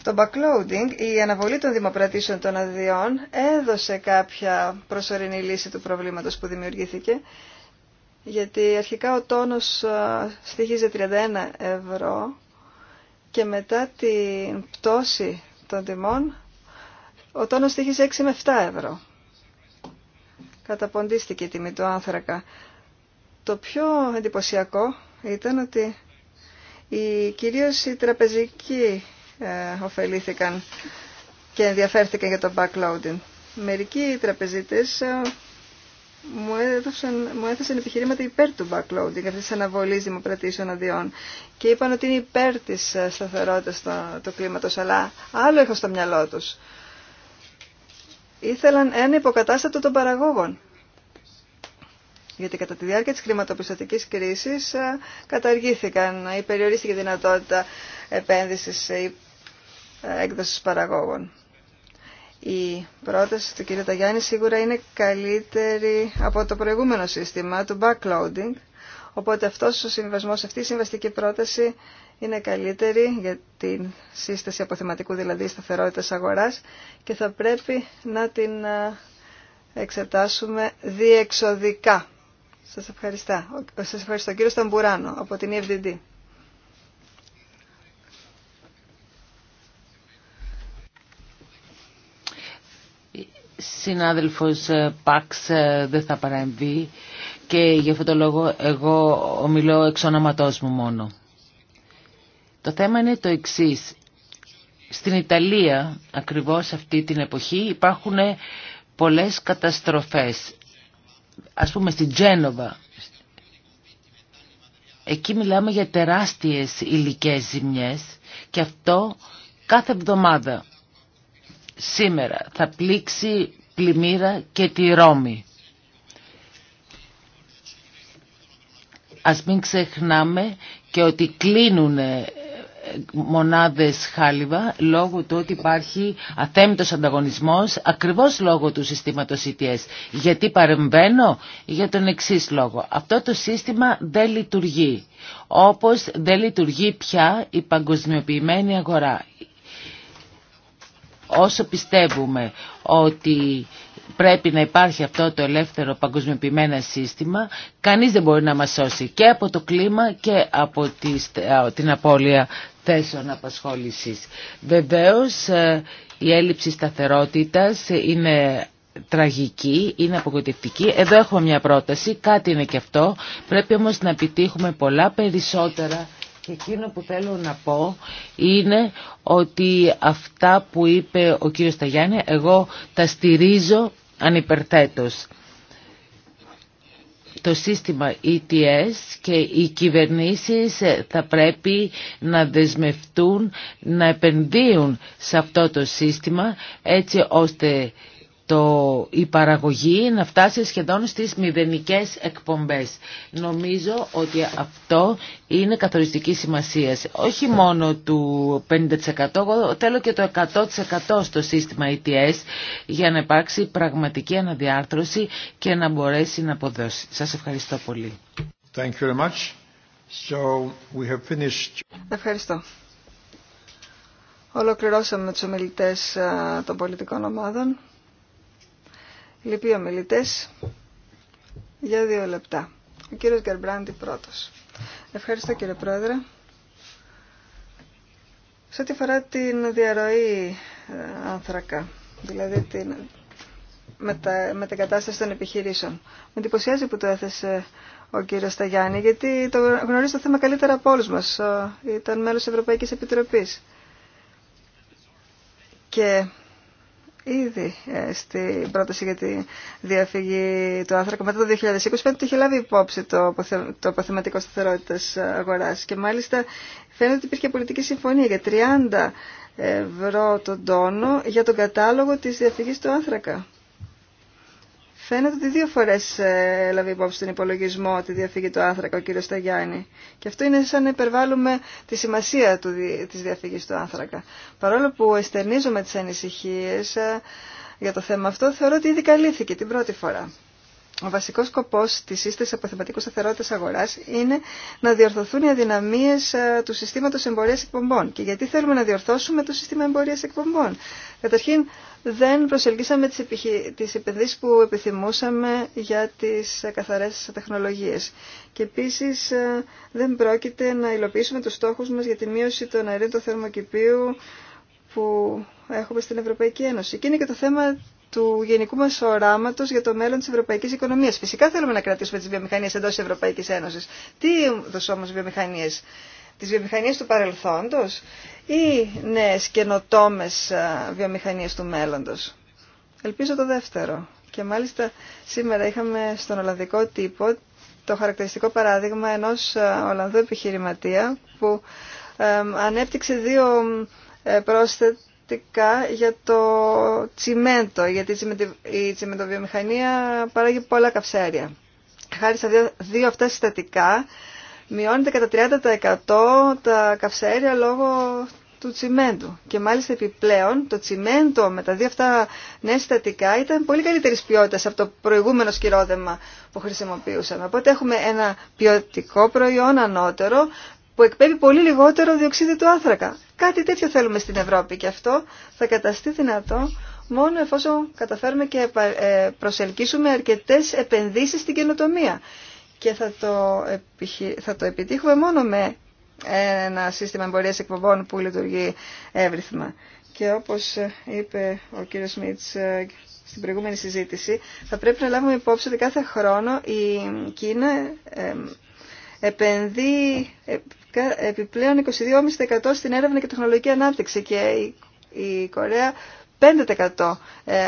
Το backloading, η αναβολή των δημοπρατήσεων των αδειών, έδωσε κάποια προσωρινή λύση του προβλήματος που δημιουργήθηκε, γιατί αρχικά ο τόνος στοιχίζει 31 ευρώ και μετά την πτώση των τιμών ο τόνος στοιχίζει 6 με 7 ευρώ. Καταποντίστηκε η τιμή του άνθρακα το πιο εντυπωσιακό ήταν ότι οι, κυρίως οι τραπεζικοί ε, ωφελήθηκαν και ενδιαφέρθηκαν για το backloading. Μερικοί τραπεζίτες ε, μου, έδωσαν, μου έθεσαν επιχειρήματα υπέρ του backloading, αυτής της αναβολής δημοκρατήσεων αδειών και είπαν ότι είναι υπέρ της ε, σταθερότητας του το κλίματος, αλλά άλλο έχω στο μυαλό τους. Ήθελαν ένα υποκατάστατο των παραγόγων. Γιατί κατά τη διάρκεια της χρηματοπιστωτικής κρίσης ε, καταργήθηκαν ή περιορίστηκε η δυνατότητα επένδυσης ή ε, έκδοσης παραγόγων. Η δυνατοτητα επενδυσης σε εκδοσης παραγογων η προταση του κ. Ταγιάννη σίγουρα είναι καλύτερη από το προηγούμενο σύστημα του backloading, οπότε αυτός ο συμβασμός, αυτή η συμβαστική πρόταση είναι καλύτερη για την σύσταση αποθεματικού δηλαδή σταθερότητας αγοράς και θα πρέπει να την ε, εξετάσουμε διεξοδικά. Σας ευχαριστώ. Σας ευχαριστώ. Κύριο Σταμπουράνο από την EFDD. Συνάδελφος ε, Παξ ε, δεν θα παραμβεί και γι' αυτό το λόγο εγώ ομιλώ εξ ονοματός μου μόνο. Το θέμα είναι το εξής. Στην Ιταλία ακριβώς αυτή την εποχή υπάρχουν πολλές καταστροφές ας πούμε στην Τζένοβα, εκεί μιλάμε για τεράστιες υλικέ ζημιές και αυτό κάθε εβδομάδα. Σήμερα θα πλήξει πλημμύρα και τη Ρώμη. Ας μην ξεχνάμε και ότι κλείνουν μονάδες χάλιβα λόγω του ότι υπάρχει αθέμητος ανταγωνισμός ακριβώς λόγω του συστήματος ETS. Γιατί παρεμβαίνω για τον εξής λόγο. Αυτό το σύστημα δεν λειτουργεί. Όπως δεν λειτουργεί πια η παγκοσμιοποιημένη αγορά. Όσο πιστεύουμε ότι πρέπει να υπάρχει αυτό το ελεύθερο παγκοσμιοποιημένο σύστημα, κανείς δεν μπορεί να μας σώσει και από το κλίμα και από ε, την απώλεια θέσεων απασχόλησης. Βεβαίως ε, η έλλειψη σταθερότητας είναι τραγική, είναι απογοητευτική. Εδώ έχουμε μια πρόταση, κάτι είναι και αυτό. Πρέπει όμως να επιτύχουμε πολλά περισσότερα και εκείνο που θέλω να πω είναι ότι αυτά που είπε ο κύριος Σταγιάννη εγώ τα στηρίζω ανυπερθέτως το σύστημα ETS και οι κυβερνήσεις θα πρέπει να δεσμευτούν να επενδύουν σε αυτό το σύστημα έτσι ώστε το, η παραγωγή να φτάσει σχεδόν στις μηδενικές εκπομπές. Νομίζω ότι αυτό είναι καθοριστική σημασία. Όχι μόνο του 50%, εγώ θέλω και το 100% στο σύστημα ETS για να υπάρξει πραγματική αναδιάρθρωση και να μπορέσει να αποδώσει. Σας ευχαριστώ πολύ. Thank you very much. So we have finished... Ευχαριστώ. Ολοκληρώσαμε τους ομιλητές των πολιτικών ομάδων. Λυπεί ο Για δύο λεπτά. Ο κύριος Γκερμπράντι πρώτος. Ευχαριστώ κύριε Πρόεδρε. Σε ό,τι αφορά την διαρροή ε, άνθρακα, δηλαδή την κατάσταση των επιχειρήσεων. Με εντυπωσιάζει που το έθεσε ο κύριος Σταγιάννη, γιατί το γνωρίζει το θέμα καλύτερα από όλους μας. Ήταν μέλος Ευρωπαϊκής Επιτροπής. Και ήδη ε, στην πρόταση για τη διαφυγή του άνθρακα μετά το 2020 φαίνεται ότι είχε λάβει υπόψη το, το αποθεματικό σταθερότητα αγορά. Και μάλιστα φαίνεται ότι υπήρχε πολιτική συμφωνία για 30 ευρώ τον τόνο για τον κατάλογο της διαφυγή του άνθρακα. Φαίνεται ότι δύο φορέ ε, έλαβε υπόψη τον υπολογισμό τη διαφύγη του άνθρακα ο κ. Σταγιάννη. Και αυτό είναι σαν να υπερβάλλουμε τη σημασία τη διαφύγη του άνθρακα. Παρόλο που εστερνίζομαι τι ανησυχίε ε, για το θέμα αυτό, θεωρώ ότι ήδη καλύφθηκε την πρώτη φορά. Ο βασικός σκοπός της σύσταση αποθεματικού σταθερότητα αγορά είναι να διορθωθούν οι αδυναμίε ε, του συστήματο εμπορία εκπομπών. Και γιατί θέλουμε να διορθώσουμε το σύστημα εμπορία εκπομπών. Καταρχήν δεν προσελκύσαμε τι επιχει... που επιθυμούσαμε για τι ε, καθαρέ τεχνολογίε. Και επίση ε, δεν πρόκειται να υλοποιήσουμε του στόχου μα για τη μείωση των αερίων του θερμοκηπίου που έχουμε στην Ευρωπαϊκή Ένωση. Και και το θέμα του γενικού μα Οράματο για το μέλλον τη Ευρωπαϊκή οικονομίας. Φυσικά θέλουμε να κρατήσουμε τι βιομηχανίε εντό της Ευρωπαϊκή Ένωσης. Τι είδου όμω βιομηχανίε, τι βιομηχανίε του παρελθόντος ή νέε καινοτόμε βιομηχανίε του μέλλοντο. Ελπίζω το δεύτερο. Και μάλιστα σήμερα είχαμε στον Ολλανδικό τύπο το χαρακτηριστικό παράδειγμα ενός Ολλανδού επιχειρηματία που ανέπτυξε δύο πρόσθετα για το τσιμέντο, γιατί η τσιμεντοβιομηχανία παράγει πολλά καυσαέρια. Χάρη στα δύο, αυτά συστατικά μειώνεται κατά 30% τα καυσαέρια λόγω του τσιμέντου. Και μάλιστα επιπλέον το τσιμέντο με τα δύο αυτά νέα συστατικά ήταν πολύ καλύτερη ποιότητα από το προηγούμενο σκυρόδεμα που χρησιμοποιούσαμε. Οπότε έχουμε ένα ποιοτικό προϊόν ανώτερο που εκπέμπει πολύ λιγότερο διοξίδιο του άνθρακα. Κάτι τέτοιο θέλουμε στην Ευρώπη και αυτό θα καταστεί δυνατό μόνο εφόσον καταφέρουμε και ε, προσελκύσουμε αρκετές επενδύσεις στην καινοτομία. Και θα το, θα το επιτύχουμε μόνο με ένα σύστημα εμπορίας εκπομπών που λειτουργεί εύρυθμα. Και όπως είπε ο κύριος Μίτς ε, στην προηγούμενη συζήτηση, θα πρέπει να λάβουμε υπόψη ότι κάθε χρόνο η Κίνα ε, επενδύει επιπλέον 22,5% στην έρευνα και τεχνολογική ανάπτυξη και η Κορέα 5% ε,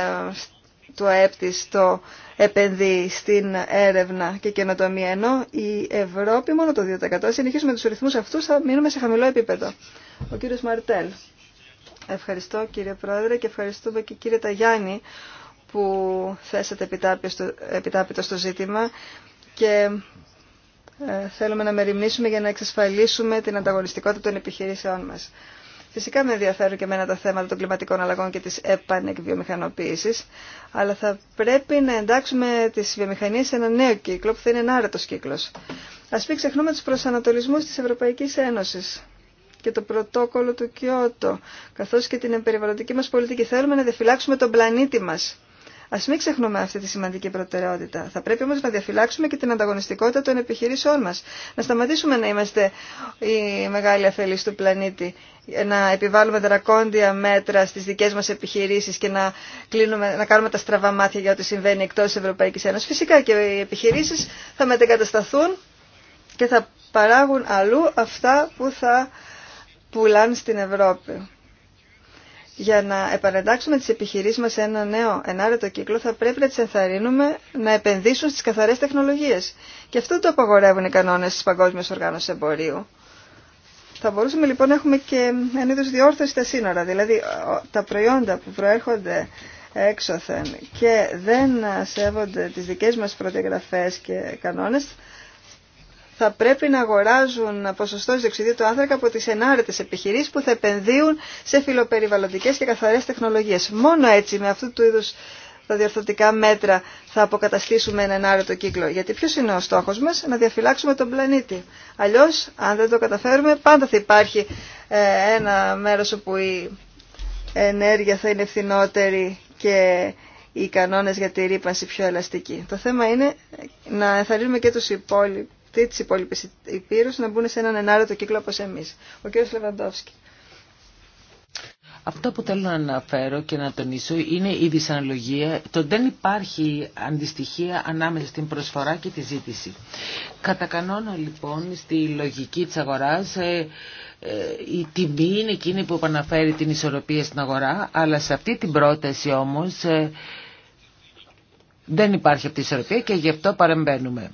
του ΑΕΠ της το επενδύει στην έρευνα και καινοτομία, ενώ η Ευρώπη μόνο το 2%. Συνεχίζουμε συνεχίσουμε τους ρυθμούς αυτούς θα μείνουμε σε χαμηλό επίπεδο. Ο κύριος Μαρτέλ. Ευχαριστώ κύριε Πρόεδρε και ευχαριστούμε και κύριε Ταγιάννη που θέσατε επιτάπητο στο ζήτημα και ε, θέλουμε να μεριμνήσουμε για να εξασφαλίσουμε την ανταγωνιστικότητα των επιχειρήσεών μας. Φυσικά με ενδιαφέρουν και εμένα τα θέματα των κλιματικών αλλαγών και της επανεκβιομηχανοποίησης, αλλά θα πρέπει να εντάξουμε τις βιομηχανίες σε ένα νέο κύκλο που θα είναι ένα άρετος κύκλος. Ας μην ξεχνούμε τους προσανατολισμούς της Ευρωπαϊκής Ένωσης και το πρωτόκολλο του Κιώτο, καθώς και την περιβαλλοντική μας πολιτική. Θέλουμε να διαφυλάξουμε τον πλανήτη μας. Α μην ξεχνούμε αυτή τη σημαντική προτεραιότητα. Θα πρέπει όμω να διαφυλάξουμε και την ανταγωνιστικότητα των επιχειρήσεών μα. Να σταματήσουμε να είμαστε οι μεγάλοι αφελεί του πλανήτη, να επιβάλλουμε δρακόντια μέτρα στι δικέ μα επιχειρήσει και να, κλείνουμε, να κάνουμε τα στραβά μάτια για ό,τι συμβαίνει εκτό Ευρωπαϊκή Ευρωπαϊκής Φυσικά και οι επιχειρήσει θα μετεγκατασταθούν και θα παράγουν αλλού αυτά που θα πουλάνε στην Ευρώπη για να επανεντάξουμε τις επιχειρήσεις μας σε ένα νέο ενάρετο κύκλο θα πρέπει να τις ενθαρρύνουμε να επενδύσουν στις καθαρές τεχνολογίες. Και αυτό το απαγορεύουν οι κανόνες της Παγκόσμιας Οργάνωσης Εμπορίου. Θα μπορούσαμε λοιπόν να έχουμε και ένα είδος διόρθωση στα σύνορα. Δηλαδή τα προϊόντα που προέρχονται έξωθεν και δεν σέβονται τις δικές μας προδιαγραφές και κανόνες θα πρέπει να αγοράζουν ποσοστό διοξιδίου του άνθρακα από τις ενάρετε επιχειρήσει που θα επενδύουν σε φιλοπεριβαλλοντικές και καθαρέ τεχνολογίε. Μόνο έτσι με αυτού του είδου τα διορθωτικά μέτρα θα αποκαταστήσουμε έναν άρετο κύκλο. Γιατί ποιο είναι ο στόχο μα να διαφυλάξουμε τον πλανήτη. Αλλιώ, αν δεν το καταφέρουμε, πάντα θα υπάρχει ε, ένα μέρο όπου η ενέργεια θα είναι φθηνότερη και οι κανόνες για τη ρήπανση πιο ελαστικοί. Το θέμα είναι να ενθαρρύνουμε και τους υπόλοιπους αυτή τη υπόλοιπη υπήρου να μπουν σε έναν ενάρετο κύκλο όπω εμεί. Ο κ. Λεβαντόφσκι. Αυτό που θέλω να αναφέρω και να τονίσω είναι η δυσαναλογία, το δεν υπάρχει αντιστοιχεία ανάμεσα στην προσφορά και τη ζήτηση. Κατά κανόνα λοιπόν στη λογική της αγοράς ε, ε, η τιμή είναι εκείνη που επαναφέρει την ισορροπία στην αγορά, αλλά σε αυτή την πρόταση όμως ε, δεν υπάρχει αυτή η ισορροπία και γι' αυτό παρεμβαίνουμε.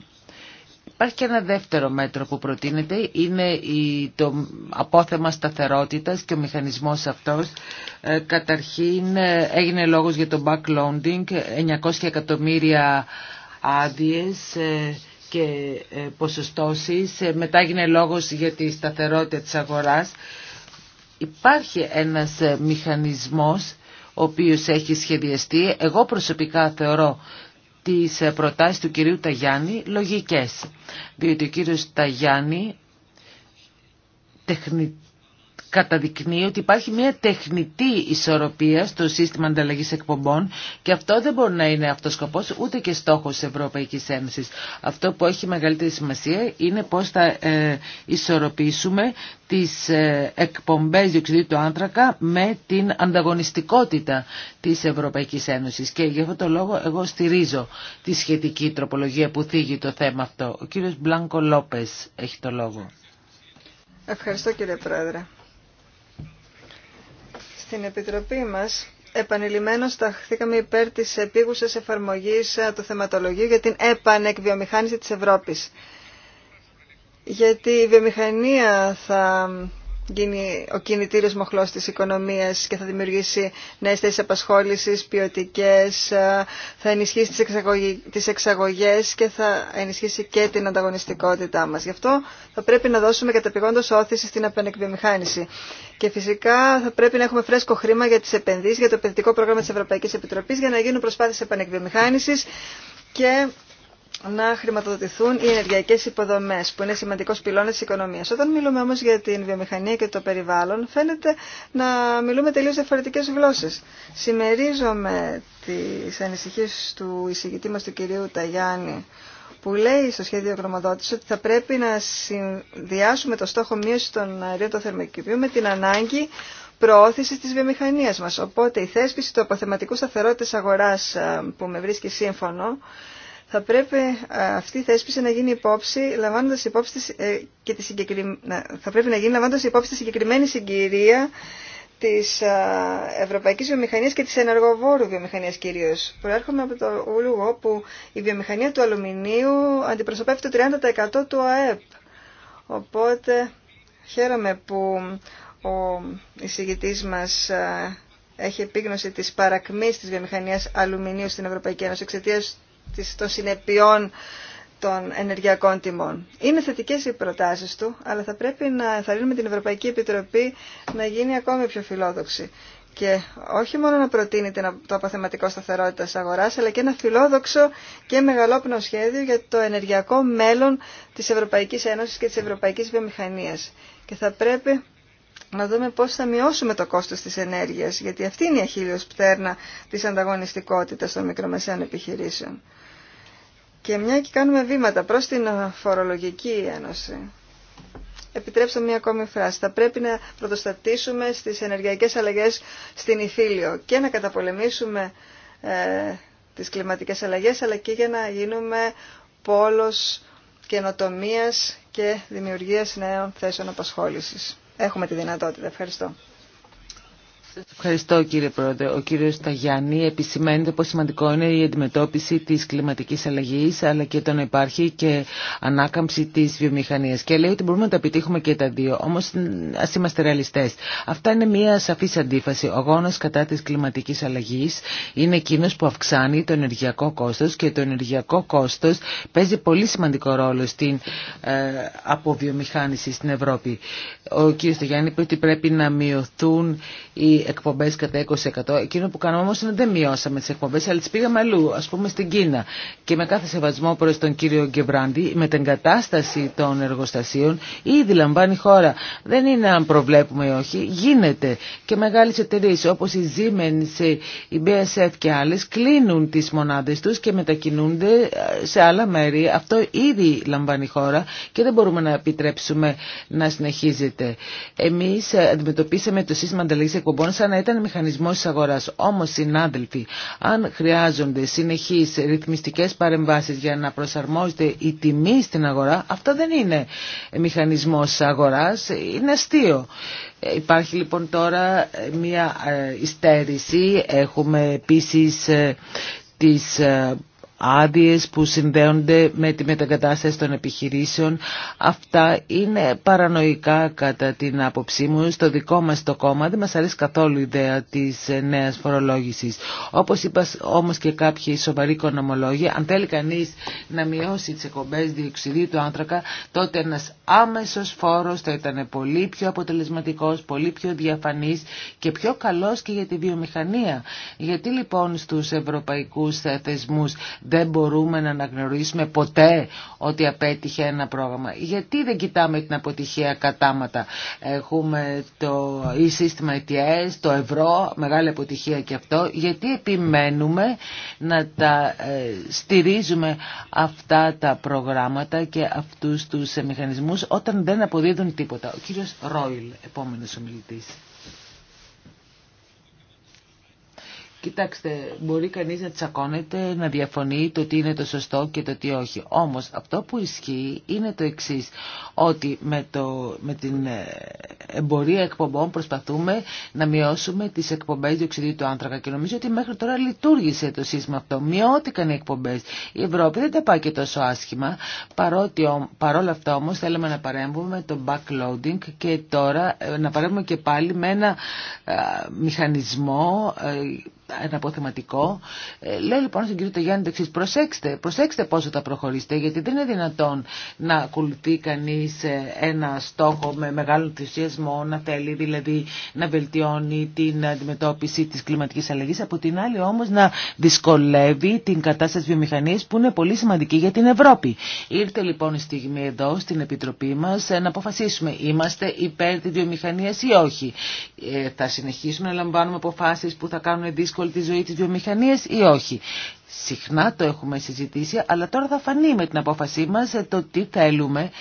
Υπάρχει και ένα δεύτερο μέτρο που προτείνεται, είναι το απόθεμα σταθερότητας και ο μηχανισμός αυτός. Ε, καταρχήν ε, έγινε λόγος για το backloading, 900 εκατομμύρια άδειες ε, και ποσοστώσεις. Μετά έγινε λόγος για τη σταθερότητα της αγοράς. Υπάρχει ένας μηχανισμός ο οποίος έχει σχεδιαστεί. Εγώ προσωπικά θεωρώ τις ε, προτάσεις του κυρίου Ταγιάννη λογικές. Διότι ο κύριος Ταγιάννη τεχνητή καταδεικνύει ότι υπάρχει μια τεχνητή ισορροπία στο σύστημα ανταλλαγής εκπομπών και αυτό δεν μπορεί να είναι αυτός σκοπός ούτε και στόχος της Ευρωπαϊκής Ένωσης. Αυτό που έχει μεγαλύτερη σημασία είναι πώς θα ε, ισορροπήσουμε τις ε, εκπομπές διοξιδίου του άνθρακα με την ανταγωνιστικότητα της Ευρωπαϊκής Ένωσης. Και γι' αυτό το λόγο εγώ στηρίζω τη σχετική τροπολογία που θίγει το θέμα αυτό. Ο κύριος Μπλάνκο Λόπες έχει το λόγο. Ευχαριστώ κύριε Πρόεδρε. Στην Επιτροπή μας επανειλημμένως ταχθήκαμε υπέρ της επίγουσας εφαρμογής του θεματολογίου για την επανεκβιομηχάνηση της Ευρώπης. Γιατί η βιομηχανία θα γίνει ο κινητήριος μοχλός της οικονομίας και θα δημιουργήσει νέες θέσεις απασχόλησης, ποιοτικέ, ε, θα ενισχύσει τις, τις εξαγωγές και θα ενισχύσει και την ανταγωνιστικότητά μας. Γι' αυτό θα πρέπει να δώσουμε καταπηγόντως όθηση στην απενεκβιομηχάνηση. Και φυσικά θα πρέπει να έχουμε φρέσκο χρήμα για τις επενδύσεις, για το επενδυτικό πρόγραμμα της Ευρωπαϊκής Επιτροπής για να γίνουν προσπάθειες επανεκβιομηχάνησης και να χρηματοδοτηθούν οι ενεργειακέ υποδομέ που είναι σημαντικό πυλώνας τη οικονομία. Όταν μιλούμε όμω για την βιομηχανία και το περιβάλλον φαίνεται να μιλούμε τελείω διαφορετικέ γλώσσε. Σημερίζομαι τις ανησυχίες του εισηγητή μα του κυρίου Ταγιάννη που λέει στο σχέδιο γνωμοδότηση ότι θα πρέπει να συνδυάσουμε το στόχο μείωση των αερίων του θερμοκηπίου με την ανάγκη προώθησης της βιομηχανίας μας. Οπότε η θέσπιση του αποθεματικού σταθερότητας αγοράς που με βρίσκει σύμφωνο θα πρέπει ε, αυτή η θέσπιση να γίνει υπόψη, λαμβάνοντας υπόψη ε, και τη θα πρέπει να γίνει λαμβάνοντας υπόψη τη συγκεκριμένη συγκυρία της ε, ευρωπαϊκής βιομηχανίας και της ενεργοβόρου βιομηχανίας κυρίως. Προέρχομαι από το Ούλουγο που η βιομηχανία του αλουμινίου αντιπροσωπεύει το 30% του ΑΕΠ. Οπότε χαίρομαι που ο εισηγητής μας έχει επίγνωση της παρακμής της βιομηχανίας αλουμινίου στην Ευρωπαϊκή Ένωση εξαιτία των συνεπειών των ενεργειακών τιμών. Είναι θετικέ οι προτάσει του, αλλά θα πρέπει να ενθαρρύνουμε την Ευρωπαϊκή Επιτροπή να γίνει ακόμη πιο φιλόδοξη. Και όχι μόνο να προτείνει το αποθεματικό σταθερότητα αγορά, αλλά και ένα φιλόδοξο και μεγαλόπνο σχέδιο για το ενεργειακό μέλλον τη Ευρωπαϊκή Ένωση και τη Ευρωπαϊκή Βιομηχανία. Και θα πρέπει να δούμε πώς θα μειώσουμε το κόστος της ενέργειας, γιατί αυτή είναι η αχίλιος πτέρνα της ανταγωνιστικότητας των μικρομεσαίων επιχειρήσεων. Και μια και κάνουμε βήματα προς την φορολογική ένωση. Επιτρέψτε μια ακόμη φράση. Θα πρέπει να πρωτοστατήσουμε στις ενεργειακές αλλαγές στην Ιφίλιο και να καταπολεμήσουμε ε, τις κλιματικές αλλαγές, αλλά και για να γίνουμε πόλος καινοτομίας και δημιουργίας νέων θέσεων απασχόλησης. Έχουμε τη δυνατότητα. Ευχαριστώ. Σας ευχαριστώ κύριε Πρόεδρε. Ο κύριος Σταγιάννη επισημαίνεται πόσο σημαντικό είναι η αντιμετώπιση της κλιματικής αλλαγής αλλά και το να υπάρχει και ανάκαμψη της βιομηχανίας. Και λέει ότι μπορούμε να τα επιτύχουμε και τα δύο. Όμως ας είμαστε ρεαλιστές. Αυτά είναι μια σαφής αντίφαση. Ο αγώνας κατά της κλιματικής αλλαγής είναι εκείνο που αυξάνει το ενεργειακό κόστος και το ενεργειακό κόστος παίζει πολύ σημαντικό ρόλο στην ε, αποβιομηχάνηση στην Ευρώπη. Ο κύριος Σταγιάννη είπε ότι πρέπει να μειωθούν οι Εκπομπέ κατά 20%. Εκείνο που κάναμε όμω είναι δεν μειώσαμε τι εκπομπέ, αλλά τις πήγαμε αλλού, α πούμε στην Κίνα. Και με κάθε σεβασμό προ τον κύριο Γκεμπράντη, με την κατάσταση των εργοστασίων, ήδη λαμβάνει χώρα. Δεν είναι αν προβλέπουμε ή όχι, γίνεται. Και μεγάλε εταιρείε, όπω η Siemens, η BSF και άλλε κλείνουν τι μονάδε του και μετακινούνται ε, σε άλλα μέρη. Αυτό ήδη λαμβάνει χώρα και δεν μπορούμε να επιτρέψουμε να συνεχίζεται. Εμεί ε, αντιμετωπίσαμε το σύστημα ανταλλαγή εκπομπών σαν να ήταν μηχανισμός της αγοράς. Όμως, συνάδελφοι, αν χρειάζονται συνεχείς ρυθμιστικές παρεμβάσεις για να προσαρμόζεται η τιμή στην αγορά, αυτό δεν είναι μηχανισμός αγοράς, είναι αστείο. Ε, υπάρχει λοιπόν τώρα ε, μια ε, υστέρηση, έχουμε επίσης τις άδειε που συνδέονται με τη μετακατάσταση των επιχειρήσεων. Αυτά είναι παρανοϊκά κατά την άποψή μου. Στο δικό μας το κόμμα δεν μας αρέσει καθόλου η ιδέα της ε, νέας φορολόγησης. Όπως είπα όμως και κάποιοι σοβαροί οικονομολόγοι, αν θέλει κανείς να μειώσει τις εκπομπέ διοξιδίου του άνθρακα, τότε ένας άμεσος φόρος θα ήταν πολύ πιο αποτελεσματικός, πολύ πιο διαφανής και πιο καλός και για τη βιομηχανία. Γιατί λοιπόν στους ευρωπαϊκούς ε, θεσμούς δεν μπορούμε να αναγνωρίσουμε ποτέ ότι απέτυχε ένα πρόγραμμα. Γιατί δεν κοιτάμε την αποτυχία κατάματα. Έχουμε το e system ETS, το ευρώ, μεγάλη αποτυχία και αυτό. Γιατί επιμένουμε να τα ε, στηρίζουμε αυτά τα προγράμματα και αυτούς τους μηχανισμούς όταν δεν αποδίδουν τίποτα. Ο κύριος Ρόιλ, επόμενος ομιλητής. Κοιτάξτε, μπορεί κανείς να τσακώνεται, να διαφωνεί το τι είναι το σωστό και το τι όχι. Όμως αυτό που ισχύει είναι το εξής, ότι με, το, με την ε, εμπορία εκπομπών προσπαθούμε να μειώσουμε τις εκπομπές διοξιδίου του άνθρακα και νομίζω ότι μέχρι τώρα λειτουργήσε το σύστημα αυτό. Μειώθηκαν οι εκπομπές. Η Ευρώπη δεν τα πάει και τόσο άσχημα, παρότι, παρόλα αυτά όμως θέλουμε να παρέμβουμε το backloading και τώρα ε, να παρέμβουμε και πάλι με ένα ε, μηχανισμό ένα αποθεματικό. Ε, λέω λοιπόν στον κύριο Τεγιάννη το Προσέξτε, πόσο θα προχωρήσετε, γιατί δεν είναι δυνατόν να ακολουθεί κανεί ε, ένα στόχο με μεγάλο ενθουσιασμό, να θέλει δηλαδή να βελτιώνει την αντιμετώπιση τη κλιματική αλλαγή. Από την άλλη όμω να δυσκολεύει την κατάσταση βιομηχανία που είναι πολύ σημαντική για την Ευρώπη. Ήρθε λοιπόν η στιγμή εδώ στην Επιτροπή μα να αποφασίσουμε είμαστε υπέρ τη βιομηχανία ή όχι. Ε, θα συνεχίσουμε να λαμβάνουμε αποφάσει που θα κάνουν δύσκολο απασχολεί τη ζωή τη βιομηχανία, ή όχι συχνά το έχουμε συζητήσει, αλλά τώρα θα φανεί με την απόφασή μας το τι θέλουμε.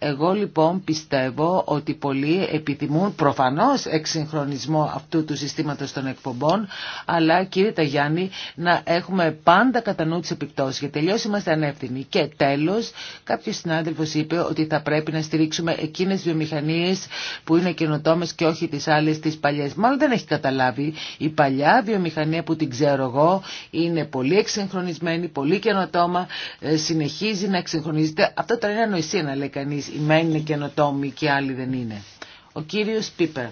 Εγώ λοιπόν πιστεύω ότι πολλοί επιθυμούν προφανώς εξυγχρονισμό αυτού του συστήματος των εκπομπών, αλλά κύριε Ταγιάννη να έχουμε πάντα κατά νου τις επιπτώσεις, γιατί τελειώς είμαστε ανεύθυνοι. Και τέλος, κάποιος συνάδελφος είπε ότι θα πρέπει να στηρίξουμε εκείνες βιομηχανίες που είναι καινοτόμες και όχι τις άλλες τις παλιές. Μάλλον δεν έχει καταλάβει. Η παλιά βιομηχανία που την ξέρω εγώ είναι πολύ εξ εξυγχρονισμένη, πολύ καινοτόμα, ε, συνεχίζει να εξυγχρονίζεται. Αυτό τώρα είναι ανοησία να λέει κανείς, η μένη είναι καινοτόμη και άλλοι δεν είναι. Ο κύριος Πίπερ.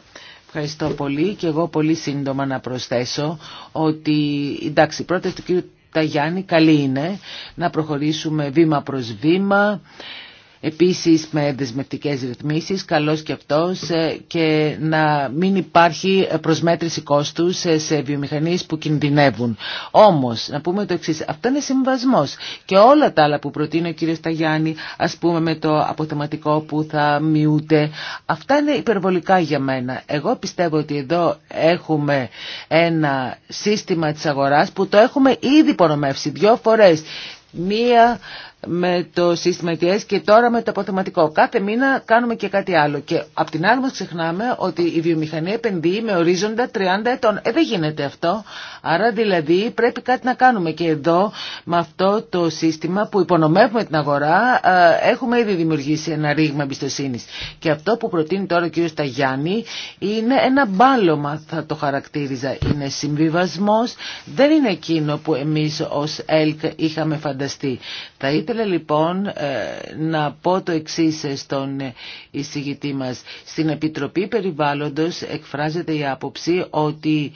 Ευχαριστώ πολύ και εγώ πολύ σύντομα να προσθέσω ότι εντάξει, πρώτα πρόταση του κύριου Ταγιάννη καλή είναι να προχωρήσουμε βήμα προς βήμα επίσης με δεσμευτικές ρυθμίσεις, καλός και αυτός ε, και να μην υπάρχει προσμέτρηση κόστους ε, σε βιομηχανίες που κινδυνεύουν. Όμως, να πούμε το εξής, αυτό είναι συμβασμός και όλα τα άλλα που προτείνει ο κύριος Ταγιάννη, ας πούμε με το αποθεματικό που θα μειούται, αυτά είναι υπερβολικά για μένα. Εγώ πιστεύω ότι εδώ έχουμε ένα σύστημα της αγοράς που το έχουμε ήδη υπονομεύσει δύο φορές. Μία με το σύστημα και τώρα με το αποθεματικό. Κάθε μήνα κάνουμε και κάτι άλλο. Και απ' την άλλη μας ξεχνάμε ότι η βιομηχανία επενδύει με ορίζοντα 30 ετών. Ε, δεν γίνεται αυτό. Άρα δηλαδή πρέπει κάτι να κάνουμε και εδώ με αυτό το σύστημα που υπονομεύουμε την αγορά έχουμε ήδη δημιουργήσει ένα ρήγμα εμπιστοσύνη. Και αυτό που προτείνει τώρα ο κ. Σταγιάννη είναι ένα μπάλωμα θα το χαρακτήριζα. Είναι συμβιβασμό, δεν είναι εκείνο που εμείς ως ΕΛΚ είχαμε φανταστεί. Θα ήθελα λοιπόν ε, να πω το εξή στον εισηγητή μας. Στην Επιτροπή Περιβάλλοντος εκφράζεται η άποψη ότι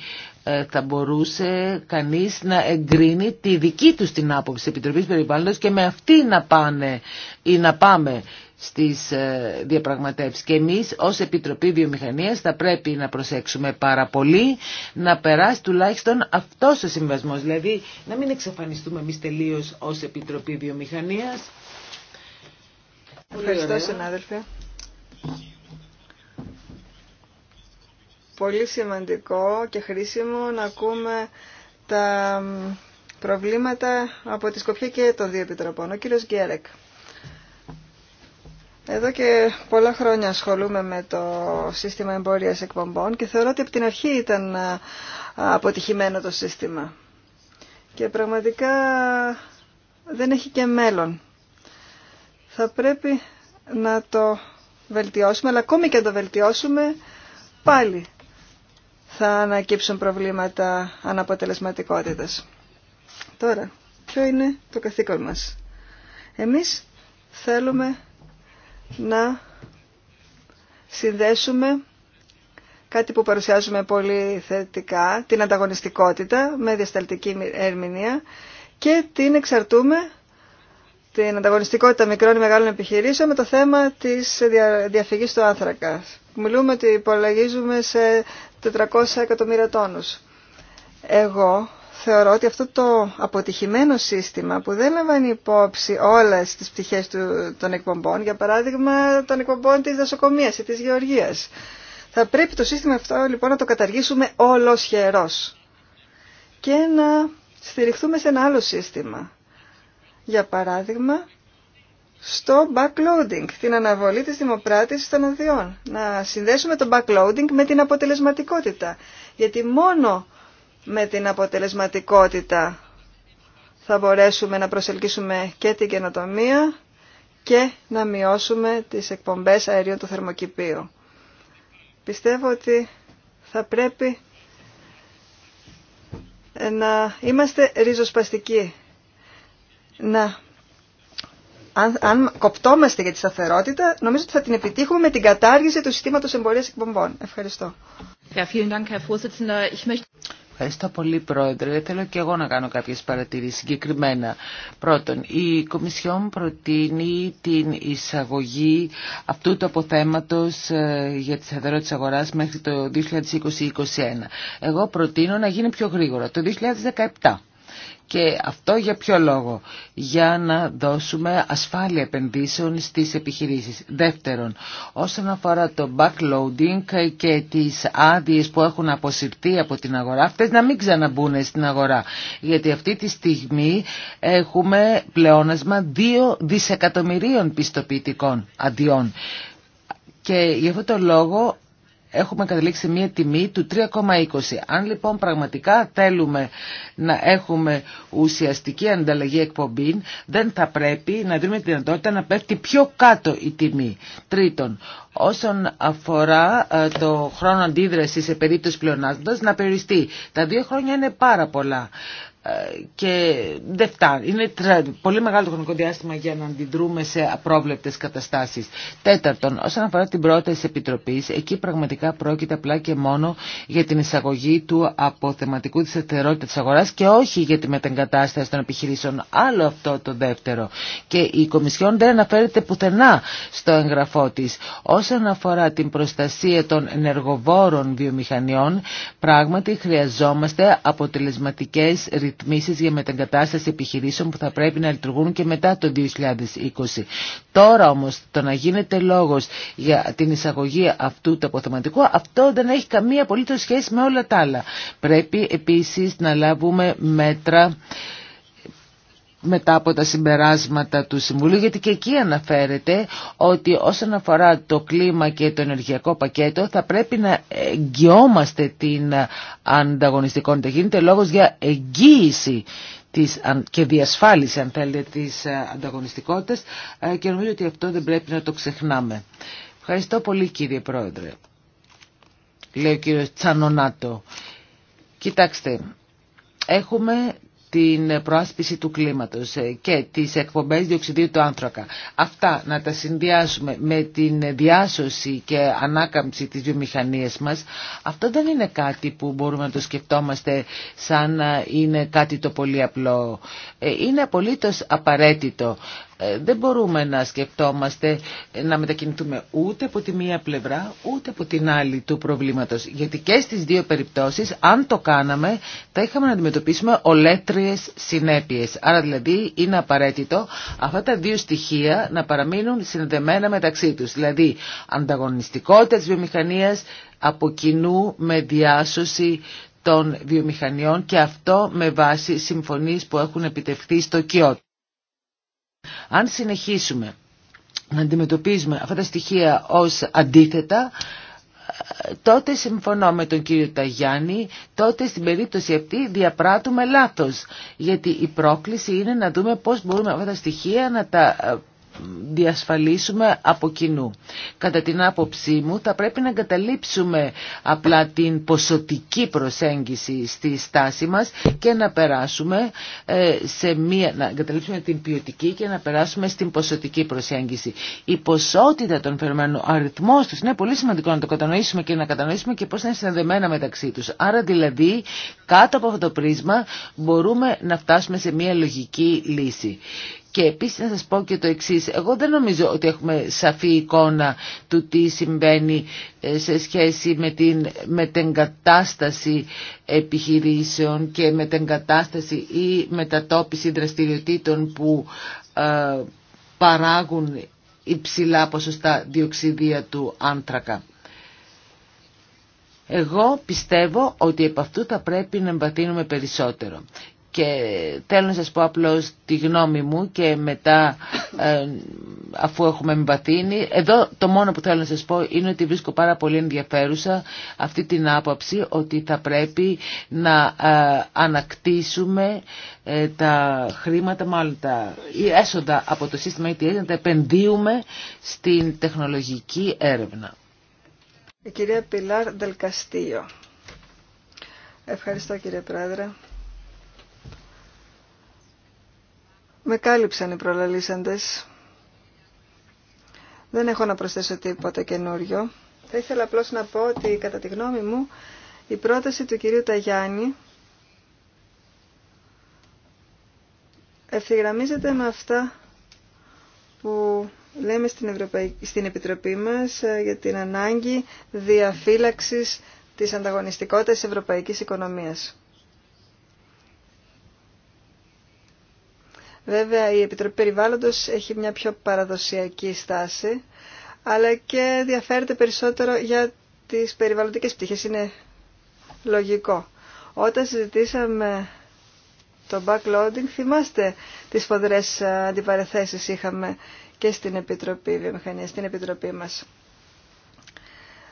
ε, θα μπορούσε κανείς να εγκρίνει τη δική του την άποψη της Επιτροπής Περιβάλλοντος και με αυτή να πάνε ή να πάμε στις ε, διαπραγματεύσεις. Και εμείς ως Επιτροπή Βιομηχανίας θα πρέπει να προσέξουμε πάρα πολύ να περάσει τουλάχιστον αυτός ο συμβασμός. Δηλαδή να μην εξαφανιστούμε εμείς τελείως ως Επιτροπή Βιομηχανίας. Ευχαριστώ συνάδελφε πολύ σημαντικό και χρήσιμο να ακούμε τα προβλήματα από τη Σκοπιά και των δύο επιτροπών. Ο κύριο Γκέρεκ. Εδώ και πολλά χρόνια ασχολούμαι με το σύστημα εμπόριας εκπομπών και θεωρώ ότι από την αρχή ήταν αποτυχημένο το σύστημα. Και πραγματικά δεν έχει και μέλλον. Θα πρέπει να το βελτιώσουμε, αλλά ακόμη και να το βελτιώσουμε πάλι θα ανακύψουν προβλήματα αναποτελεσματικότητας. Τώρα, ποιο είναι το καθήκον μας. Εμείς θέλουμε να συνδέσουμε κάτι που παρουσιάζουμε πολύ θετικά, την ανταγωνιστικότητα με διασταλτική ερμηνεία και την εξαρτούμε την ανταγωνιστικότητα μικρών ή μεγάλων επιχειρήσεων με το θέμα της διαφυγής του άνθρακα. Μιλούμε ότι υπολογίζουμε σε 400 εκατομμύρια τόνους. Εγώ θεωρώ ότι αυτό το αποτυχημένο σύστημα που δεν λαμβάνει υπόψη όλες τις πτυχές του, των εκπομπών, για παράδειγμα των εκπομπών της δασοκομείας ή της γεωργίας, θα πρέπει το σύστημα αυτό λοιπόν να το καταργήσουμε όλος χερός και να στηριχθούμε σε ένα άλλο σύστημα. Για παράδειγμα, στο backloading, την αναβολή της δημοπράτησης των αδειών. Να συνδέσουμε το backloading με την αποτελεσματικότητα. Γιατί μόνο με την αποτελεσματικότητα θα μπορέσουμε να προσελκύσουμε και την καινοτομία και να μειώσουμε τις εκπομπές αερίων του θερμοκηπίου. Πιστεύω ότι θα πρέπει να είμαστε ριζοσπαστικοί, να αν, αν κοπτόμαστε για τη σταθερότητα, νομίζω ότι θα την επιτύχουμε με την κατάργηση του συστήματο εμπορία εκπομπών. Ευχαριστώ. Ευχαριστώ πολύ, Πρόεδρε. Θέλω και εγώ να κάνω κάποιε παρατηρήσει συγκεκριμένα. Πρώτον, η Κομισιόν προτείνει την εισαγωγή αυτού του αποθέματος ε, για τη σταθερότητα τη αγορά μέχρι το 2020-2021. Εγώ προτείνω να γίνει πιο γρήγορα, το 2017. Και αυτό για ποιο λόγο. Για να δώσουμε ασφάλεια επενδύσεων στις επιχειρήσεις. Δεύτερον, όσον αφορά το backloading και τις άδειες που έχουν αποσυρθεί από την αγορά, αυτές να μην ξαναμπούν στην αγορά. Γιατί αυτή τη στιγμή έχουμε πλεόνασμα 2 δισεκατομμυρίων πιστοποιητικών αδειών. Και γι' αυτό το λόγο έχουμε καταλήξει μια τιμή του 3,20. Αν λοιπόν πραγματικά θέλουμε να έχουμε ουσιαστική ανταλλαγή εκπομπή, δεν θα πρέπει να δούμε τη δυνατότητα να πέφτει πιο κάτω η τιμή. Τρίτον, όσον αφορά ε, το χρόνο αντίδραση σε περίπτωση πλεονάσματος, να περιοριστεί. Τα δύο χρόνια είναι πάρα πολλά. Ε, και δεν φτάνει. Είναι πολύ μεγάλο το χρονικό διάστημα για να αντιδρούμε σε απρόβλεπτες καταστάσεις. Τέταρτον, όσον αφορά την πρόταση Επιτροπής, εκεί πραγματικά πρόκειται απλά και μόνο για την εισαγωγή του αποθεματικού της εθερότητας της αγοράς και όχι για τη μετεγκατάσταση των επιχειρήσεων. Άλλο αυτό το δεύτερο. Και η Κομισιόν δεν αναφέρεται πουθενά στο εγγραφό της. Όσον αφορά την προστασία των ενεργοβόρων βιομηχανιών, πράγματι χρειαζόμαστε αποτελεσματικές ρυθμίσεις για μεταγκατάσταση επιχειρήσεων που θα πρέπει να λειτουργούν και μετά το 2020. Τώρα όμως το να γίνεται λόγος για την εισαγωγή αυτού του αποθεματικού, αυτό δεν έχει καμία απολύτως σχέση με όλα τα άλλα. Πρέπει επίσης να λάβουμε μέτρα μετά από τα συμπεράσματα του Συμβουλίου, γιατί και εκεί αναφέρεται ότι όσον αφορά το κλίμα και το ενεργειακό πακέτο θα πρέπει να εγγυόμαστε την ανταγωνιστικότητα. Γίνεται λόγος για εγγύηση της, και διασφάλιση αν θέλετε της ε, ανταγωνιστικότητας ε, και νομίζω ότι αυτό δεν πρέπει να το ξεχνάμε. Ευχαριστώ πολύ κύριε Πρόεδρε. Λέω ο Τσανονάτο. Κοιτάξτε, έχουμε την προάσπιση του κλίματος ε, και τις εκπομπές διοξιδίου του άνθρακα. Αυτά να τα συνδυάσουμε με την διάσωση και ανάκαμψη της βιομηχανίας μας, αυτό δεν είναι κάτι που μπορούμε να το σκεφτόμαστε σαν να είναι κάτι το πολύ απλό. Ε, είναι απολύτως απαραίτητο ε, δεν μπορούμε να σκεφτόμαστε ε, να μετακινηθούμε ούτε από τη μία πλευρά ούτε από την άλλη του προβλήματος. Γιατί και στις δύο περιπτώσεις αν το κάναμε θα είχαμε να αντιμετωπίσουμε ολέτριες συνέπειες. Άρα δηλαδή είναι απαραίτητο αυτά τα δύο στοιχεία να παραμείνουν συνδεμένα μεταξύ τους. Δηλαδή ανταγωνιστικότητα της βιομηχανίας από κοινού με διάσωση των βιομηχανιών και αυτό με βάση συμφωνίες που έχουν επιτευχθεί στο Κιώτο. Αν συνεχίσουμε να αντιμετωπίζουμε αυτά τα στοιχεία ως αντίθετα, τότε συμφωνώ με τον κύριο Ταγιάννη, τότε στην περίπτωση αυτή διαπράττουμε λάθος. Γιατί η πρόκληση είναι να δούμε πώς μπορούμε αυτά τα στοιχεία να τα ε, διασφαλίσουμε από κοινού. Κατά την άποψή μου θα πρέπει να εγκαταλείψουμε απλά την ποσοτική προσέγγιση στη στάση μας και να περάσουμε ε, σε μία, να εγκαταλείψουμε την ποιοτική και να περάσουμε στην ποσοτική προσέγγιση. Η ποσότητα των φερμένων αριθμών του είναι πολύ σημαντικό να το κατανοήσουμε και να κατανοήσουμε και πώς είναι συνδεμένα μεταξύ τους. Άρα δηλαδή κάτω από αυτό το πρίσμα μπορούμε να φτάσουμε σε μία λογική λύση. Και επίσης να σας πω και το εξής, εγώ δεν νομίζω ότι έχουμε σαφή εικόνα του τι συμβαίνει ε, σε σχέση με την μετεγκατάσταση επιχειρήσεων και με την κατάσταση ή μετατόπιση δραστηριοτήτων που ε, παράγουν υψηλά ποσοστά διοξιδία του άνθρακα. Εγώ πιστεύω ότι επ' αυτού θα πρέπει να εμπαθύνουμε περισσότερο. Και θέλω να σας πω απλώς τη γνώμη μου και μετά ε, αφού έχουμε εμπαθύνει. Εδώ το μόνο που θέλω να σας πω είναι ότι βρίσκω πάρα πολύ ενδιαφέρουσα αυτή την άποψη ότι θα πρέπει να ε, ανακτήσουμε ε, τα χρήματα, μάλλον τα έσοδα από το σύστημα ETS να τα επενδύουμε στην τεχνολογική έρευνα. Η κυρία Πιλάρ Δελκαστίο. Ευχαριστώ κύριε Πρόεδρε. Με κάλυψαν οι προλαλήσαντες. Δεν έχω να προσθέσω τίποτα καινούριο. Θα ήθελα απλώς να πω ότι κατά τη γνώμη μου η πρόταση του κυρίου Ταγιάννη ευθυγραμμίζεται με αυτά που λέμε στην, στην Επιτροπή μας ε, για την ανάγκη διαφύλαξης της ανταγωνιστικότητας της ευρωπαϊκής οικονομίας. Βέβαια η Επιτροπή Περιβάλλοντος έχει μια πιο παραδοσιακή στάση, αλλά και διαφέρεται περισσότερο για τις περιβαλλοντικές πτυχές. Είναι λογικό. Όταν συζητήσαμε το backloading, θυμάστε τις φοδρές αντιπαραθέσεις είχαμε και στην Επιτροπή Βιομηχανία, στην Επιτροπή μας.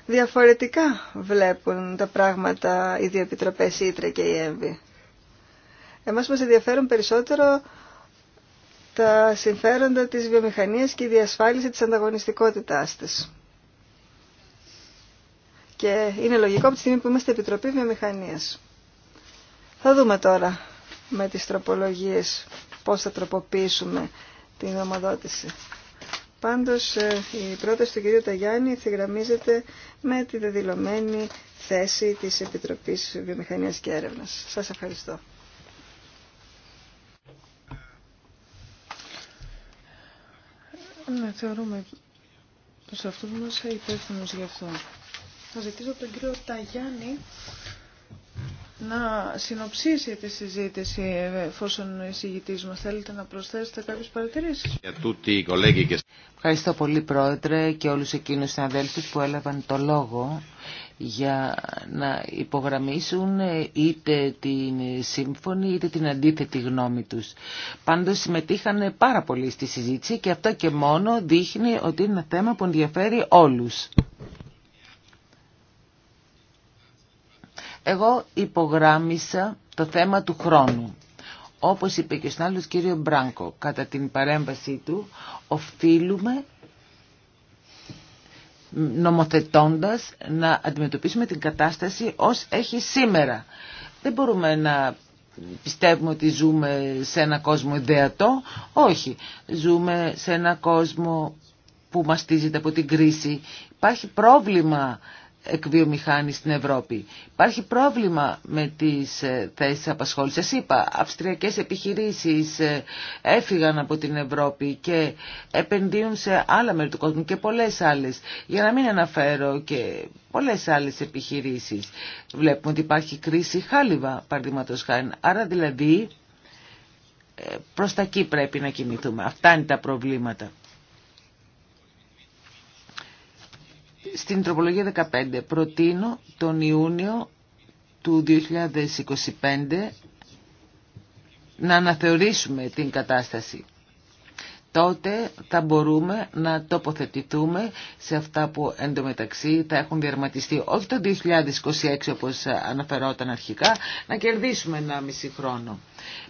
Διαφορετικά βλέπουν τα πράγματα οι δύο επιτροπές, η και η ΕΜΒΗ. Εμάς μας ενδιαφέρουν περισσότερο τα συμφέροντα της βιομηχανίας και η διασφάλιση της ανταγωνιστικότητάς της. Και είναι λογικό από τη στιγμή που είμαστε Επιτροπή Βιομηχανίας. Θα δούμε τώρα με τις τροπολογίες πώς θα τροποποιήσουμε την νομοδότηση. Πάντως ε, η πρόταση του κυρίου Ταγιάννη ευθυγραμμίζεται με τη δεδηλωμένη θέση της Επιτροπής Βιομηχανίας και Έρευνας. Σας ευχαριστώ. Ναι, θεωρούμε πως αυτό που μας υπεύθυνο γι' αυτό. Θα ζητήσω τον κύριο Ταγιάννη να συνοψίσει τη συζήτηση εφόσον ο εισηγητής μας θέλετε να προσθέσετε κάποιες παρατηρήσεις. Για τούτη, Ευχαριστώ πολύ Πρόεδρε και όλους εκείνους συναδέλφους που έλαβαν το λόγο για να υπογραμμίσουν είτε την σύμφωνη είτε την αντίθετη γνώμη τους. Πάντως συμμετείχαν πάρα πολύ στη συζήτηση και αυτό και μόνο δείχνει ότι είναι ένα θέμα που ενδιαφέρει όλους. Εγώ υπογράμμισα το θέμα του χρόνου. Όπως είπε και ο κύριο Μπράνκο, κατά την παρέμβασή του, οφείλουμε νομοθετώντας να αντιμετωπίσουμε την κατάσταση ως έχει σήμερα. Δεν μπορούμε να πιστεύουμε ότι ζούμε σε ένα κόσμο ιδεατό. Όχι. Ζούμε σε ένα κόσμο που μαστίζεται από την κρίση. Υπάρχει πρόβλημα εκβιομηχάνη στην Ευρώπη. Υπάρχει πρόβλημα με τις ε, θέσεις απασχόλησης. Σας είπα, αυστριακές επιχειρήσεις ε, έφυγαν από την Ευρώπη και επενδύουν σε άλλα μέρη του κόσμου και πολλές άλλες. Για να μην αναφέρω και πολλές άλλες επιχειρήσεις. Βλέπουμε ότι υπάρχει κρίση χάλιβα, παραδείγματος χάρη. Άρα δηλαδή ε, προς τα εκεί πρέπει να κινηθούμε. Αυτά είναι τα προβλήματα. Στην τροπολογία 15 προτείνω τον Ιούνιο του 2025 να αναθεωρήσουμε την κατάσταση. Τότε θα μπορούμε να τοποθετηθούμε σε αυτά που εντωμεταξύ θα έχουν διαρματιστεί όχι το 2026 όπως αναφερόταν αρχικά, να κερδίσουμε ένα μισή χρόνο.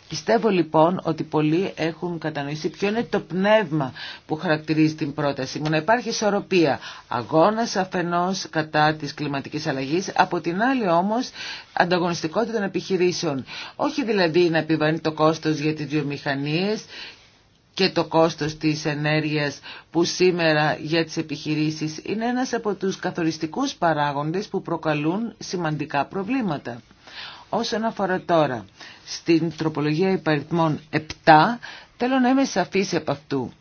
Πιστεύω λοιπόν ότι πολλοί έχουν κατανοήσει ποιο είναι το πνεύμα που χαρακτηρίζει την πρόταση μου. Να υπάρχει ισορροπία. Αγώνας αφενός κατά της κλιματικής αλλαγής, από την άλλη όμως ανταγωνιστικότητα των επιχειρήσεων. Όχι δηλαδή να επιβαίνει το κόστος για τις βιομηχανίες και το κόστος της ενέργειας που σήμερα για τις επιχειρήσεις είναι ένας από τους καθοριστικούς παράγοντες που προκαλούν σημαντικά προβλήματα. Όσον αφορά τώρα στην τροπολογία υπαριθμών 7, θέλω να είμαι σαφής από αυτού.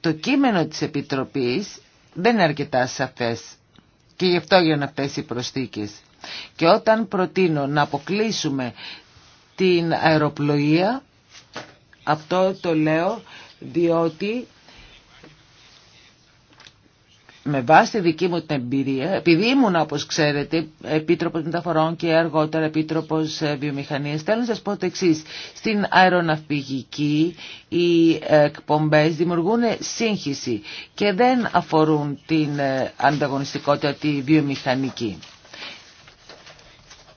Το κείμενο της Επιτροπής δεν είναι αρκετά σαφές και γι' αυτό έγιναν αυτές οι προσθήκες. Και όταν προτείνω να αποκλείσουμε την αεροπλοεία, αυτό το λέω διότι με βάση δική μου την εμπειρία, επειδή ήμουν όπως ξέρετε επίτροπος μεταφορών και αργότερα επίτροπος ε, βιομηχανίας, θέλω να σας πω το εξή. Στην αεροναυπηγική οι εκπομπές δημιουργούν σύγχυση και δεν αφορούν την ε, ανταγωνιστικότητα τη βιομηχανική.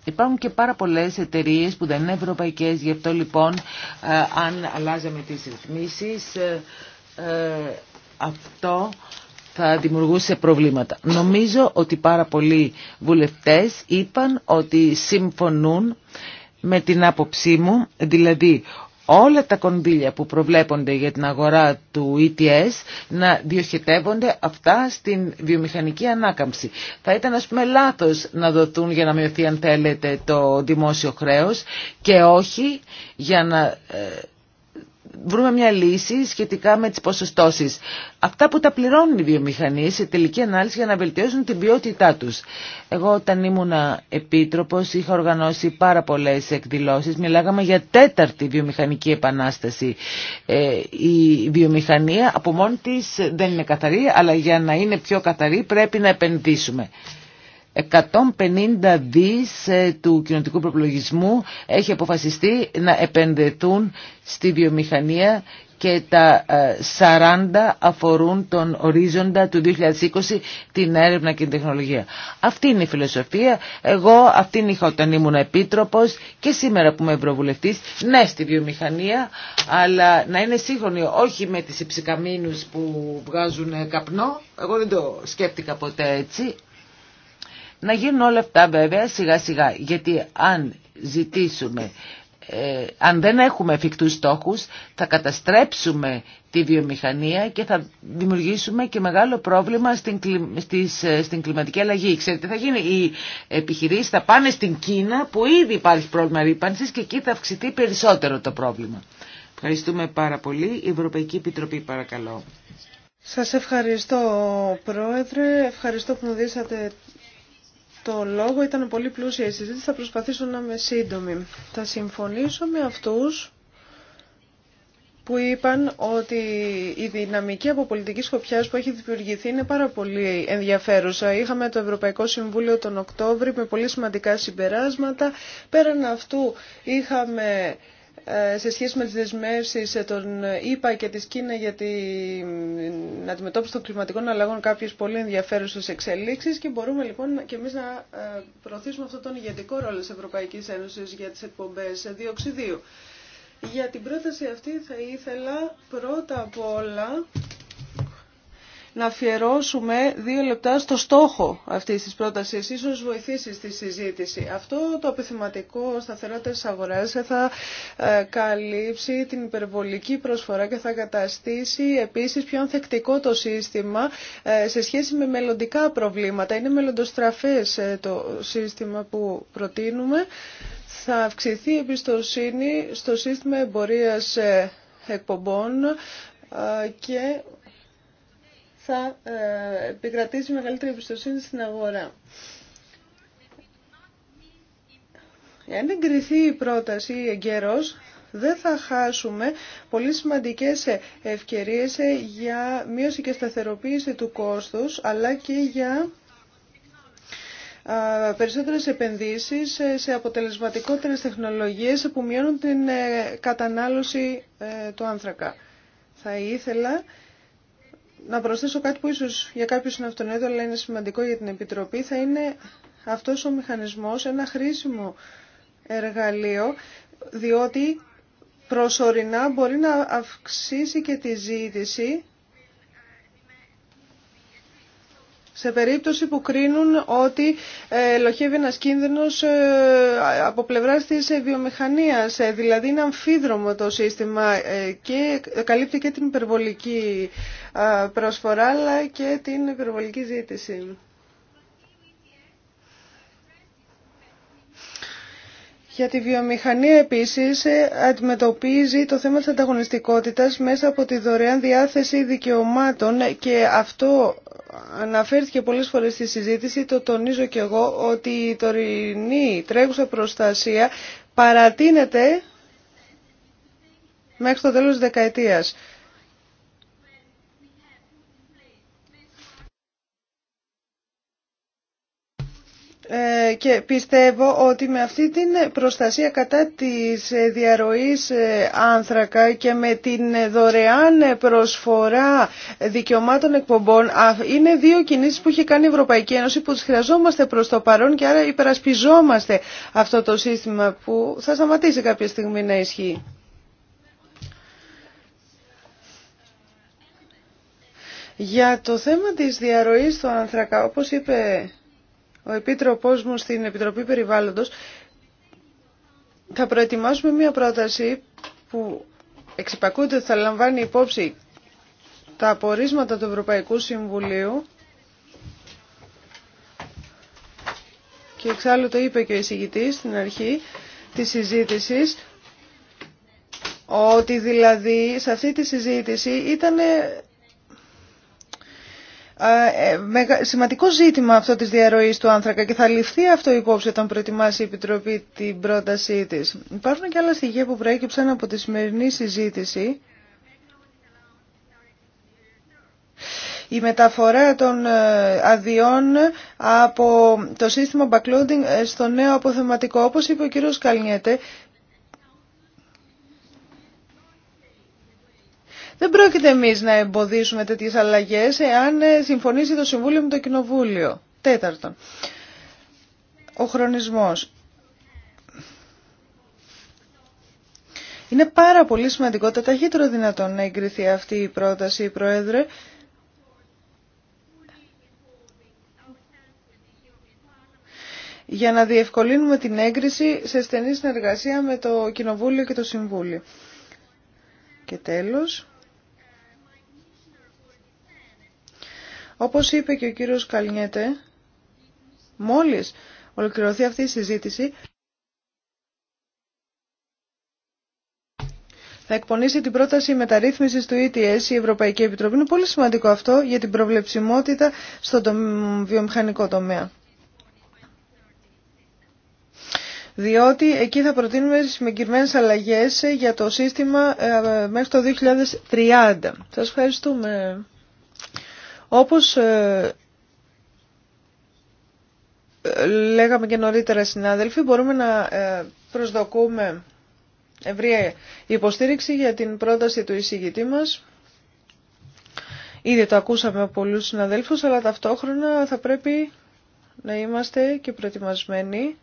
Υπάρχουν και πάρα πολλές εταιρείε που δεν είναι ευρωπαϊκές, γι' αυτό λοιπόν ε, αν αλλάζαμε τις ρυθμίσεις αυτό θα δημιουργούσε προβλήματα. Νομίζω ότι πάρα πολλοί βουλευτές είπαν ότι συμφωνούν με την άποψή μου, δηλαδή όλα τα κονδύλια που προβλέπονται για την αγορά του ETS να διοχετεύονται αυτά στην βιομηχανική ανάκαμψη. Θα ήταν ας πούμε λάθος να δοθούν για να μειωθεί αν θέλετε το δημόσιο χρέος και όχι για να ε, βρούμε μια λύση σχετικά με τις ποσοστώσεις. Αυτά που τα πληρώνουν οι βιομηχανίες σε τελική ανάλυση για να βελτιώσουν την ποιότητά τους. Εγώ όταν ήμουνα επίτροπος είχα οργανώσει πάρα πολλές εκδηλώσεις. Μιλάγαμε για τέταρτη βιομηχανική επανάσταση. Ε, η βιομηχανία από μόνη της δεν είναι καθαρή αλλά για να είναι πιο καθαρή πρέπει να επενδύσουμε. 150 δις ε, του κοινωνικού προπλογισμού έχει αποφασιστεί να επενδεθούν στη βιομηχανία και τα 40 ε, αφορούν τον ορίζοντα του 2020 την έρευνα και την τεχνολογία. Αυτή είναι η φιλοσοφία. Εγώ αυτήν είχα όταν ήμουν επίτροπος και σήμερα που είμαι ευρωβουλευτής, ναι στη βιομηχανία, αλλά να είναι σύγχρονη, όχι με τις υψικαμίνους που βγάζουν καπνό. Εγώ δεν το σκέφτηκα ποτέ έτσι, να γίνουν όλα αυτά βέβαια σιγά σιγά, γιατί αν ζητήσουμε ε, αν δεν έχουμε εφικτούς στόχους θα καταστρέψουμε τη βιομηχανία και θα δημιουργήσουμε και μεγάλο πρόβλημα στην, στις, ε, στην κλιματική αλλαγή. Ξέρετε, θα γίνει οι επιχειρήσεις θα πάνε στην Κίνα που ήδη υπάρχει πρόβλημα ρήπανσης και εκεί θα αυξηθεί περισσότερο το πρόβλημα. Ευχαριστούμε πάρα πολύ. Η Ευρωπαϊκή Επιτροπή παρακαλώ. Σας ευχαριστώ Πρόεδρε, ευχαριστώ που μου δίσατε το λόγο. Ήταν πολύ πλούσια η συζήτηση. Θα προσπαθήσω να είμαι σύντομη. Θα συμφωνήσω με αυτούς που είπαν ότι η δυναμική από πολιτική σκοπιά που έχει δημιουργηθεί είναι πάρα πολύ ενδιαφέρουσα. Είχαμε το Ευρωπαϊκό Συμβούλιο τον Οκτώβριο με πολύ σημαντικά συμπεράσματα. Πέραν αυτού είχαμε ε, σε σχέση με τις δεσμεύσεις των ΗΠΑ και της Κίνα για την ε, αντιμετώπιση των κλιματικών αλλαγών κάποιες πολύ ενδιαφέρουσες εξελίξεις και μπορούμε λοιπόν και εμείς να ε, προωθήσουμε αυτόν τον ηγετικό ρόλο της Ευρωπαϊκής Ένωσης για τις εκπομπές διοξιδίου. Για την πρόταση αυτή θα ήθελα πρώτα απ' όλα να αφιερώσουμε δύο λεπτά στο στόχο αυτή τη πρότασης. Ίσως βοηθήσει στη συζήτηση. Αυτό το επιθυματικό σταθερότητα τη αγορά θα ε, καλύψει την υπερβολική προσφορά και θα καταστήσει επίση πιο ανθεκτικό το σύστημα ε, σε σχέση με μελλοντικά προβλήματα. Είναι μελλοντοστραφές ε, το σύστημα που προτείνουμε. Θα αυξηθεί η εμπιστοσύνη στο σύστημα εμπορίας εκπομπών και θα ε, επικρατήσει μεγαλύτερη εμπιστοσύνη στην αγορά. Εάν εγκριθεί η πρόταση εγκαίρως, δεν θα χάσουμε πολύ σημαντικές ευκαιρίες για μείωση και σταθεροποίηση του κόστους, αλλά και για περισσότερες επενδύσεις σε αποτελεσματικότερες τεχνολογίες που μειώνουν την ε, κατανάλωση ε, του άνθρακα. Θα ήθελα να προσθέσω κάτι που ίσως για κάποιους είναι αυτονόητο, αλλά είναι σημαντικό για την Επιτροπή, θα είναι αυτός ο μηχανισμός ένα χρήσιμο εργαλείο, διότι προσωρινά μπορεί να αυξήσει και τη ζήτηση σε περίπτωση που κρίνουν ότι ε, ελοχεύει ένας κίνδυνος ε, από πλευράς της ε, βιομηχανίας. Δηλαδή είναι αμφίδρομο το σύστημα και καλύπτει και την υπερβολική προσφορά αλλά και την υπερβολική ζήτηση. Για τη βιομηχανία επίσης ε, αντιμετωπίζει το θέμα της ανταγωνιστικότητας μέσα από τη δωρεάν διάθεση δικαιωμάτων και αυτό αναφέρθηκε πολλές φορές στη συζήτηση, το τονίζω και εγώ, ότι η τωρινή τρέχουσα προστασία παρατείνεται μέχρι το τέλος της δεκαετίας. Ε, και πιστεύω ότι με αυτή την προστασία κατά της διαρροής ε, άνθρακα και με την δωρεάν προσφορά δικαιωμάτων εκπομπών είναι δύο κινήσεις που έχει κάνει η Ευρωπαϊκή Ένωση που τις χρειαζόμαστε προς το παρόν και άρα υπερασπιζόμαστε αυτό το σύστημα που θα σταματήσει κάποια στιγμή να ισχύει. Για το θέμα της διαρροής του άνθρακα, όπως είπε ο Επίτροπός μου στην Επιτροπή Περιβάλλοντος, θα προετοιμάσουμε μια πρόταση που εξυπακούνται θα λαμβάνει υπόψη τα απορίσματα του Ευρωπαϊκού Συμβουλίου και εξάλλου το είπε και ο εισηγητής στην αρχή της συζήτησης ότι δηλαδή σε αυτή τη συζήτηση ήταν ε, ε, σημαντικό ζήτημα αυτό της διαρροής του άνθρακα και θα ληφθεί αυτό υπόψη όταν προετοιμάσει η Επιτροπή την πρότασή της. Υπάρχουν και άλλα στοιχεία που προέκυψαν από τη σημερινή συζήτηση. Η μεταφορά των ε, αδειών από το σύστημα backloading στο νέο αποθεματικό, όπως είπε ο κ. Καλνιέτε, Δεν πρόκειται εμεί να εμποδίσουμε τέτοιε αλλαγέ εάν ε, συμφωνήσει το Συμβούλιο με το Κοινοβούλιο. Τέταρτον, ο χρονισμός. Είναι πάρα πολύ σημαντικό τα ταχύτερο δυνατόν να εγκριθεί αυτή η πρόταση, Πρόεδρε. για να διευκολύνουμε την έγκριση σε στενή συνεργασία με το Κοινοβούλιο και το Συμβούλιο. Και τέλος, Όπως είπε και ο κύριος Καλνιέτε, μόλις ολοκληρωθεί αυτή η συζήτηση, θα εκπονήσει την πρόταση μεταρρύθμισης του ETS η Ευρωπαϊκή Επιτροπή. Είναι πολύ σημαντικό αυτό για την προβλεψιμότητα στον βιομηχανικό τομέα. διότι εκεί θα προτείνουμε συγκεκριμένε αλλαγές για το σύστημα ε, μέχρι το 2030. Σας ευχαριστούμε. Όπως ε, λέγαμε και νωρίτερα συνάδελφοι, μπορούμε να ε, προσδοκούμε ευρία υποστήριξη για την πρόταση του εισηγητή μας. Ήδη το ακούσαμε από πολλούς συναδέλφους, αλλά ταυτόχρονα θα πρέπει να είμαστε και προετοιμασμένοι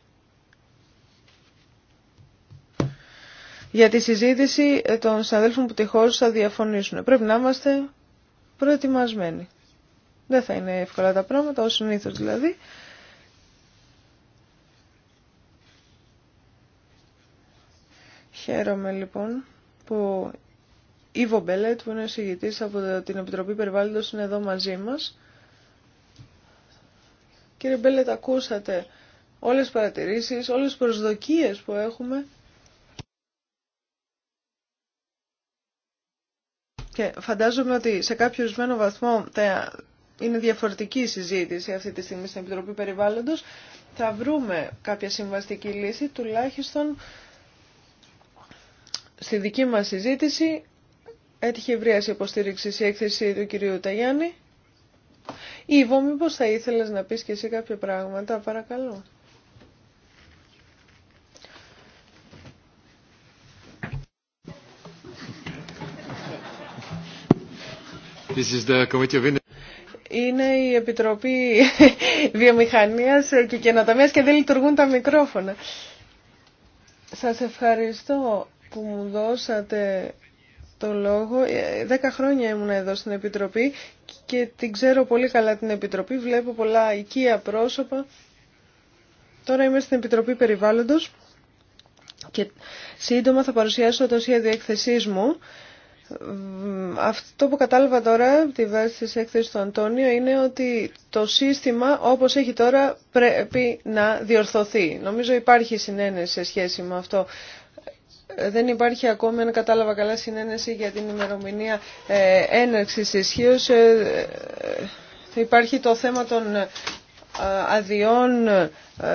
για τη συζήτηση των συναδέλφων που τυχώς θα διαφωνήσουν. Πρέπει να είμαστε προετοιμασμένοι. Δεν θα είναι εύκολα τα πράγματα, ως συνήθω δηλαδή. Χαίρομαι λοιπόν που Ιβο Μπελέτ που είναι ο συγητής από την Επιτροπή Περιβάλλοντος είναι εδώ μαζί μας. Κύριε Μπέλετ ακούσατε όλες τις παρατηρήσεις, όλες τις προσδοκίες που έχουμε Και φαντάζομαι ότι σε κάποιο ορισμένο βαθμό τα είναι διαφορετική η συζήτηση αυτή τη στιγμή στην Επιτροπή Περιβάλλοντος. Θα βρούμε κάποια συμβαστική λύση, τουλάχιστον στη δική μας συζήτηση έτυχε ευρεία υποστήριξη η έκθεση του κυρίου Ταγιάννη. Ήβο, μήπως θα ήθελες να πεις και εσύ κάποια πράγματα, παρακαλώ. This is the committee of είναι η Επιτροπή Βιομηχανίας και Καινοτομίας και δεν λειτουργούν τα μικρόφωνα. Σας ευχαριστώ που μου δώσατε το λόγο. Ε, δέκα χρόνια ήμουν εδώ στην Επιτροπή και την ξέρω πολύ καλά την Επιτροπή. Βλέπω πολλά οικία πρόσωπα. Τώρα είμαι στην Επιτροπή Περιβάλλοντος και σύντομα θα παρουσιάσω το σχέδιο έκθεσής μου. Αυτό που κατάλαβα τώρα τη βάση της έκθεσης του Αντώνιο είναι ότι το σύστημα όπως έχει τώρα πρέπει να διορθωθεί. Νομίζω υπάρχει συνένεση σε σχέση με αυτό. Δεν υπάρχει ακόμη, αν κατάλαβα καλά, συνένεση για την ημερομηνία ε, έναρξης ισχύω. Ε, ε, υπάρχει το θέμα των αδειών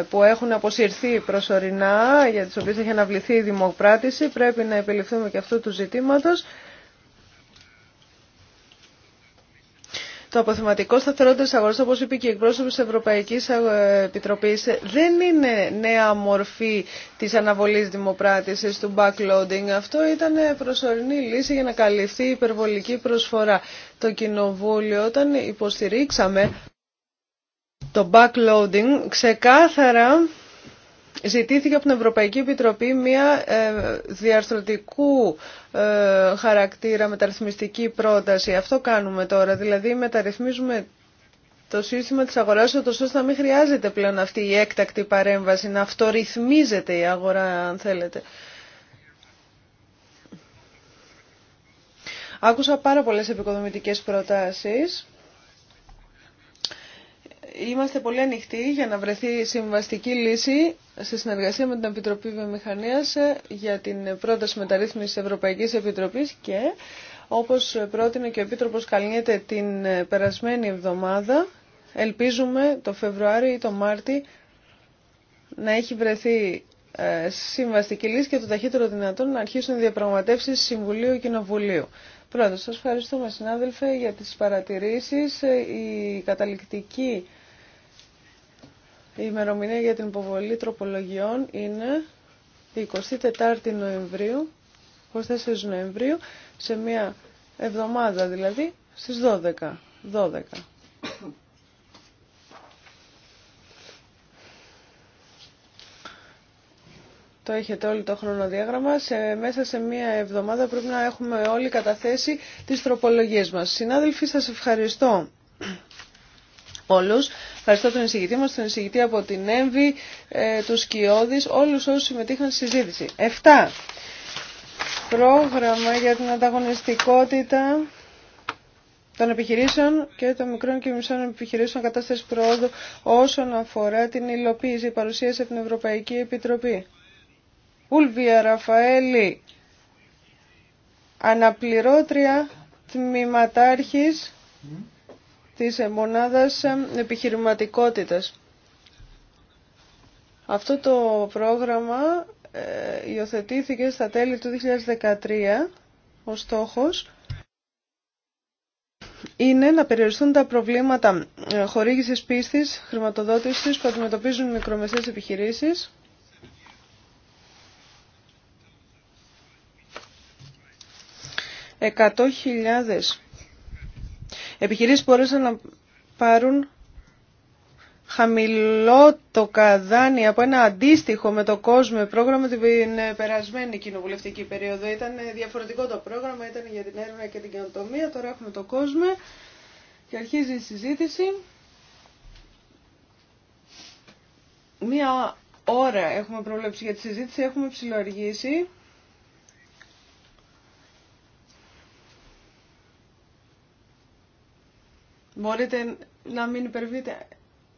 που έχουν αποσυρθεί προσωρινά, για τις οποίες έχει αναβληθεί η δημοκράτηση. Πρέπει να επιληφθούμε και αυτού του ζητήματος. Το αποθεματικό σταθερότητα αγορά, όπω είπε και η εκπρόσωπο τη Ευρωπαϊκή ε, Επιτροπή, δεν είναι νέα μορφή τη αναβολή δημοπράτηση του backloading. Αυτό ήταν προσωρινή λύση για να καλυφθεί η υπερβολική προσφορά. Το Κοινοβούλιο, όταν υποστηρίξαμε το backloading, ξεκάθαρα Ζητήθηκε από την Ευρωπαϊκή Επιτροπή μια ε, διαρθρωτικού ε, χαρακτήρα μεταρρυθμιστική πρόταση. Αυτό κάνουμε τώρα, δηλαδή μεταρρυθμίζουμε το σύστημα της αγοράς ώστε να μην χρειάζεται πλέον αυτή η έκτακτη παρέμβαση, να αυτορυθμίζεται η αγορά αν θέλετε. Άκουσα πάρα πολλές επικοδομητικές προτάσεις. Είμαστε πολύ ανοιχτοί για να βρεθεί συμβαστική λύση σε συνεργασία με την Επιτροπή Βιομηχανία για την πρόταση μεταρρύθμισης της Ευρωπαϊκής Επιτροπής και όπως πρότεινε και ο Επίτροπος Καλνιέται την περασμένη εβδομάδα, ελπίζουμε το Φεβρουάριο ή το Μάρτι να έχει βρεθεί ε, συμβαστική λύση και το ταχύτερο δυνατόν να αρχίσουν οι διαπραγματεύσεις Συμβουλίου και Κοινοβουλίου. Πρώτα σας ευχαριστούμε συνάδελφε για τις παρατηρήσεις. Η καταληκτική η ημερομηνία για την υποβολή τροπολογιών είναι 24 Νοεμβρίου, 24 Νοεμβρίου, σε μια εβδομάδα δηλαδή, στις 12. 12. Το έχετε όλοι το χρονοδιάγραμμα. Σε, μέσα σε μία εβδομάδα πρέπει να έχουμε όλοι καταθέσει τις τροπολογίες μας. Συνάδελφοι, σας ευχαριστώ όλους. Ευχαριστώ τον εισηγητή μα τον εισηγητή από την ΕΜΒΗ, του ε, τους Σκιώδη, όλους όσους συμμετείχαν στη συζήτηση. 7. Πρόγραμμα για την ανταγωνιστικότητα των επιχειρήσεων και των μικρών και μισών επιχειρήσεων κατάσταση προόδου όσον αφορά την υλοποίηση παρουσίαση από την Ευρωπαϊκή Επιτροπή. Ούλβια Ραφαέλη, αναπληρώτρια τμήματάρχης της μονάδας επιχειρηματικότητας. Αυτό το πρόγραμμα ε, υιοθετήθηκε στα τέλη του 2013. Ο στόχος είναι να περιοριστούν τα προβλήματα ε, χορήγησης πίστης, χρηματοδότησης που αντιμετωπίζουν μικρομεσαίες επιχειρήσεις. Εκατό χιλιάδες επιχειρήσεις μπορούσαν να πάρουν χαμηλό το καδάνι από ένα αντίστοιχο με το κόσμο πρόγραμμα την περασμένη κοινοβουλευτική περίοδο. Ήταν διαφορετικό το πρόγραμμα, ήταν για την έρευνα και την καινοτομία, τώρα έχουμε το κόσμο και αρχίζει η συζήτηση. Μία ώρα έχουμε προβλέψει για τη συζήτηση, έχουμε ψηλοαργήσει. Μπορείτε να μην υπερβείτε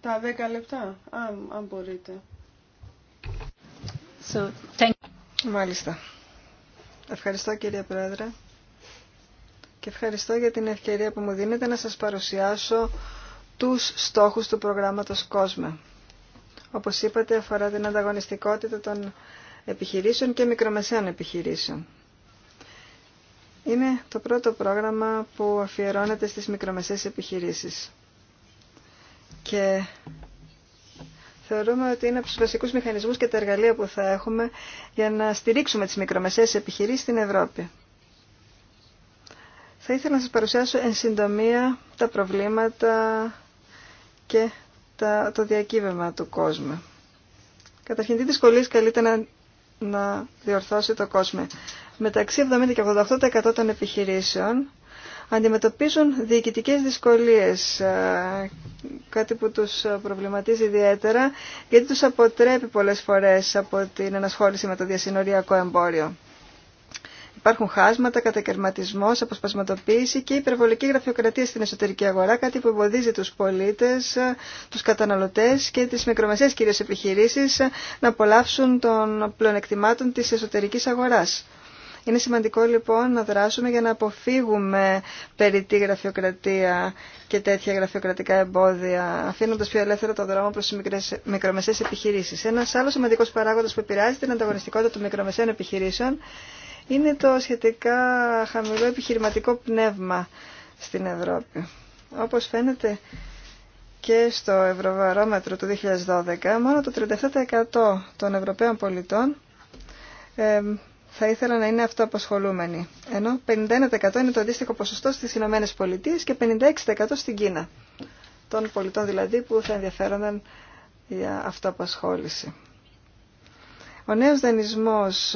τα 10 λεπτά, αν, μπορείτε. So, thank Μάλιστα. Ευχαριστώ κύριε Πρόεδρε και ευχαριστώ για την ευκαιρία που μου δίνετε να σας παρουσιάσω τους στόχους του προγράμματος COSME. Όπως είπατε αφορά την ανταγωνιστικότητα των επιχειρήσεων και μικρομεσαίων επιχειρήσεων είναι το πρώτο πρόγραμμα που αφιερώνεται στις μικρομεσαίες επιχειρήσεις. Και θεωρούμε ότι είναι από τους βασικούς μηχανισμούς και τα εργαλεία που θα έχουμε για να στηρίξουμε τις μικρομεσαίες επιχειρήσεις στην Ευρώπη. Θα ήθελα να σας παρουσιάσω εν συντομία τα προβλήματα και το διακύβευμα του κόσμου. Καταρχήν, τι δυσκολίες καλείται να, να διορθώσει το κόσμο μεταξύ 70 και 88% των επιχειρήσεων αντιμετωπίζουν διοικητικές δυσκολίες, ε, κάτι που τους προβληματίζει ιδιαίτερα, γιατί τους αποτρέπει πολλές φορές από την ενασχόληση με το διασυνοριακό εμπόριο. Υπάρχουν χάσματα, κατακαιρματισμό, αποσπασματοποίηση και υπερβολική γραφειοκρατία στην εσωτερική αγορά, κάτι που εμποδίζει του πολίτε, του καταναλωτέ και τι μικρομεσαίε κυρίω επιχειρήσει να απολαύσουν των πλεονεκτημάτων τη εσωτερική αγορά. Είναι σημαντικό λοιπόν να δράσουμε για να αποφύγουμε περιττή γραφειοκρατία και τέτοια γραφειοκρατικά εμπόδια, αφήνοντα πιο ελεύθερο το δρόμο προ τι μικρομεσαίε επιχειρήσει. Ένα άλλο σημαντικό παράγοντα που επηρεάζει την ανταγωνιστικότητα των μικρομεσαίων επιχειρήσεων είναι το σχετικά χαμηλό επιχειρηματικό πνεύμα στην Ευρώπη. Όπω φαίνεται και στο Ευρωβαρόμετρο του 2012, μόνο το 37% των Ευρωπαίων πολιτών ε, θα ήθελα να είναι αυτοαπασχολούμενοι. Ενώ 51% είναι το αντίστοιχο ποσοστό στις Ηνωμένε Πολιτείε και 56% στην Κίνα. Των πολιτών δηλαδή που θα ενδιαφέρονταν για αυτοαπασχόληση. Ο νέος δανεισμός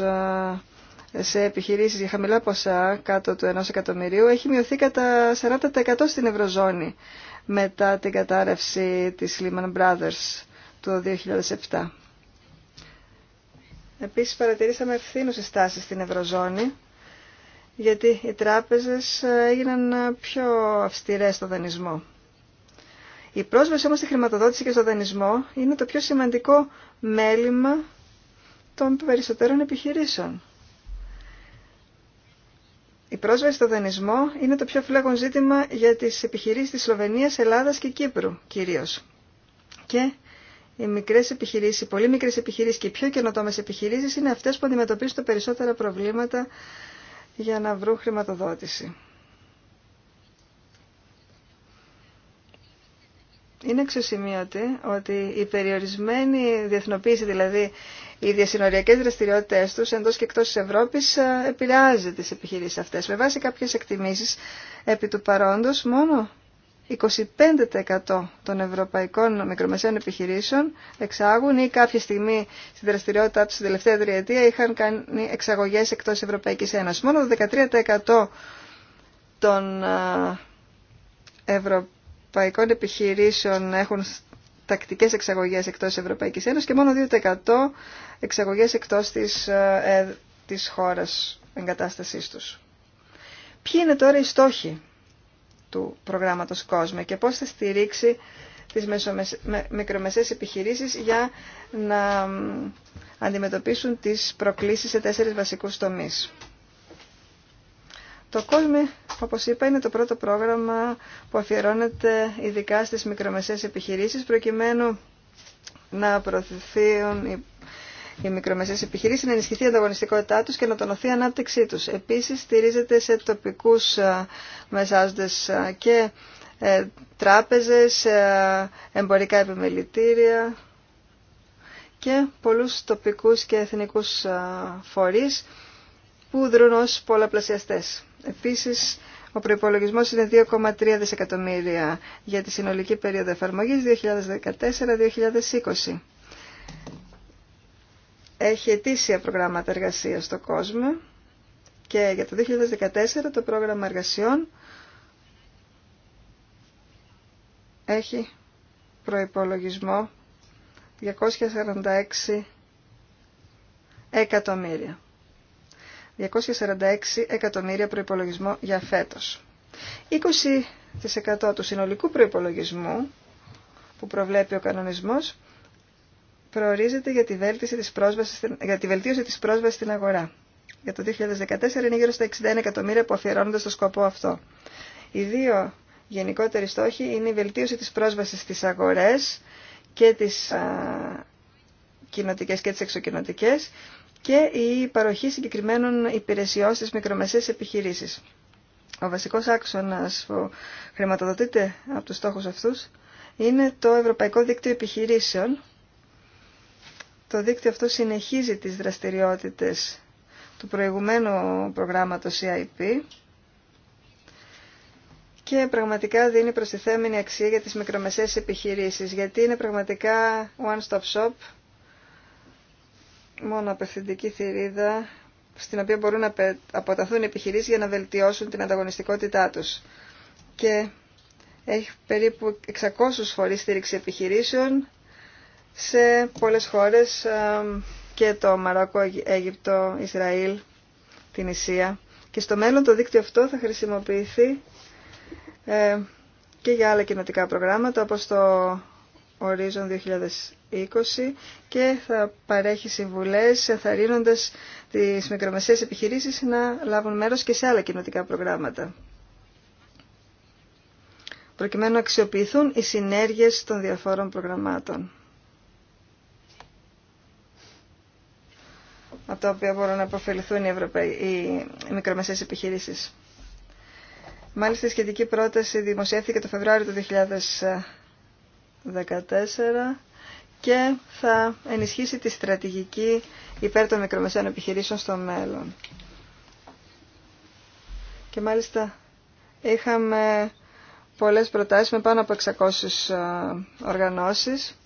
σε επιχειρήσεις για χαμηλά ποσά κάτω του 1 εκατομμυρίου έχει μειωθεί κατά 40% στην Ευρωζώνη μετά την κατάρρευση της Lehman Brothers το 2007. Επίσης παρατηρήσαμε ευθύνουσες τάσεις στην Ευρωζώνη, γιατί οι τράπεζες έγιναν πιο αυστηρές στο δανεισμό. Η πρόσβαση όμως στη χρηματοδότηση και στο δανεισμό είναι το πιο σημαντικό μέλημα των περισσότερων επιχειρήσεων. Η πρόσβαση στο δανεισμό είναι το πιο φλέγον ζήτημα για τις επιχειρήσεις της Σλοβενίας, Ελλάδας και Κύπρου κυρίως. Και οι μικρές επιχειρήσεις, οι πολύ μικρές επιχειρήσεις και οι πιο καινοτόμε επιχειρήσεις είναι αυτές που αντιμετωπίζουν τα περισσότερα προβλήματα για να βρουν χρηματοδότηση. Είναι εξωσημείωτη ότι η περιορισμένη διεθνοποίηση, δηλαδή οι διασυνοριακές δραστηριότητες τους εντός και εκτός της Ευρώπης ε, επηρεάζει τις επιχειρήσεις αυτές. Με βάση κάποιες εκτιμήσεις επί του παρόντος μόνο 25% των ευρωπαϊκών μικρομεσαίων επιχειρήσεων εξάγουν ή κάποια στιγμή στη δραστηριότητά τους στην τελευταία τριετία είχαν κάνει εξαγωγές εκτός Ευρωπαϊκής Ένωσης. Μόνο το 13% των ευρωπαϊκών επιχειρήσεων έχουν τακτικές εξαγωγές εκτός Ευρωπαϊκής Ένωσης και μόνο 2% εξαγωγές εκτός της, ε, της χώρας εγκατάστασής τους. Ποιοι είναι τώρα οι στόχοι του προγράμματος COSME και πώς θα στηρίξει τις μικρομεσαίες επιχειρήσεις για να αντιμετωπίσουν τις προκλήσεις σε τέσσερις βασικούς τομείς. Το COSME, όπως είπα, είναι το πρώτο πρόγραμμα που αφιερώνεται ειδικά στις μικρομεσαίες επιχειρήσεις προκειμένου να προωθηθούν οι οι μικρομεσαίε επιχειρήσει να ενισχυθεί η ανταγωνιστικότητά του και να τονωθεί η ανάπτυξή του. Επίση, στηρίζεται σε τοπικού ε, μεσάζοντε ε, και ε, τράπεζες, εμπορικά επιμελητήρια και πολλού τοπικού και εθνικούς φορεί που δρούν ω πολλαπλασιαστές. Επίσης, ο προπολογισμό είναι 2,3 δισεκατομμύρια για τη συνολική περίοδο εφαρμογής 2014-2020 έχει ετήσια προγράμματα εργασίας στο κόσμο και για το 2014 το πρόγραμμα εργασιών έχει προϋπολογισμό 246 εκατομμύρια. 246 εκατομμύρια προϋπολογισμό για φέτος. 20% του συνολικού προϋπολογισμού που προβλέπει ο κανονισμός προορίζεται για τη, βελτίωση της πρόσβασης, για τη βελτίωση της πρόσβασης στην αγορά. Για το 2014 είναι γύρω στα 61 εκατομμύρια που αφιερώνονται στο σκοπό αυτό. Οι δύο γενικότεροι στόχοι είναι η βελτίωση της πρόσβασης στις αγορές και τις α, κοινοτικές και τις εξοκοινοτικές και η παροχή συγκεκριμένων υπηρεσιών στις μικρομεσαίες επιχειρήσεις. Ο βασικός άξονας που χρηματοδοτείται από τους στόχους αυτούς είναι το Ευρωπαϊκό Δίκτυο Επιχειρήσεων το δίκτυο αυτό συνεχίζει τις δραστηριότητες του προηγουμένου προγράμματος EIP και πραγματικά δίνει προστιθέμενη αξία για τις μικρομεσαίες επιχειρήσεις γιατί είναι πραγματικά one-stop shop, μόνο απευθυντική θηρίδα στην οποία μπορούν να αποταθούν οι επιχειρήσεις για να βελτιώσουν την ανταγωνιστικότητά τους. Και έχει περίπου 600 φορείς στήριξη επιχειρήσεων σε πολλές χώρες ε, και το Μαρόκο, Αίγυπτο, Ισραήλ, την Ισία. Και στο μέλλον το δίκτυο αυτό θα χρησιμοποιηθεί ε, και για άλλα κοινοτικά προγράμματα όπως το Horizon 2020 και θα παρέχει συμβουλές εθαρρύνοντας τις μικρομεσαίες επιχειρήσεις να λάβουν μέρος και σε άλλα κοινοτικά προγράμματα προκειμένου να αξιοποιηθούν οι συνέργειες των διαφόρων προγραμμάτων. από τα οποία μπορούν να αποφεληθούν οι, Ευρωπα... οι μικρομεσαίες επιχειρήσεις. Μάλιστα η σχετική πρόταση δημοσιεύθηκε το Φεβράριο του 2014 και θα ενισχύσει τη στρατηγική υπέρ των μικρομεσαίων επιχειρήσεων στο μέλλον. Και μάλιστα είχαμε πολλές προτάσεις με πάνω από 600 ε, οργανώσεις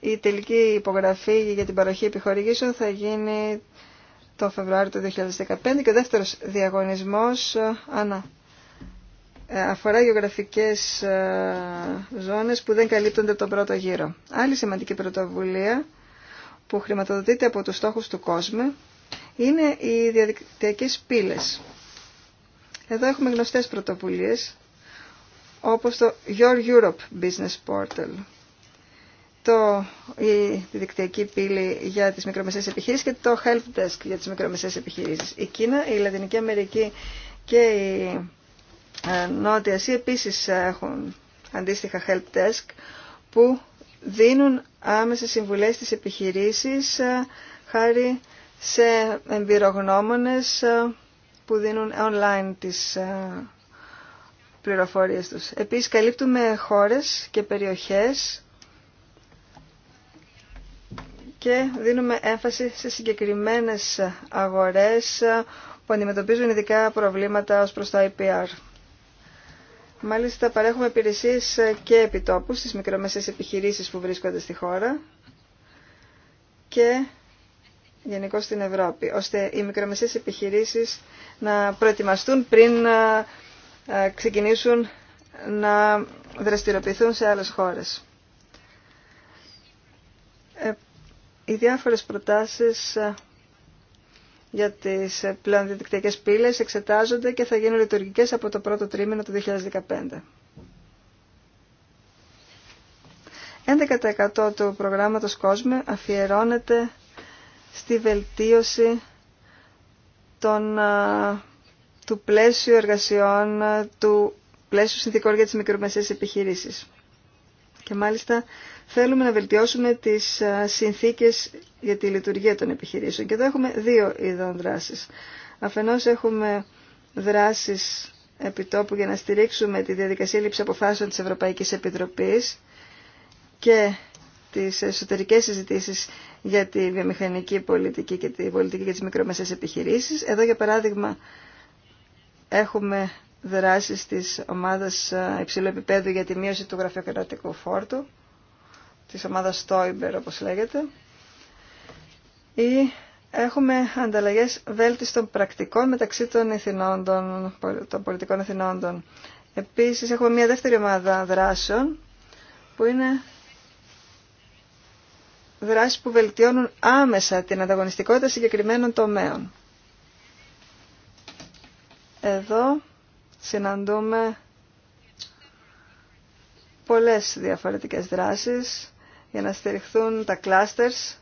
Η τελική υπογραφή για την παροχή επιχορηγήσεων θα γίνει το Φεβρουάριο του 2015 και ο δεύτερος διαγωνισμός ε, ανά, ε, αφορά γεωγραφικές ε, ζώνες που δεν καλύπτονται από τον πρώτο γύρο. Άλλη σημαντική πρωτοβουλία που χρηματοδοτείται από τους στόχους του κόσμου είναι οι διαδικτυακές πύλες. Εδώ έχουμε γνωστές πρωτοβουλίες όπως το Your Europe Business Portal το, η δικτυακή πύλη για τις μικρομεσαίες επιχειρήσεις και το help desk για τις μικρομεσαίες επιχειρήσεις. Η Κίνα, η Λατινική Αμερική και η ε, Νότια Ασία επίσης έχουν αντίστοιχα help desk που δίνουν άμεσα συμβουλές στις επιχειρήσεις ε, χάρη σε εμπειρογνώμονες ε, που δίνουν online τις πληροφορίες τους. Επίσης καλύπτουμε χώρες και περιοχές και δίνουμε έμφαση σε συγκεκριμένες αγορές που αντιμετωπίζουν ειδικά προβλήματα ως προς τα IPR. Μάλιστα παρέχουμε υπηρεσίε και επιτόπου στις μικρομεσαίες επιχειρήσεις που βρίσκονται στη χώρα και γενικώ στην Ευρώπη, ώστε οι μικρομεσαίες επιχειρήσεις να προετοιμαστούν πριν να ε, ε, ξεκινήσουν να δραστηριοποιηθούν σε άλλες χώρες. Οι διάφορες προτάσεις ε, για τις ε, πλέον διαδικτυακές πύλες εξετάζονται και θα γίνουν λειτουργικές από το πρώτο τρίμηνο του 2015. 11% του προγράμματος COSME αφιερώνεται στη βελτίωση των, ε, του πλαίσιου εργασιών, του πλαίσιου συνθηκών για τις μικρομεσαίες επιχειρήσεις. Και μάλιστα θέλουμε να βελτιώσουμε τις συνθήκες για τη λειτουργία των επιχειρήσεων. Και εδώ έχουμε δύο είδων δράσεις. Αφενός έχουμε δράσεις επιτόπου για να στηρίξουμε τη διαδικασία λήψη αποφάσεων της Ευρωπαϊκής Επιτροπής και τις εσωτερικές συζητήσεις για τη βιομηχανική πολιτική και τη πολιτική για τις μικρομεσαίες επιχειρήσεις. Εδώ για παράδειγμα έχουμε δράσεις της ομάδας υψηλού επίπεδου για τη μείωση του γραφειοκρατικού φόρτου της ομάδας Stoiber όπως λέγεται ή έχουμε ανταλλαγές βέλτιστων πρακτικών μεταξύ των, των πολιτικών εθνών. Επίσης έχουμε μια δεύτερη ομάδα δράσεων που είναι δράσεις που βελτιώνουν άμεσα την ανταγωνιστικότητα συγκεκριμένων τομέων. Εδώ συναντούμε πολλές διαφορετικές δράσεις για να στηριχθούν τα clusters,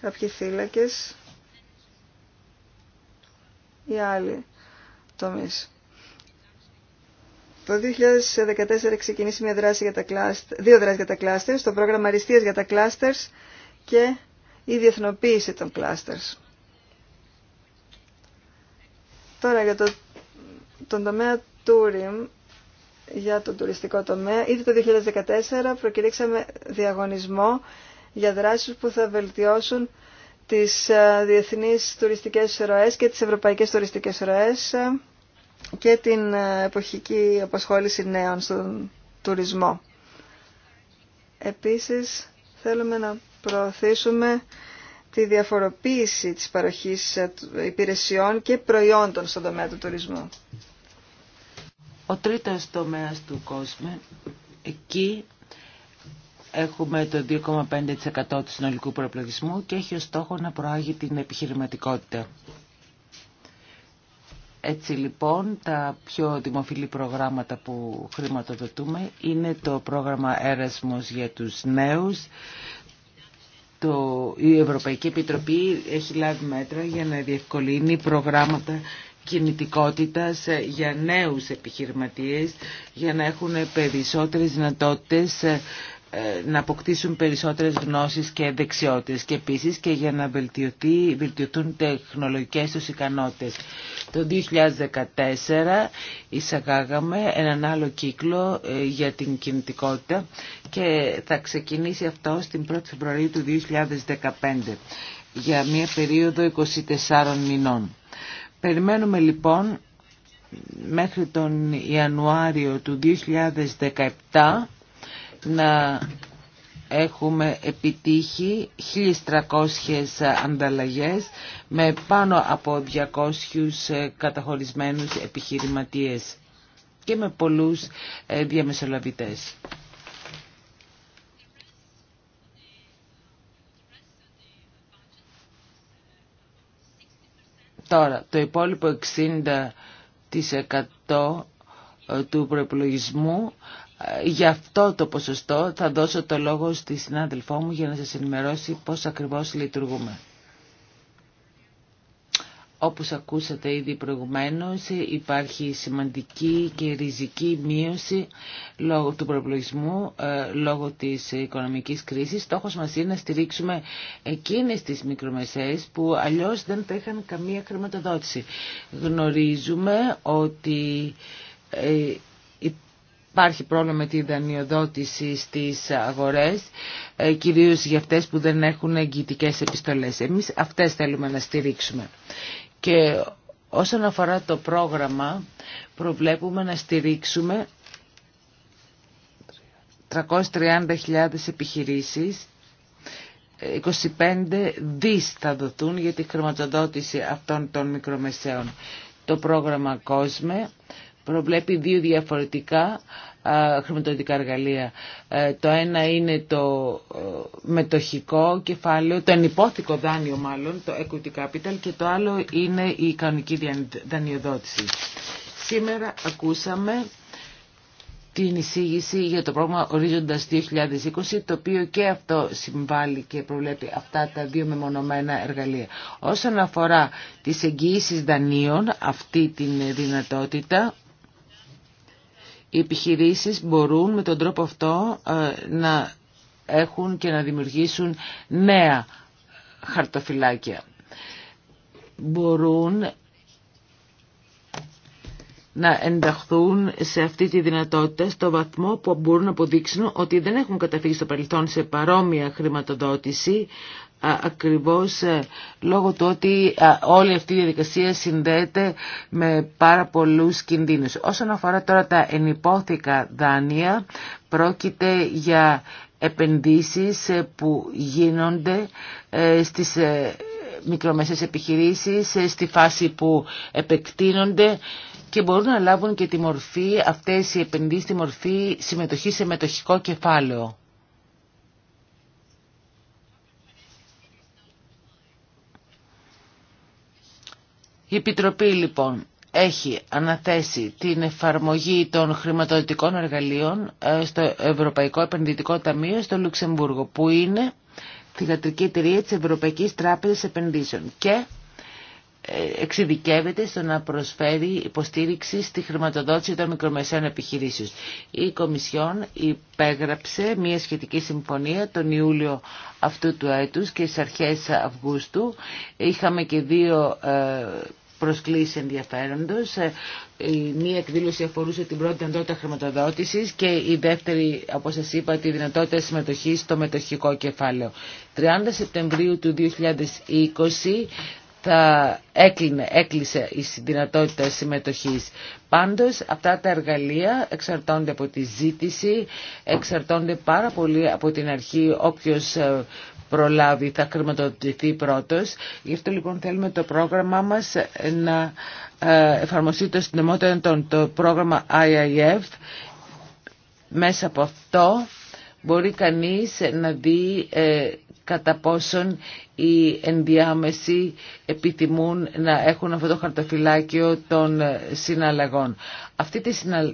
κάποιοι θύλακες ή άλλοι τομείς. Το 2014 ξεκινήσει μια δράση για τα δύο δράσεις για τα clusters, το πρόγραμμα αριστείας για τα clusters και η διεθνοποίηση των clusters. Τώρα για το, τον τομέα τουρίμ για τον τουριστικό τομέα. Ήδη το 2014 προκηρύξαμε διαγωνισμό για δράσεις που θα βελτιώσουν τις ε, διεθνείς τουριστικές ροές και τις ευρωπαϊκές τουριστικές ροές ε, και την ε, εποχική απασχόληση νέων στον τουρισμό. Επίσης, θέλουμε να προωθήσουμε τη διαφοροποίηση της παροχής υπηρεσιών και προϊόντων στον τομέα του τουρισμού. Ο τρίτος τομέας του κόσμου, εκεί έχουμε το 2,5% του συνολικού προπλογισμού και έχει ως στόχο να προάγει την επιχειρηματικότητα. Έτσι λοιπόν τα πιο δημοφιλή προγράμματα που χρηματοδοτούμε είναι το πρόγραμμα Έρασμος για τους νέους. Το, η Ευρωπαϊκή Επιτροπή έχει λάβει μέτρα για να διευκολύνει προγράμματα κινητικότητας ε, για νέους επιχειρηματίες για να έχουν περισσότερες δυνατότητες ε, ε, να αποκτήσουν περισσότερες γνώσεις και δεξιότητες και επίσης και για να βελτιωθούν τεχνολογικές τους ικανότητες. Το 2014 εισαγάγαμε έναν άλλο κύκλο για την κινητικότητα και θα ξεκινήσει αυτό στην 1η Φεβρουαρίου του 2015 για μια περίοδο 24 μηνών. Περιμένουμε λοιπόν μέχρι τον Ιανουάριο του 2017 να έχουμε επιτύχει 1.300 ανταλλαγές με πάνω από 200 καταχωρισμένους επιχειρηματίες και με πολλούς ε, διαμεσολαβητές. Τώρα, το υπόλοιπο 60% ε, του προπολογισμού ε, για αυτό το ποσοστό θα δώσω το λόγο στη συνάδελφό μου για να σας ενημερώσει πώς ακριβώς λειτουργούμε. Όπως ακούσατε ήδη προηγουμένως υπάρχει σημαντική και ριζική μείωση λόγω του προπλογισμού, ε, λόγω της οικονομικής κρίσης. Στόχος μας είναι να στηρίξουμε εκείνες τις μικρομεσαίες που αλλιώς δεν θα είχαν καμία χρηματοδότηση. Γνωρίζουμε ότι ε, υπάρχει πρόβλημα με τη δανειοδότηση στις αγορές, ε, κυρίως για αυτές που δεν έχουν εγγυητικές επιστολές. Εμείς αυτές θέλουμε να στηρίξουμε. Και όσον αφορά το πρόγραμμα, προβλέπουμε να στηρίξουμε 330.000 επιχειρήσεις 25 δις θα δοθούν για τη χρηματοδότηση αυτών των μικρομεσαίων. Το πρόγραμμα COSME προβλέπει δύο διαφορετικά χρηματοδοτικά εργαλεία. Ε, το ένα είναι το ε, μετοχικό κεφάλαιο, το ενυπόθηκο δάνειο μάλλον, το equity capital και το άλλο είναι η κανονική δανειοδότηση. Σήμερα ακούσαμε την εισήγηση για το πρόγραμμα Ορίζοντας 2020, το οποίο και αυτό συμβάλλει και προβλέπει αυτά τα δύο μεμονωμένα εργαλεία. Όσον αφορά τις εγγυήσεις δανείων, αυτή την δυνατότητα, οι επιχειρήσεις μπορούν με τον τρόπο αυτό ε, να έχουν και να δημιουργήσουν νέα χαρτοφυλάκια. Μπορούν να ενταχθούν σε αυτή τη δυνατότητα στο βαθμό που μπορούν να αποδείξουν ότι δεν έχουν καταφύγει στο παρελθόν σε παρόμοια χρηματοδότηση ακριβώς ε, λόγω του ότι όλη αυτή η διαδικασία συνδέεται με πάρα πολλούς κινδύνους. Όσον αφορά τώρα τα ενυπόθηκα δάνεια, πρόκειται για επενδύσεις ε, που γίνονται ε, στις μικρομεσαίες επιχειρήσεις, στη φάση που επεκτείνονται και μπορούν να λάβουν και τη μορφή, αυτές οι επενδύσεις τη μορφή συμμετοχή σε μετοχικό κεφάλαιο. Η Επιτροπή λοιπόν έχει αναθέσει την εφαρμογή των χρηματοδοτικών εργαλείων ε, στο Ευρωπαϊκό Επενδυτικό Ταμείο στο Λουξεμβούργο που είναι τη θεατρική εταιρεία της Ευρωπαϊκής Τράπεζας Επενδύσεων και ε, εξειδικεύεται στο να προσφέρει υποστήριξη στη χρηματοδότηση των μικρομεσαίων επιχειρήσεων. Η Κομισιόν υπέγραψε μια σχετική συμφωνία τον Ιούλιο αυτού του έτους και στις αρχές Αυγούστου είχαμε και δύο ε, προσκλήσει ενδιαφέροντο. Ε, η μία εκδήλωση αφορούσε την πρώτη δυνατότητα χρηματοδότηση και η δεύτερη, όπω σας είπα, τη δυνατότητα συμμετοχής στο μετοχικό κεφάλαιο. 30 Σεπτεμβρίου του 2020 θα έκλεινε, έκλεισε η δυνατότητα συμμετοχής. Πάντως αυτά τα εργαλεία εξαρτώνται από τη ζήτηση, εξαρτώνται πάρα πολύ από την αρχή οποίο προλάβει, θα χρηματοδοτηθεί πρώτος. Γι' αυτό λοιπόν θέλουμε το πρόγραμμά μας να ε, εφαρμοστεί το συντομότερο το πρόγραμμα IIF. Μέσα από αυτό μπορεί κανείς να δει ε, κατά πόσον οι ενδιάμεσοι επιθυμούν να έχουν αυτό το χαρτοφυλάκιο των συναλλαγών. Αυτή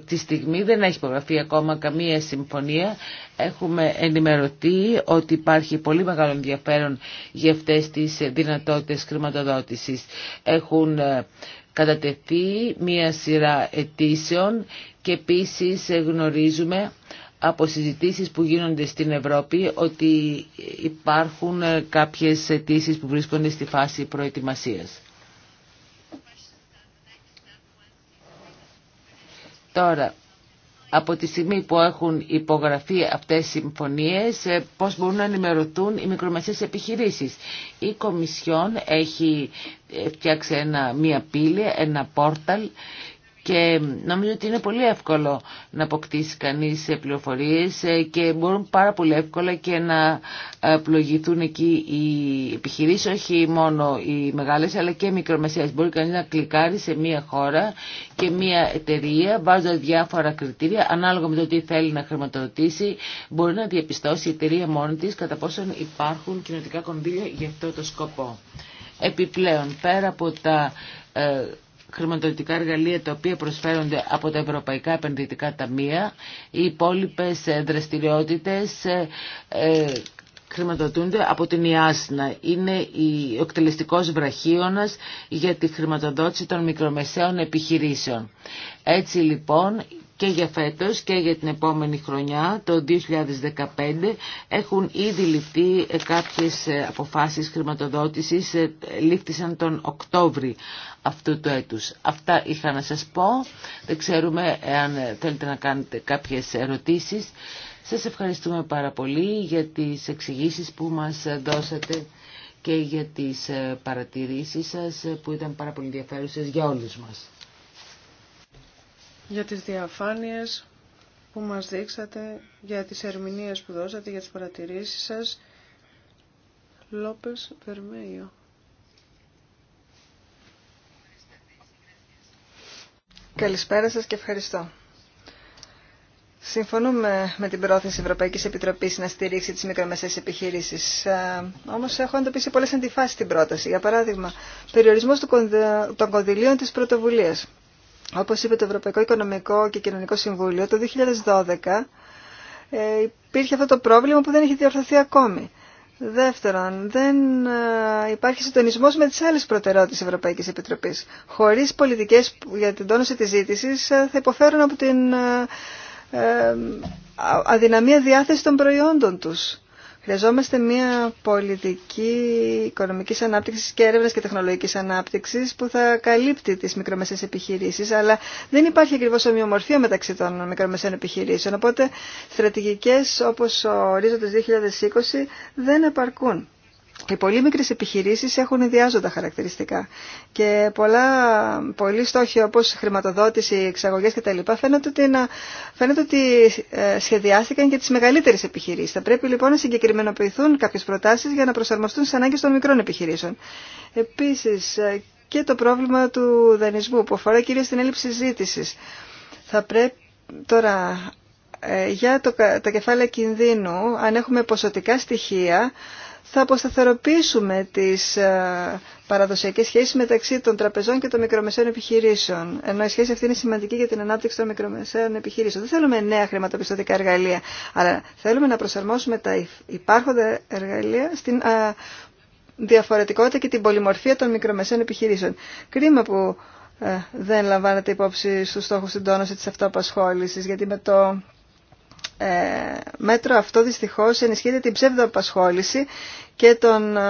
τη στιγμή δεν έχει υπογραφεί ακόμα καμία συμφωνία. Έχουμε ενημερωθεί ότι υπάρχει πολύ μεγάλο ενδιαφέρον για αυτές τις δυνατότητες χρηματοδότησης. Έχουν ε, κατατεθεί μία σειρά αιτήσεων και επίσης ε, γνωρίζουμε από συζητήσεις που γίνονται στην Ευρώπη ότι υπάρχουν ε, κάποιες αιτήσει που βρίσκονται στη φάση προετοιμασίας. Τώρα, από τη στιγμή που έχουν υπογραφεί αυτές οι συμφωνίες, ε, πώς μπορούν να ενημερωθούν οι μικρομεσαίες επιχειρήσεις. Η Κομισιόν έχει ε, φτιάξει μία πύλη, ένα πόρταλ και νομίζω ότι είναι πολύ εύκολο να αποκτήσει κανείς πληροφορίες ε, και μπορούν πάρα πολύ εύκολα και να ε, πλογηθούν εκεί οι επιχειρήσεις, όχι μόνο οι μεγάλες αλλά και οι μικρομεσαίες. Μπορεί κανείς να κλικάρει σε μία χώρα και μία εταιρεία βάζοντας διάφορα κριτήρια ανάλογα με το τι θέλει να χρηματοδοτήσει μπορεί να διαπιστώσει η εταιρεία μόνη της κατά πόσον υπάρχουν κοινωτικά κονδύλια για αυτό το σκοπό. Επιπλέον, πέρα από τα ε, χρηματοδοτικά εργαλεία τα οποία προσφέρονται από τα Ευρωπαϊκά Επενδυτικά Ταμεία. Οι υπόλοιπε ε, δραστηριότητες ε, ε, χρηματοδοτούνται από την Ιάσνα. Είναι ο εκτελεστικός βραχίωνας για τη χρηματοδότηση των μικρομεσαίων επιχειρήσεων. Έτσι λοιπόν και για φέτος και για την επόμενη χρονιά, το 2015, έχουν ήδη ληφθεί ε, κάποιες ε, αποφάσεις χρηματοδότησης, ε, λήφθησαν τον Οκτώβρη αυτού του έτους. Αυτά είχα να σας πω. Δεν ξέρουμε αν θέλετε να κάνετε κάποιες ερωτήσεις. Σας ευχαριστούμε πάρα πολύ για τις εξηγήσεις που μας δώσατε και για τις παρατηρήσεις σας που ήταν πάρα πολύ ενδιαφέρουσες για όλους μας για τις διαφάνειες που μας δείξατε, για τις ερμηνείες που δώσατε, για τις παρατηρήσεις σας. Λόπες Βερμέιο. Καλησπέρα σας και ευχαριστώ. Συμφωνούμε με την πρόθεση Ευρωπαϊκής Επιτροπής να στηρίξει τις μικρομεσαίες επιχειρήσεις. Ε, όμως έχω εντοπίσει πολλές αντιφάσεις στην πρόταση. Για παράδειγμα, περιορισμός των κονδυλίων της πρωτοβουλίας. Όπως είπε το Ευρωπαϊκό Οικονομικό και Κοινωνικό Συμβούλιο, το 2012 ε, υπήρχε αυτό το πρόβλημα που δεν είχε διορθωθεί ακόμη. Δεύτερον, δεν ε, υπάρχει συντονισμός με τις άλλες προτεραιότητες Ευρωπαϊκής Επιτροπής. Χωρίς πολιτικές για την τόνωση της ζήτησης ε, θα υποφέρουν από την αδυναμία διάθεση των προϊόντων τους. Χρειαζόμαστε μια πολιτική οικονομικής ανάπτυξης και έρευνας και τεχνολογικής ανάπτυξης που θα καλύπτει τι μικρομεσαίες επιχειρήσεις, αλλά δεν υπάρχει ακριβώς ομοιομορφία μεταξύ των μικρομεσαίων επιχειρήσεων, οπότε στρατηγικέ, όπως ο ορίζοντα 2020 δεν επαρκούν. Οι πολύ μικρε επιχειρήσει έχουν ιδιάζοντα χαρακτηριστικά και πολλά, πολλοί στόχοι όπω χρηματοδότηση, εξαγωγές κτλ. Φαίνεται ότι, να, φαίνεται ότι ε, σχεδιάστηκαν για τι μεγαλύτερε επιχειρήσει. Θα πρέπει λοιπόν να συγκεκριμενοποιηθούν κάποιε προτάσει για να προσαρμοστούν στι ανάγκες των μικρών επιχειρήσεων. Επίσης ε, και το πρόβλημα του δανεισμού που αφορά κυρίως την έλλειψη ζήτηση. Θα πρέπει τώρα ε, για το, τα κεφάλαια κινδύνου, αν έχουμε ποσοτικά στοιχεία, θα αποσταθεροποιήσουμε τις ε, παραδοσιακές σχέσεις μεταξύ των τραπεζών και των μικρομεσαίων επιχειρήσεων. Ενώ η σχέση αυτή είναι σημαντική για την ανάπτυξη των μικρομεσαίων επιχειρήσεων. Δεν θέλουμε νέα χρηματοπιστωτικά εργαλεία, αλλά θέλουμε να προσαρμόσουμε τα υπάρχοντα εργαλεία στην ε, διαφορετικότητα και την πολυμορφία των μικρομεσαίων επιχειρήσεων. Κρίμα που ε, δεν λαμβάνεται υπόψη στους στόχους συντόνωσης της αυτοαπασχόλησης, γιατί με το ε, μέτρο αυτό δυστυχώς ενισχύεται την ψεύδο απασχόληση και των ε,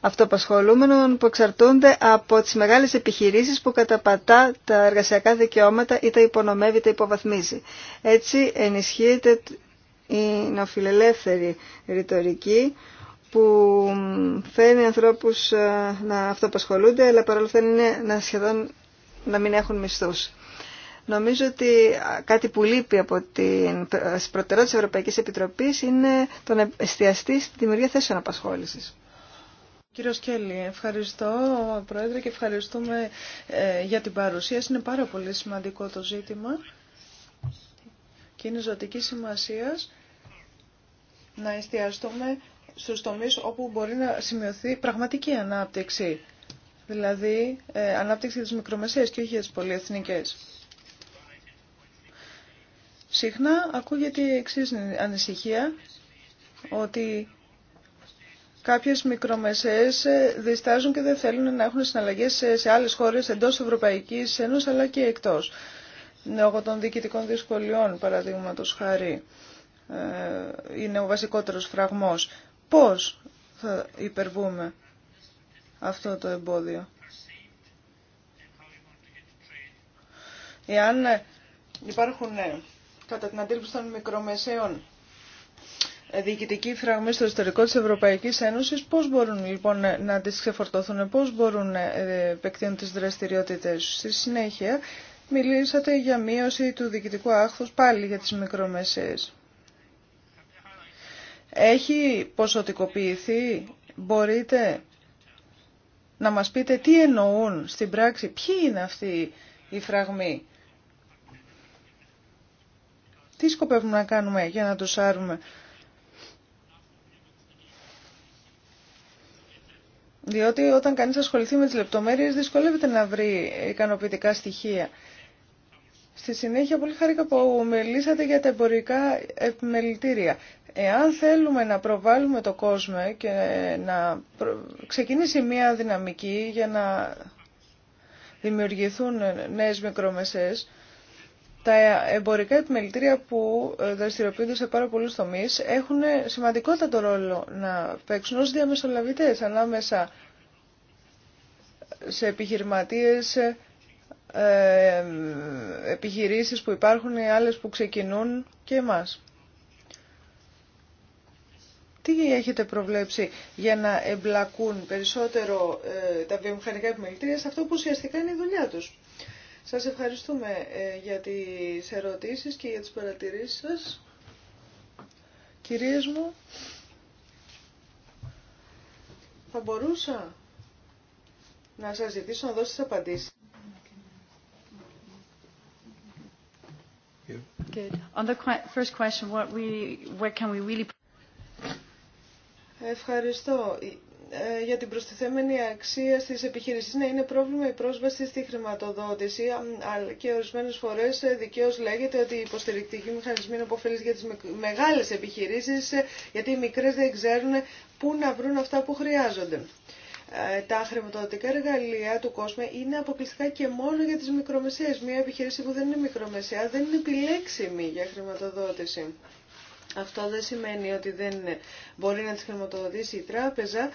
αυτοπασχολούμενων που εξαρτούνται από τις μεγάλες επιχειρήσεις που καταπατά τα εργασιακά δικαιώματα ή τα υπονομεύει ή τα υποβαθμίζει. Έτσι ενισχύεται η τα υπονομευει τα υποβαθμιζει ρητορική που φέρνει ανθρώπους ε, να αυτοπασχολούνται αλλά παρόλο αυτά να σχεδόν να μην έχουν μισθούς. Νομίζω ότι κάτι που λείπει από την προτεραιότητα της Ευρωπαϊκής Επιτροπής είναι το να εστιαστεί στη δημιουργία θέσεων απασχόλησης. Κύριο Σκέλη, ευχαριστώ Πρόεδρε και ευχαριστούμε ε, για την παρουσίαση. Είναι πάρα πολύ σημαντικό το ζήτημα και είναι ζωτική σημασία να εστιαστούμε στους τομείς όπου μπορεί να σημειωθεί πραγματική ανάπτυξη. Δηλαδή, ε, ανάπτυξη της μικρομεσαίας και όχι για τις πολυεθνικές. Συχνά ακούγεται η εξή ανησυχία ότι κάποιες μικρομεσαίες ε, διστάζουν και δεν θέλουν να έχουν συναλλαγές σε άλλες χώρες εντός Ευρωπαϊκής Ένωσης αλλά και εκτός. Λόγω των διοικητικών δυσκολιών παραδείγματο χάρη ε, είναι ο βασικότερος φραγμός. Πώς θα υπερβούμε αυτό το εμπόδιο. Εάν ε, υπάρχουν κατά την αντίληψη των μικρομεσαίων διοικητική φραγμή στο ιστορικό της Ευρωπαϊκής Ένωσης, πώς μπορούν λοιπόν να τις ξεφορτωθούν, πώς μπορούν να ε, επεκτείνουν τις δραστηριότητες Στη συνέχεια μιλήσατε για μείωση του διοικητικού άχθους πάλι για τις μικρομεσαίες. Έχει ποσοτικοποιηθεί, μπορείτε να μας πείτε τι εννοούν στην πράξη, ποιοι είναι αυτοί οι φραγμοί. Τι σκοπεύουμε να κάνουμε για να το σάρουμε. Διότι όταν κανείς ασχοληθεί με τις λεπτομέρειες δυσκολεύεται να βρει ικανοποιητικά στοιχεία. Στη συνέχεια πολύ χάρηκα που μιλήσατε για τα εμπορικά επιμελητήρια. Εάν θέλουμε να προβάλλουμε το κόσμο και να ξεκινήσει μια δυναμική για να δημιουργηθούν νέες μικρομεσές, τα εμπορικά επιμελητήρια που ε, δραστηριοποιούνται σε πάρα πολλούς τομείς έχουν σημαντικότατο ρόλο να παίξουν ως διαμεσολαβητές ανάμεσα σε επιχειρηματίες, ε, επιχειρήσεις που υπάρχουν, ή άλλες που ξεκινούν και εμάς. Τι έχετε προβλέψει για να εμπλακούν περισσότερο ε, τα βιομηχανικά επιμελητήρια σε αυτό που ουσιαστικά είναι η δουλειά τους. Σας ευχαριστούμε ε, για τις ερωτήσεις και για τις παρατηρήσεις σας. Κυρίες μου, θα μπορούσα να σας ζητήσω να δώσετε απαντήσεις. Good. Ευχαριστώ. Ε, για την προστιθέμενη αξία στις επιχειρήσεις. Ναι, είναι πρόβλημα η πρόσβαση στη χρηματοδότηση και ορισμένες φορές ε, δικαίως λέγεται ότι οι υποστηρικτικοί μηχανισμοί είναι αποφελείς για τις μεγάλες επιχειρήσεις ε, γιατί οι μικρές δεν ξέρουν πού να βρουν αυτά που χρειάζονται. Τα χρηματοδοτικά εργαλεία του κόσμου είναι αποκλειστικά και μόνο για τις μικρομεσαίες. Μία επιχείρηση που δεν είναι μικρομεσαία δεν είναι επιλέξιμη για χρηματοδότηση. Αυτό δεν σημαίνει ότι δεν μπορεί να τις χρηματοδοτήσει η τράπεζα,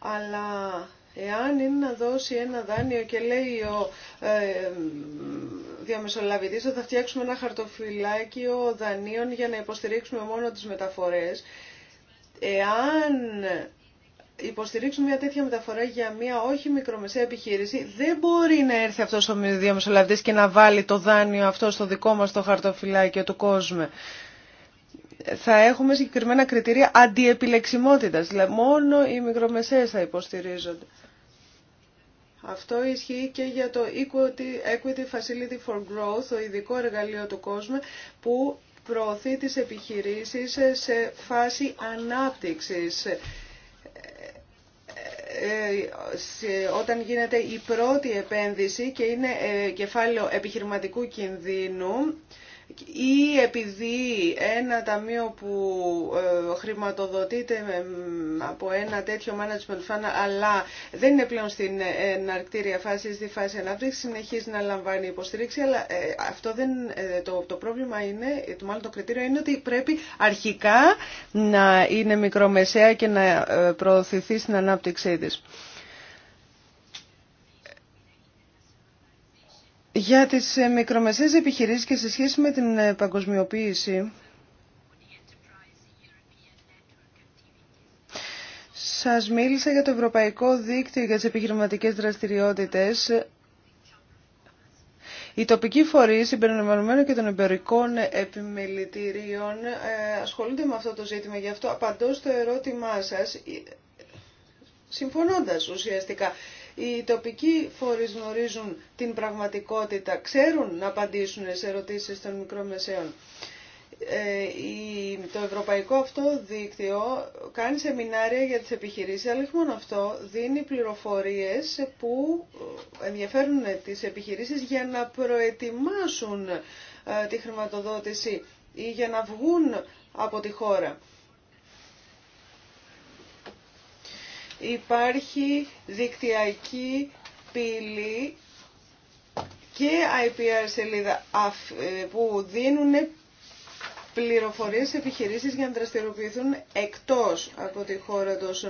αλλά εάν είναι να δώσει ένα δάνειο και λέει ο ε, διαμεσολαβητής ότι θα φτιάξουμε ένα χαρτοφυλάκιο δανείων για να υποστηρίξουμε μόνο τις μεταφορές, εάν υποστηρίξουμε μια τέτοια μεταφορά για μια όχι μικρομεσαία επιχείρηση, δεν μπορεί να έρθει αυτός ο διαμεσολαβητής και να βάλει το δάνειο αυτό στο δικό μας το χαρτοφυλάκιο του κόσμου θα έχουμε συγκεκριμένα κριτήρια αντιεπιλεξιμότητας. Δηλαδή μόνο οι μικρομεσαίες θα υποστηρίζονται. Αυτό ισχύει και για το Equity Facility for Growth, το ειδικό εργαλείο του κόσμου που προωθεί τις επιχειρήσεις σε φάση ανάπτυξης. Ε, όταν γίνεται η πρώτη επένδυση και είναι ε, κεφάλαιο επιχειρηματικού κινδύνου, ή επειδή ένα ταμείο που ε, χρηματοδοτείται ε, από ένα τέτοιο management fund αλλά δεν είναι πλέον στην ε, εναρκτήρια φάση, στη φάση ανάπτυξη, συνεχίζει να λαμβάνει υποστήριξη, αλλά αυτό δεν, το, το πρόβλημα είναι, το, μάλλον το κριτήριο είναι ότι πρέπει αρχικά να είναι μικρομεσαία και να προωθηθεί στην ανάπτυξή της. Για τις ε, μικρομεσαίες επιχειρήσεις και σε σχέση με την ε, παγκοσμιοποίηση, σας μίλησα για το Ευρωπαϊκό Δίκτυο για τις επιχειρηματικές δραστηριότητες. Οι τοπικοί φορείς, συμπεριλαμβανομένων και των εμπερικών επιμελητηρίων, ε, ασχολούνται με αυτό το ζήτημα. Γι' αυτό απαντώ στο ερώτημά σας συμφωνώντας ουσιαστικά. Οι τοπικοί φορείς γνωρίζουν την πραγματικότητα, ξέρουν να απαντήσουν σε ερωτήσεις των μικρομεσαίων. Ε, το ευρωπαϊκό αυτό δίκτυο κάνει σεμινάρια για τις επιχειρήσεις, αλλά όχι αυτό, δίνει πληροφορίες που ε, ενδιαφέρουν τις επιχειρήσεις για να προετοιμάσουν ε, τη χρηματοδότηση ή για να βγουν από τη χώρα. υπάρχει δικτυακή πύλη και IPR σελίδα ε, που δίνουν πληροφορίες σε επιχειρήσεις για να δραστηριοποιηθούν εκτός από τη χώρα τους.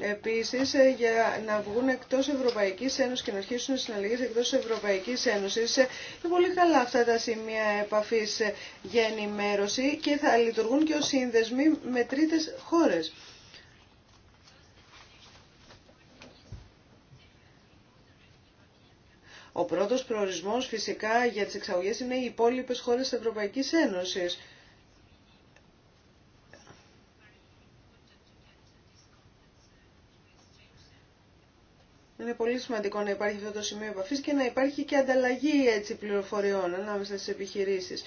Επίσης, ε, για να βγουν εκτός Ευρωπαϊκής Ένωσης και να αρχίσουν συναλλαγές εκτός Ευρωπαϊκής Ένωσης, ε, είναι πολύ καλά αυτά τα σημεία επαφής για ενημέρωση και θα λειτουργούν και ως σύνδεσμοι με τρίτες χώρες. Ο πρώτος προορισμός φυσικά για τις εξαγωγές είναι οι υπόλοιπες χώρες της Ευρωπαϊκής Ένωσης. Είναι πολύ σημαντικό να υπάρχει αυτό το σημείο επαφής και να υπάρχει και ανταλλαγή έτσι, πληροφοριών ανάμεσα στις επιχειρήσεις.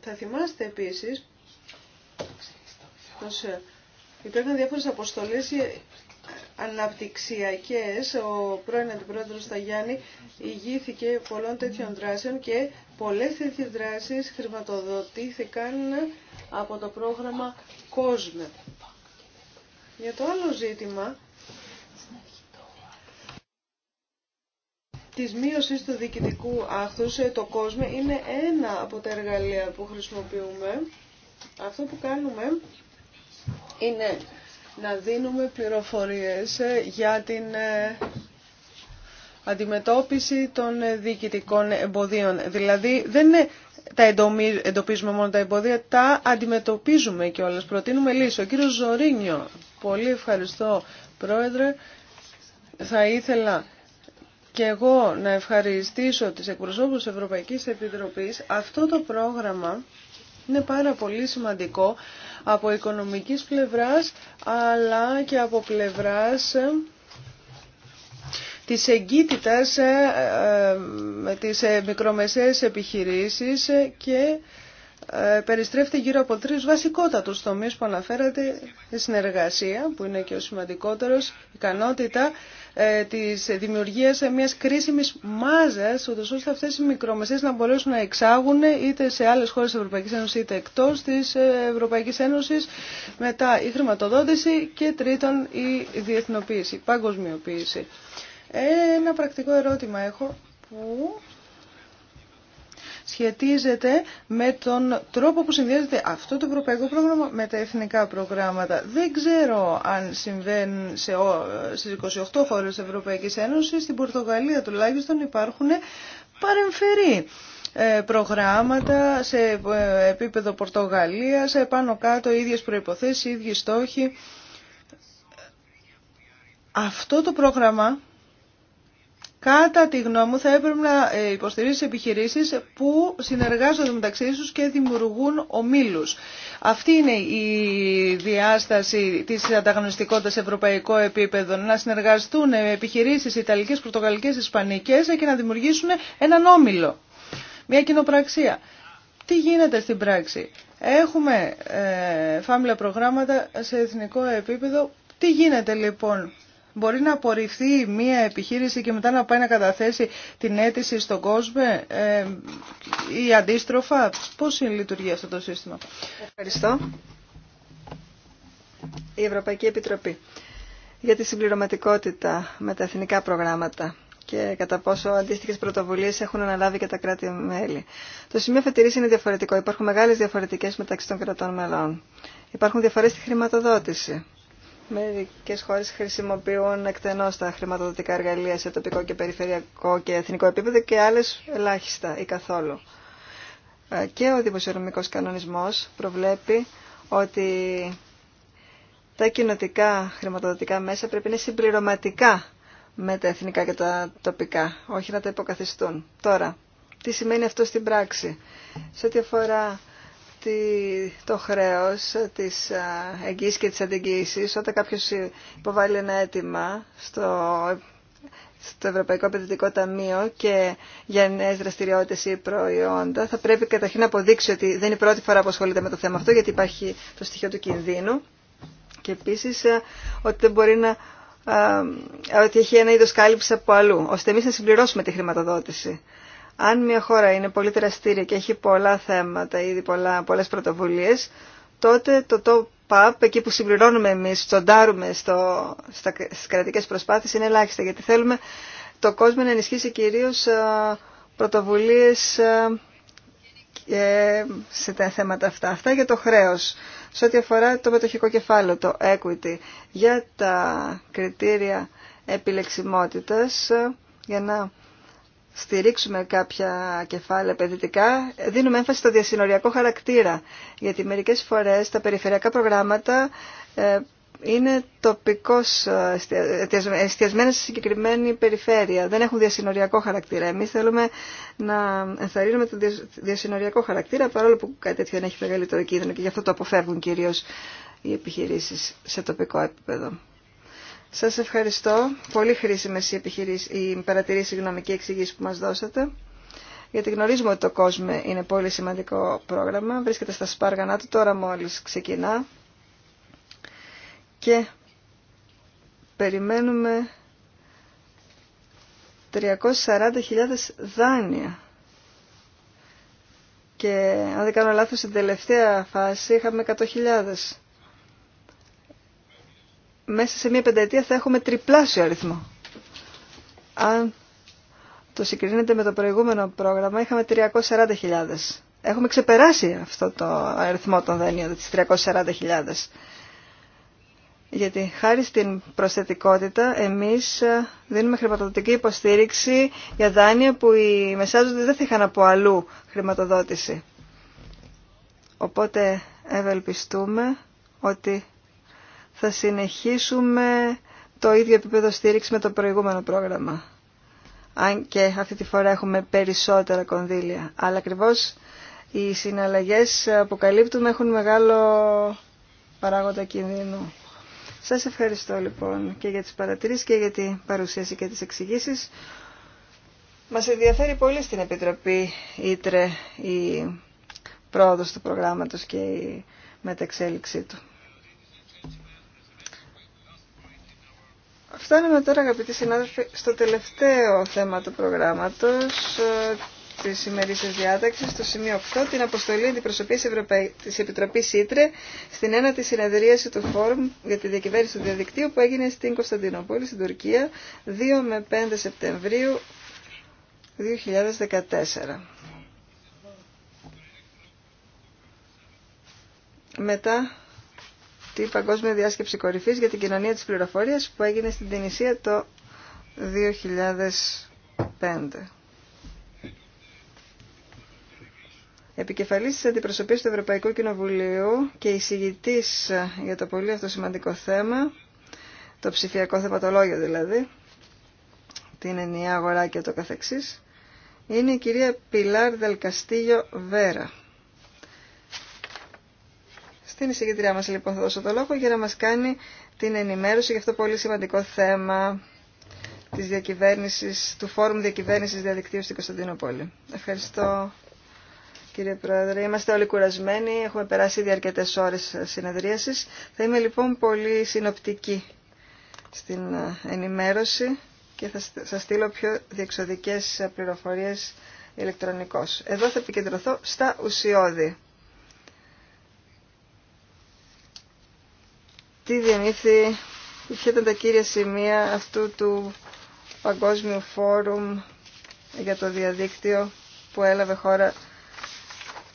Θα θυμάστε επίσης πως ε, υπήρχαν διάφορες αποστολές αναπτυξιακές. Ο πρώην Αντιπρόεδρος Σταγιάννη ηγήθηκε πολλών τέτοιων δράσεων και πολλές τέτοιες δράσεις χρηματοδοτήθηκαν από το πρόγραμμα COSME. Για το άλλο ζήτημα, της μείωσης του διοικητικού άχθους, ε, το COSME είναι ένα από τα εργαλεία που χρησιμοποιούμε. Αυτό που κάνουμε είναι να δίνουμε πληροφορίες ε, για την ε, αντιμετώπιση των ε, διοικητικών εμποδίων. Δηλαδή δεν είναι τα εντοπίζουμε μόνο τα εμπόδια, τα αντιμετωπίζουμε κιόλα. Προτείνουμε λύση. Ο κύριος Ζωρίνιο, πολύ ευχαριστώ πρόεδρε, θα ήθελα και εγώ να ευχαριστήσω τις εκπροσώπους της Ευρωπαϊκής Επιτροπής. Αυτό το πρόγραμμα είναι πάρα πολύ σημαντικό από οικονομικής πλευράς αλλά και από πλευράς ε, της εγκύτητας ε, ε, με τις μικρομεσαίες επιχειρήσεις και ε, περιστρέφεται γύρω από τρεις βασικότατους τομείς που αναφέρατε, η συνεργασία που είναι και ο σημαντικότερος, η ικανότητα ε, της δημιουργίας μιας κρίσιμης μάζας, ούτως ώστε αυτές οι μικρομεσαίες να μπορέσουν να εξάγουν είτε σε άλλες χώρες της Ευρωπαϊκής Ένωσης είτε εκτός της ε, Ευρωπαϊκής Ένωσης, μετά η χρηματοδότηση και τρίτον η διεθνοποίηση, η παγκοσμιοποίηση. Ε, ένα πρακτικό ερώτημα έχω που σχετίζεται με τον τρόπο που συνδυάζεται αυτό το ευρωπαϊκό πρόγραμμα με τα εθνικά προγράμματα. Δεν ξέρω αν συμβαίνει σε, στις 28 χώρες της Ευρωπαϊκής Ένωσης, στην Πορτογαλία τουλάχιστον υπάρχουν παρεμφερεί προγράμματα σε ε, επίπεδο Πορτογαλίας, ε, πάνω κάτω ίδιες προϋποθέσεις, ίδιοι στόχοι. Αυτό το πρόγραμμα κατά τη γνώμη μου θα έπρεπε να ε, υποστηρίζει επιχειρήσεις που συνεργάζονται μεταξύ τους και δημιουργούν ομίλους. Αυτή είναι η διάσταση της ανταγωνιστικότητας σε ευρωπαϊκό επίπεδο. Να συνεργαστούν επιχειρήσεις ιταλικές, πορτογαλικές, ισπανικές και να δημιουργήσουν έναν όμιλο. Μια κοινοπραξία. Τι γίνεται στην πράξη. Έχουμε ε, φάμιλα προγράμματα σε εθνικό επίπεδο. Τι γίνεται λοιπόν Μπορεί να απορριφθεί μία επιχείρηση και μετά να πάει να καταθέσει την αίτηση στον κόσμο ε, ή αντίστροφα. Πώς λειτουργεί αυτό το σύστημα. Ευχαριστώ. Η Ευρωπαϊκή Επιτροπή για τη συμπληρωματικότητα με τα εθνικά προγράμματα και κατά πόσο αντίστοιχε πρωτοβουλίε έχουν αναλάβει και τα κράτη-μέλη. Το σημείο φετηρή είναι διαφορετικό. Υπάρχουν μεγάλε διαφορετικέ μεταξύ των κρατών μελών. Υπάρχουν διαφορέ στη χρηματοδότηση. Μερικέ χώρε χρησιμοποιούν εκτενώς τα χρηματοδοτικά εργαλεία σε τοπικό και περιφερειακό και εθνικό επίπεδο και άλλε ελάχιστα ή καθόλου. Ε, και ο δημοσιονομικός κανονισμός προβλέπει ότι τα κοινοτικά χρηματοδοτικά μέσα πρέπει να είναι συμπληρωματικά με τα εθνικά και τα τοπικά, όχι να τα υποκαθιστούν. Τώρα, τι σημαίνει αυτό στην πράξη. Σε ό,τι αφορά το χρέος της εγγύησης και της αντιγγύησης όταν κάποιος υποβάλλει ένα αίτημα στο, στο Ευρωπαϊκό Επενδυτικό Ταμείο και για νέε δραστηριότητε ή προϊόντα θα πρέπει καταρχήν να αποδείξει ότι δεν είναι η πρώτη φορά που ασχολείται με το θέμα αυτό γιατί υπάρχει το στοιχείο του κινδύνου και επίσης ότι δεν μπορεί να ότι έχει ένα είδος κάλυψη από αλλού, ώστε εμείς να συμπληρώσουμε τη χρηματοδότηση. Αν μια χώρα είναι πολύ δραστήρια και έχει πολλά θέματα, ήδη πολλά, πολλές πρωτοβουλίες, τότε το top up, εκεί που συμπληρώνουμε εμείς, τσοντάρουμε στο, στα, στις κρατικές προσπάθειες, είναι ελάχιστα, γιατί θέλουμε το κόσμο να ενισχύσει κυρίως ε, πρωτοβουλίες ε, ε, σε τα θέματα αυτά. Αυτά για το χρέος. Σε ό,τι αφορά το μετοχικό κεφάλαιο, το equity, για τα κριτήρια επιλεξιμότητας, για να στηρίξουμε κάποια κεφάλαια επενδυτικά, δίνουμε έμφαση στο διασυνοριακό χαρακτήρα. Γιατί μερικές φορές τα περιφερειακά προγράμματα ε, είναι τοπικώς ε, εστιασμένα σε συγκεκριμένη περιφέρεια. Δεν έχουν διασυνοριακό χαρακτήρα. Εμείς θέλουμε να ενθαρρύνουμε τον διασυνοριακό χαρακτήρα, παρόλο που κάτι τέτοιο έχει μεγαλύτερο κίνδυνο και γι' αυτό το αποφεύγουν κυρίως οι επιχειρήσεις σε τοπικό επίπεδο. Σας ευχαριστώ. Πολύ χρήσιμε οι, οι παρατηρήσει συγγνώμη, και εξηγήσει που μας δώσατε. Γιατί γνωρίζουμε ότι το κόσμο είναι πολύ σημαντικό πρόγραμμα. Βρίσκεται στα σπάργανά του τώρα μόλις ξεκινά. Και περιμένουμε 340.000 δάνεια. Και αν δεν κάνω λάθος, στην τελευταία φάση είχαμε 100.000 μέσα σε μία πενταετία θα έχουμε τριπλάσιο αριθμό. Αν το συγκρίνετε με το προηγούμενο πρόγραμμα, είχαμε 340.000. Έχουμε ξεπεράσει αυτό το αριθμό των δανείων, τις 340.000. Γιατί χάρη στην προσθετικότητα εμείς ε, δίνουμε χρηματοδοτική υποστήριξη για δάνεια που οι μεσάζοντες δεν θα είχαν από αλλού χρηματοδότηση. Οπότε ευελπιστούμε ότι θα συνεχίσουμε το ίδιο επίπεδο στήριξη με το προηγούμενο πρόγραμμα. Αν και αυτή τη φορά έχουμε περισσότερα κονδύλια. Αλλά ακριβώ οι συναλλαγές που καλύπτουμε έχουν μεγάλο παράγοντα κινδύνου. Σα ευχαριστώ λοιπόν και για τις παρατηρήσεις και για την παρουσίαση και τις εξηγήσει. Μας ενδιαφέρει πολύ στην Επιτροπή Ήτρε η πρόοδο του προγράμματο και η μεταξέλιξή του. Φτάνουμε τώρα αγαπητοί συνάδελφοι στο τελευταίο θέμα του προγράμματος ε, τη ημερήσια διάταξη, στο σημείο 8, την αποστολή αντιπροσωπή τη Επιτροπή ΣΥΤΡΕ στην ένατη συνεδρίαση του Φόρουμ για τη διακυβέρνηση του διαδικτύου που έγινε στην Κωνσταντινούπολη, στην Τουρκία, 2 με 5 Σεπτεμβρίου 2014. Μετά αυτή παγκόσμια διάσκεψη κορυφής για την κοινωνία της πληροφορίας που έγινε στην Τινησία το 2005. Επικεφαλής της Αντιπροσωπής του Ευρωπαϊκού Κοινοβουλίου και εισηγητής για το πολύ αυτό σημαντικό θέμα, το ψηφιακό θεματολόγιο δηλαδή, την ενιαία αγορά και το καθεξής, είναι η κυρία Πιλάρ Δελκαστίγιο Βέρα. Στην εισηγητριά μας λοιπόν θα δώσω το λόγο για να μας κάνει την ενημέρωση για αυτό το πολύ σημαντικό θέμα της διακυβέρνησης, του Φόρουμ Διακυβέρνησης Διαδικτύου στην Κωνσταντινούπολη. Ευχαριστώ κύριε Πρόεδρε. Είμαστε όλοι κουρασμένοι, έχουμε περάσει ήδη αρκετές ώρες συνεδρίασης. Θα είμαι λοιπόν πολύ συνοπτική στην ενημέρωση και θα σας στείλω πιο διεξοδικές πληροφορίες ηλεκτρονικώς. Εδώ θα επικεντρωθώ στα ουσιώδη. τι διανύθη, ποια ήταν τα κύρια σημεία αυτού του Παγκόσμιου Φόρουμ για το διαδίκτυο που έλαβε χώρα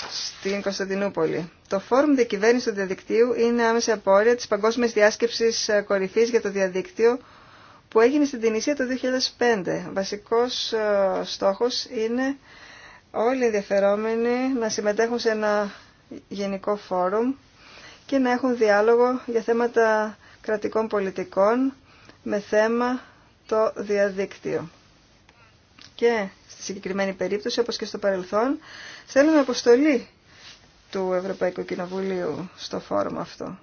στην Κωνσταντινούπολη. Το Φόρουμ Διακυβέρνηση του Διαδικτύου είναι άμεση απόρρια της Παγκόσμιας Διάσκεψης Κορυφής για το Διαδίκτυο που έγινε στην Τινησία το 2005. Βασικός ε, στόχος είναι όλοι οι ενδιαφερόμενοι να συμμετέχουν σε ένα γενικό φόρουμ και να έχουν διάλογο για θέματα κρατικών πολιτικών με θέμα το διαδίκτυο. Και στη συγκεκριμένη περίπτωση, όπως και στο παρελθόν, θέλουμε αποστολή του Ευρωπαϊκού Κοινοβουλίου στο φόρουμ αυτό.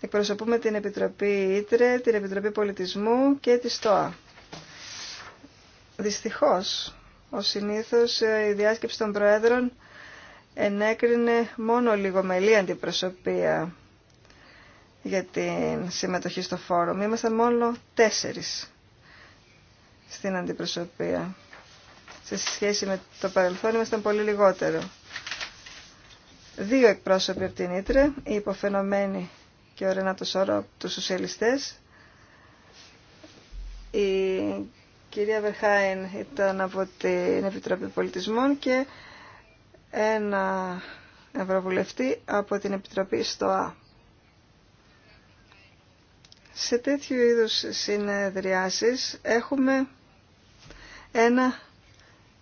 Εκπροσωπούμε την Επιτροπή Ήτρε, την Επιτροπή Πολιτισμού και τη ΣΤΟΑ. Δυστυχώς, ο συνήθως η διάσκεψη των Προέδρων ενέκρινε μόνο λιγομελή αντιπροσωπεία για την συμμετοχή στο φόρουμ. Ήμασταν μόνο τέσσερις στην αντιπροσωπεία. Σε σχέση με το παρελθόν ήμασταν πολύ λιγότερο. Δύο εκπρόσωποι από την Ήτρε, η υποφαινομένη και ο Ρενάτο όρο από τους σοσιαλιστές. Η κυρία Βερχάιν ήταν από την Επιτροπή Πολιτισμών και ένα ευρωβουλευτή από την Επιτροπή στο Α. Σε τέτοιου είδους συνεδριάσεις έχουμε ένα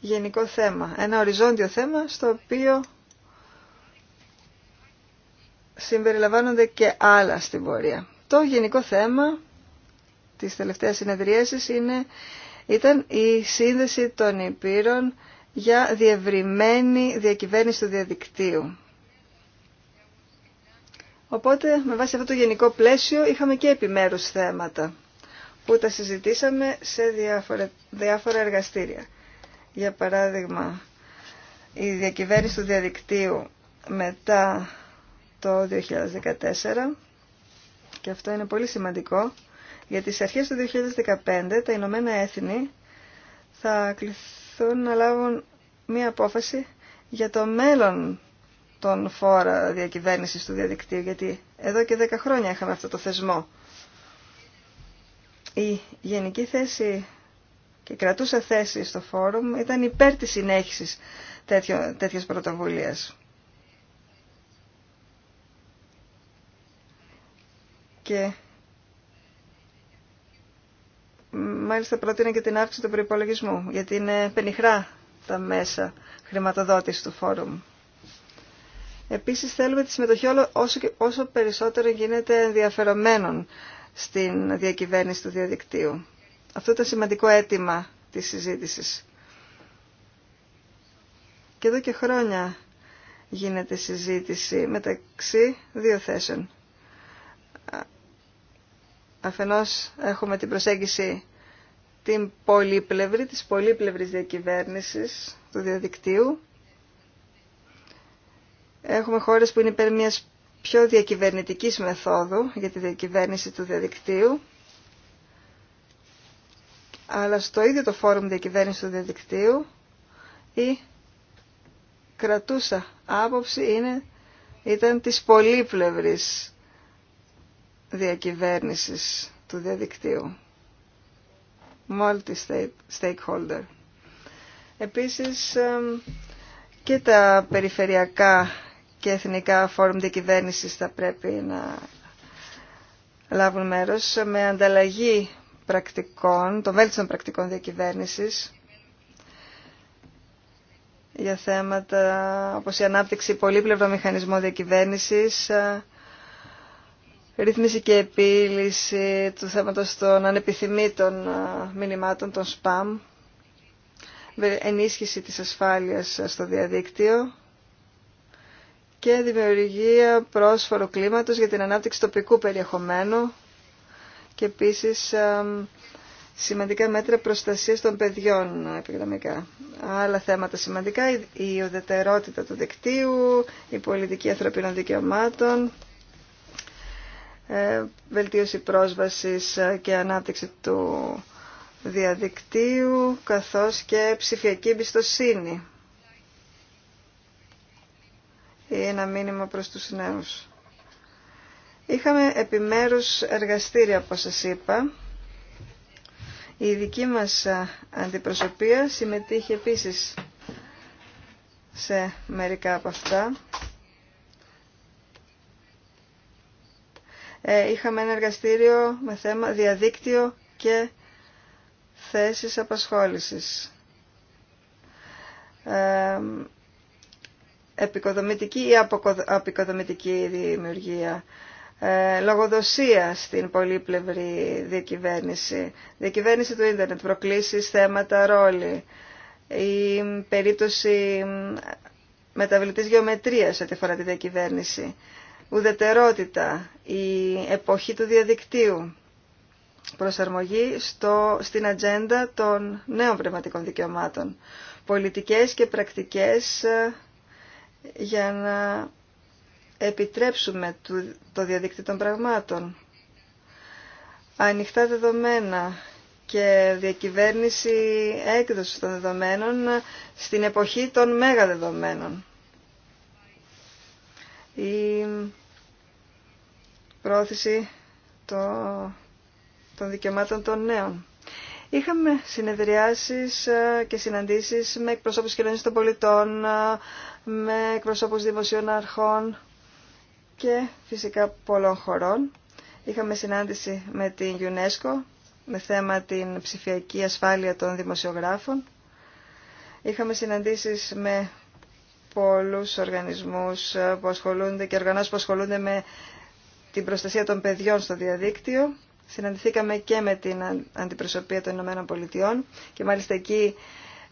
γενικό θέμα, ένα οριζόντιο θέμα στο οποίο συμπεριλαμβάνονται και άλλα στην πορεία. Το γενικό θέμα της τελευταίας συνεδρίασης είναι, ήταν η σύνδεση των υπήρων για διευρυμένη διακυβέρνηση του διαδικτύου. Οπότε, με βάση αυτό το γενικό πλαίσιο, είχαμε και επιμέρους θέματα που τα συζητήσαμε σε διάφορα, διάφορα εργαστήρια. Για παράδειγμα, η διακυβέρνηση του διαδικτύου μετά το 2014 και αυτό είναι πολύ σημαντικό γιατί στις αρχές του 2015 τα Ηνωμένα Έθνη θα τον να λάβουν μία απόφαση για το μέλλον των φόρα διακυβέρνησης του διαδικτύου, γιατί εδώ και 10 χρόνια είχαμε αυτό το θεσμό. Η γενική θέση και κρατούσα θέση στο φόρουμ ήταν υπέρ της συνέχισης τέτοιο, πρωτοβουλίας. Και μάλιστα πρότεινα και την αύξηση του προπολογισμού. γιατί είναι πενιχρά τα μέσα χρηματοδότηση του φόρουμ. Επίσης θέλουμε τη συμμετοχή όλο, όσο, όσο περισσότερο γίνεται ενδιαφερομένων στην διακυβέρνηση του διαδικτύου. Αυτό ήταν σημαντικό αίτημα της συζήτησης. Και εδώ και χρόνια γίνεται συζήτηση μεταξύ δύο θέσεων. Αφενός έχουμε την προσέγγιση την πολύπλευρη, της πολύπλευρης διακυβέρνησης του διαδικτύου. Έχουμε χώρες που είναι υπέρ μιας πιο διακυβερνητικής μεθόδου για τη διακυβέρνηση του διαδικτύου. Αλλά στο ίδιο το φόρουμ διακυβέρνηση του διαδικτύου η κρατούσα άποψη είναι, ήταν της πολύπλευρης διακυβέρνησης του διαδικτύου. Multi-stakeholder. Επίσης και τα περιφερειακά και εθνικά φόρουμ διακυβέρνησης θα πρέπει να λάβουν μέρος με ανταλλαγή πρακτικών, το βέλτιστων πρακτικών διακυβέρνησης για θέματα όπως η ανάπτυξη πολύπλευρων μηχανισμών διακυβέρνησης, ρύθμιση και επίλυση του θέματος των ανεπιθυμήτων μηνυμάτων, των spam, ενίσχυση της ασφάλειας στο διαδίκτυο και δημιουργία πρόσφορου κλίματος για την ανάπτυξη τοπικού περιεχομένου και επίσης σημαντικά μέτρα προστασίας των παιδιών επιγραμμικά. Άλλα θέματα σημαντικά, η οδετερότητα του δικτύου, η πολιτική ανθρωπίνων δικαιωμάτων, ε, βελτίωση πρόσβασης και ανάπτυξη του διαδικτύου, καθώς και ψηφιακή εμπιστοσύνη. Ή ένα μήνυμα προς τους νέους. Είχαμε επιμέρους εργαστήρια, όπως σας είπα. Η δική μας αντιπροσωπεία συμμετείχε επίσης σε μερικά από αυτά Ε, είχαμε ένα εργαστήριο με θέμα διαδίκτυο και θέσεις απασχόλησης. επικοδομητική ή αποκοδομητική δημιουργία. Ε, λογοδοσία στην πολύπλευρη διακυβέρνηση. Διακυβέρνηση του ίντερνετ, προκλήσεις, θέματα, ρόλοι. Η περίπτωση μεταβλητής γεωμετρίας ό,τι αφορά τη διακυβέρνηση ουδετερότητα, η εποχή του διαδικτύου, προσαρμογή στο, στην ατζέντα των νέων πνευματικών δικαιωμάτων, πολιτικές και πρακτικές ε, για να επιτρέψουμε το διαδίκτυο των πραγμάτων, ανοιχτά δεδομένα και διακυβέρνηση έκδοση των δεδομένων ε, στην εποχή των μέγα δεδομένων η πρόθεση των δικαιωμάτων των νέων. Είχαμε συνεδριάσεις ε, και συναντήσεις με εκπροσώπους κοινωνίας των πολιτών, ε, με εκπροσώπους δημοσίων αρχών και φυσικά πολλών χωρών. Είχαμε συνάντηση με την UNESCO με θέμα την ψηφιακή ασφάλεια των δημοσιογράφων. Είχαμε συναντήσεις με πολλούς οργανισμούς που ασχολούνται και οργανώσεις που ασχολούνται με την προστασία των παιδιών στο διαδίκτυο. Συναντηθήκαμε και με την αντιπροσωπεία των Ηνωμένων Πολιτειών και μάλιστα εκεί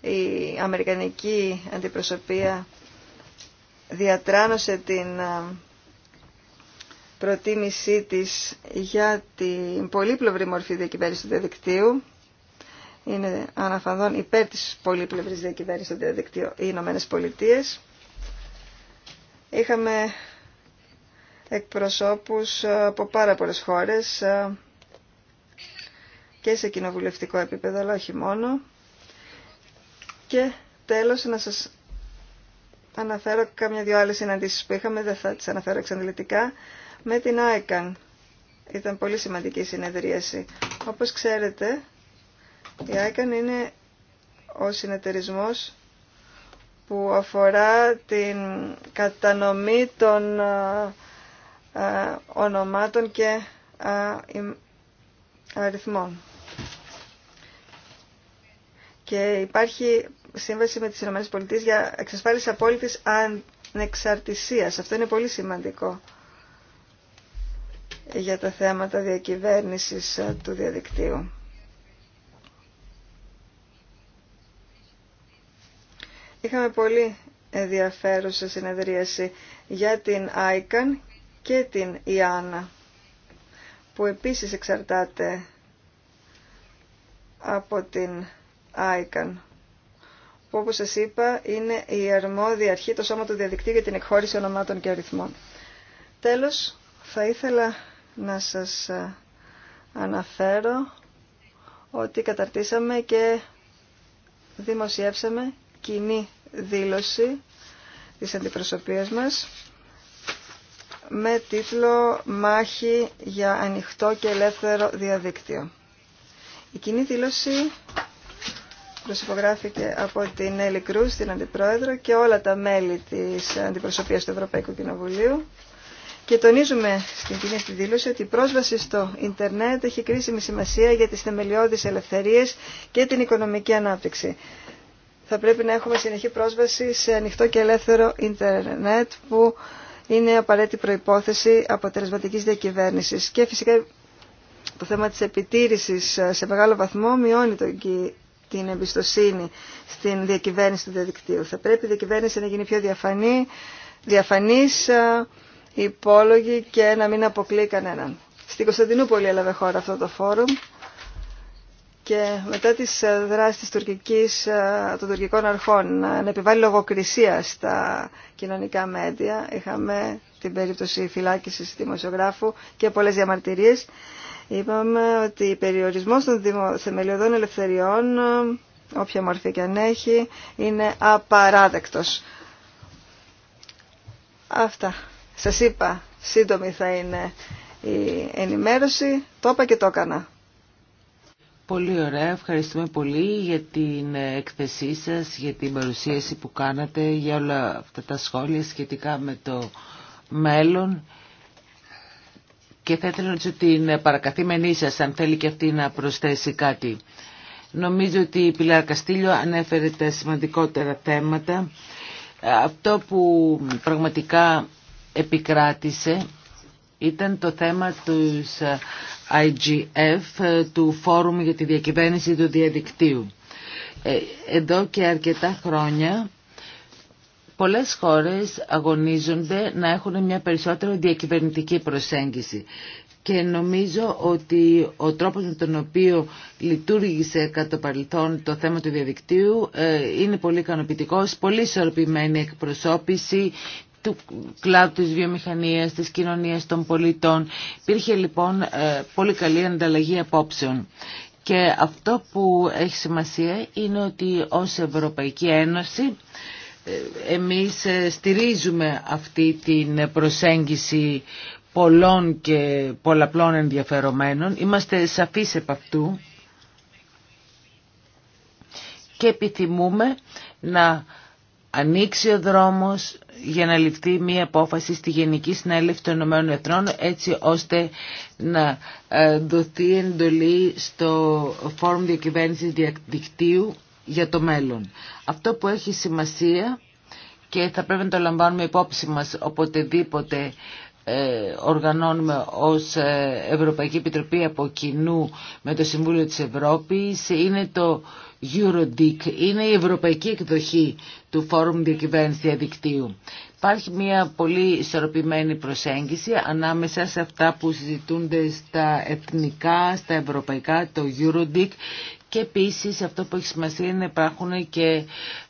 η Αμερικανική αντιπροσωπεία διατράνωσε την προτίμησή της για την πολύπλευρη μορφή διακυβέρνηση του διαδικτύου. Είναι αναφανδόν υπέρ της πολύπλευρης διακυβέρνησης του διαδικτύου οι Ηνωμένες Πολιτείες. Είχαμε εκπροσώπους από πάρα πολλές χώρες ε, και σε κοινοβουλευτικό επίπεδο, αλλά όχι μόνο. Και τέλος να σας αναφέρω κάμια δυο άλλες συναντήσεις που είχαμε, δεν θα τις αναφέρω εξαντλητικά, με την ICAN. Ήταν πολύ σημαντική η συνεδρίαση. Όπως ξέρετε, η ICAN είναι ο συνεταιρισμός που αφορά την κατανομή των ε, ε, ονομάτων και ε, αριθμών. Και υπάρχει σύμβαση με τις ΗΠΑ για εξασφάλιση απόλυτης ανεξαρτησίας. Αυτό είναι πολύ σημαντικό για τα θέματα διακυβέρνησης του διαδικτύου. Είχαμε πολύ ενδιαφέρουσα συνεδρίαση για την ICAN και την ΙΑΝΑ που επίσης εξαρτάται από την ICAN που όπως σας είπα είναι η αρμόδια αρχή το σώμα του διαδικτύου για την εκχώρηση ονομάτων και αριθμών. Τέλος, θα ήθελα να σας ε, αναφέρω ότι καταρτήσαμε και δημοσιεύσαμε κοινή δήλωση της αντιπροσωπείας μας με τίτλο «Μάχη για ανοιχτό και ελεύθερο διαδίκτυο». Η κοινή δήλωση προσυπογράφηκε από την Έλλη Κρούς, την Αντιπρόεδρο και όλα τα μέλη της Αντιπροσωπείας του Ευρωπαϊκού Κοινοβουλίου και τονίζουμε στην κοινή αυτή δήλωση ότι η πρόσβαση στο ίντερνετ έχει κρίσιμη σημασία για τις θεμελιώδεις ελευθερίες και την οικονομική ανάπτυξη θα πρέπει να έχουμε συνεχή πρόσβαση σε ανοιχτό και ελεύθερο ίντερνετ που είναι απαραίτητη προϋπόθεση αποτελεσματικής διακυβέρνησης. Και φυσικά το θέμα της επιτήρησης ε, σε μεγάλο βαθμό μειώνει την εμπιστοσύνη στην διακυβέρνηση του διαδικτύου. Θα πρέπει η διακυβέρνηση να γίνει πιο διαφανή, διαφανής, ε, υπόλογη και να μην αποκλεί κανέναν. Στην Κωνσταντινούπολη έλαβε χώρα αυτό το φόρουμ και μετά τις ε, δράσεις της τουρκικής, ε, των τουρκικών αρχών να επιβάλλει λογοκρισία στα κοινωνικά μέντια, Είχαμε την περίπτωση φυλάκισης δημοσιογράφου και πολλές διαμαρτυρίες. Είπαμε ότι η περιορισμός των θεμελιωδών ελευθεριών, ε, όποια μορφή και αν έχει, είναι απαράδεκτος. Αυτά. Σας είπα, σύντομη θα είναι η ενημέρωση. Το είπα και το έκανα. Πολύ ωραία. Ευχαριστούμε πολύ για την ε, εκθεσή σας, για την παρουσίαση που κάνατε, για όλα αυτά τα σχόλια σχετικά με το μέλλον. Και θα ήθελα να την ε, παρακαθήμενή σας, αν θέλει και αυτή να προσθέσει κάτι. Νομίζω ότι η Πιλάρ Καστήλιο ανέφερε τα σημαντικότερα θέματα. Ε, αυτό που πραγματικά επικράτησε ήταν το θέμα του ε, IGF, ε, του Φόρουμ για τη Διακυβέρνηση του Διαδικτύου. Ε, εδώ και αρκετά χρόνια πολλές χώρες αγωνίζονται να έχουν μια περισσότερο διακυβερνητική προσέγγιση. Και νομίζω ότι ο τρόπος με τον οποίο λειτουργήσε κατά το παρελθόν το θέμα του διαδικτύου είναι πολύ ικανοποιητικό, πολύ ισορροπημένη εκπροσώπηση του κλάδου της βιομηχανίας, της κοινωνίας των πολιτών. Υπήρχε λοιπόν ε, πολύ καλή ανταλλαγή απόψεων. Και αυτό που έχει σημασία είναι ότι ως Ευρωπαϊκή Ένωση ε, εμείς ε, στηρίζουμε αυτή την προσέγγιση πολλών και πολλαπλών ενδιαφερομένων. Είμαστε σαφείς επ' αυτού και επιθυμούμε να ανοίξει ο δρόμος για να ληφθεί μία απόφαση στη Γενική Συνέλευση των Ηνωμένων Εθνών έτσι ώστε να ε, δοθεί εντολή στο Φόρουμ Διακυβέρνησης Δικτύου για το μέλλον. Αυτό που έχει σημασία και θα πρέπει να το λαμβάνουμε υπόψη μας οποτεδήποτε ε, οργανώνουμε ως ε, Ευρωπαϊκή Επιτροπή από κοινού με το Συμβούλιο της Ευρώπης είναι το EuroDIC, είναι η ευρωπαϊκή εκδοχή του Φόρουμ Διακυβέρνηση Διαδικτύου. Υπάρχει μια πολύ ισορροπημένη προσέγγιση ανάμεσα σε αυτά που συζητούνται στα εθνικά, στα ευρωπαϊκά, το EuroDIC και επίσης αυτό που έχει σημασία είναι να υπάρχουν και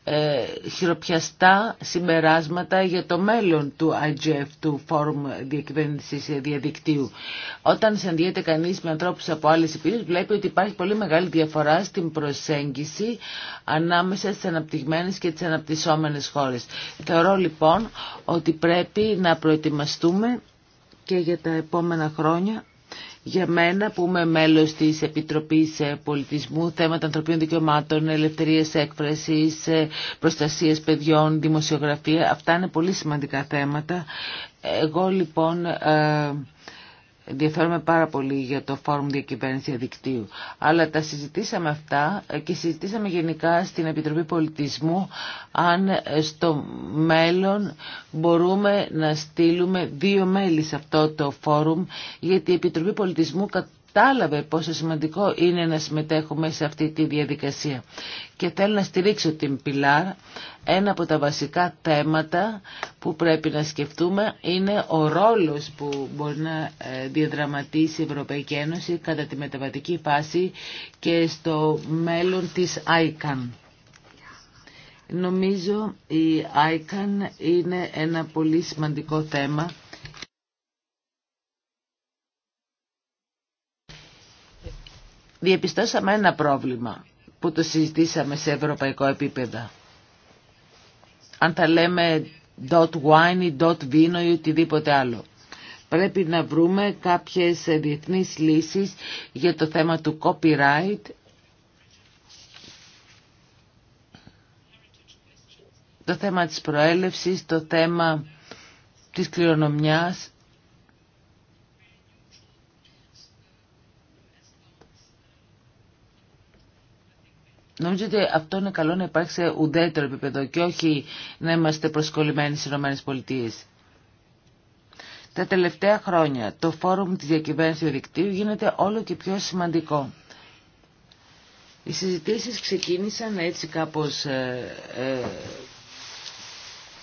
ε, χειροπιαστά συμπεράσματα για το μέλλον του IGF, του Φόρουμ Διακυβέρνησης Διαδικτύου. Όταν συνδυέται κανείς με ανθρώπους από άλλες υπήρες βλέπει ότι υπάρχει πολύ μεγάλη διαφορά στην προσέγγιση ανάμεσα στις αναπτυγμένες και τις αναπτυσσόμενες χώρες. Θεωρώ λοιπόν ότι πρέπει να προετοιμαστούμε και για τα επόμενα χρόνια για μένα που είμαι μέλος της Επιτροπής ε, Πολιτισμού, θέματα ανθρωπίνων δικαιωμάτων, ελευθερίες έκφρασης, ε, προστασίας παιδιών, δημοσιογραφία, αυτά είναι πολύ σημαντικά θέματα. Εγώ λοιπόν ε, ενδιαφέρομαι πάρα πολύ για το Φόρουμ Διακυβέρνηση Δικτύου. Αλλά τα συζητήσαμε αυτά και συζητήσαμε γενικά στην Επιτροπή Πολιτισμού αν ε, στο μέλλον μπορούμε να στείλουμε δύο μέλη σε αυτό το Φόρουμ γιατί η Επιτροπή Πολιτισμού κατάλαβε πόσο σημαντικό είναι να συμμετέχουμε σε αυτή τη διαδικασία. Και θέλω να στηρίξω την Πιλάρ. Ένα από τα βασικά θέματα που πρέπει να σκεφτούμε είναι ο ρόλος που μπορεί να ε, διαδραματίσει η Ευρωπαϊκή Ένωση κατά τη μεταβατική φάση και στο μέλλον της ICAN. Νομίζω η ICAN είναι ένα πολύ σημαντικό θέμα διεπιστώσαμε ένα πρόβλημα που το συζητήσαμε σε ευρωπαϊκό επίπεδο. Αν τα λέμε dot wine ή dot vino ή οτιδήποτε άλλο. Πρέπει να βρούμε κάποιες διεθνείς λύσεις για το θέμα του copyright το θέμα της προέλευσης, το θέμα της κληρονομιάς Νομίζω ότι αυτό είναι καλό να υπάρχει σε ουδέτερο επίπεδο και όχι να είμαστε προσκολλημένοι στι ΗΠΑ. Τα τελευταία χρόνια το φόρουμ της διακυβέρνησης του δικτύου γίνεται όλο και πιο σημαντικό. Οι συζητήσεις ξεκίνησαν έτσι κάπως ε, ε,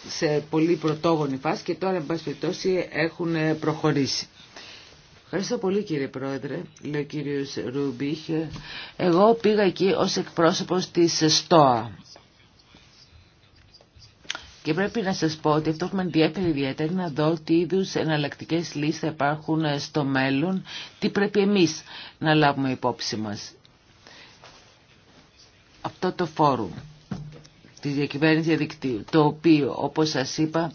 σε πολύ πρωτόγονη φάση και τώρα, εν πάση περιπτώσει, έχουν προχωρήσει. Ευχαριστώ πολύ κύριε Πρόεδρε, λέει ο κύριος Ρούμπιχ. Εγώ πήγα εκεί ως εκπρόσωπος της ΣΤΟΑ. Και πρέπει να σας πω ότι αυτό έχουμε με ενδιαφέρει ιδιαίτερα να δω τι είδου εναλλακτικέ λύσεις θα υπάρχουν στο μέλλον, τι πρέπει εμείς να λάβουμε υπόψη μας. Αυτό το φόρουμ της διακυβέρνησης διαδικτύου, το οποίο όπως σας είπα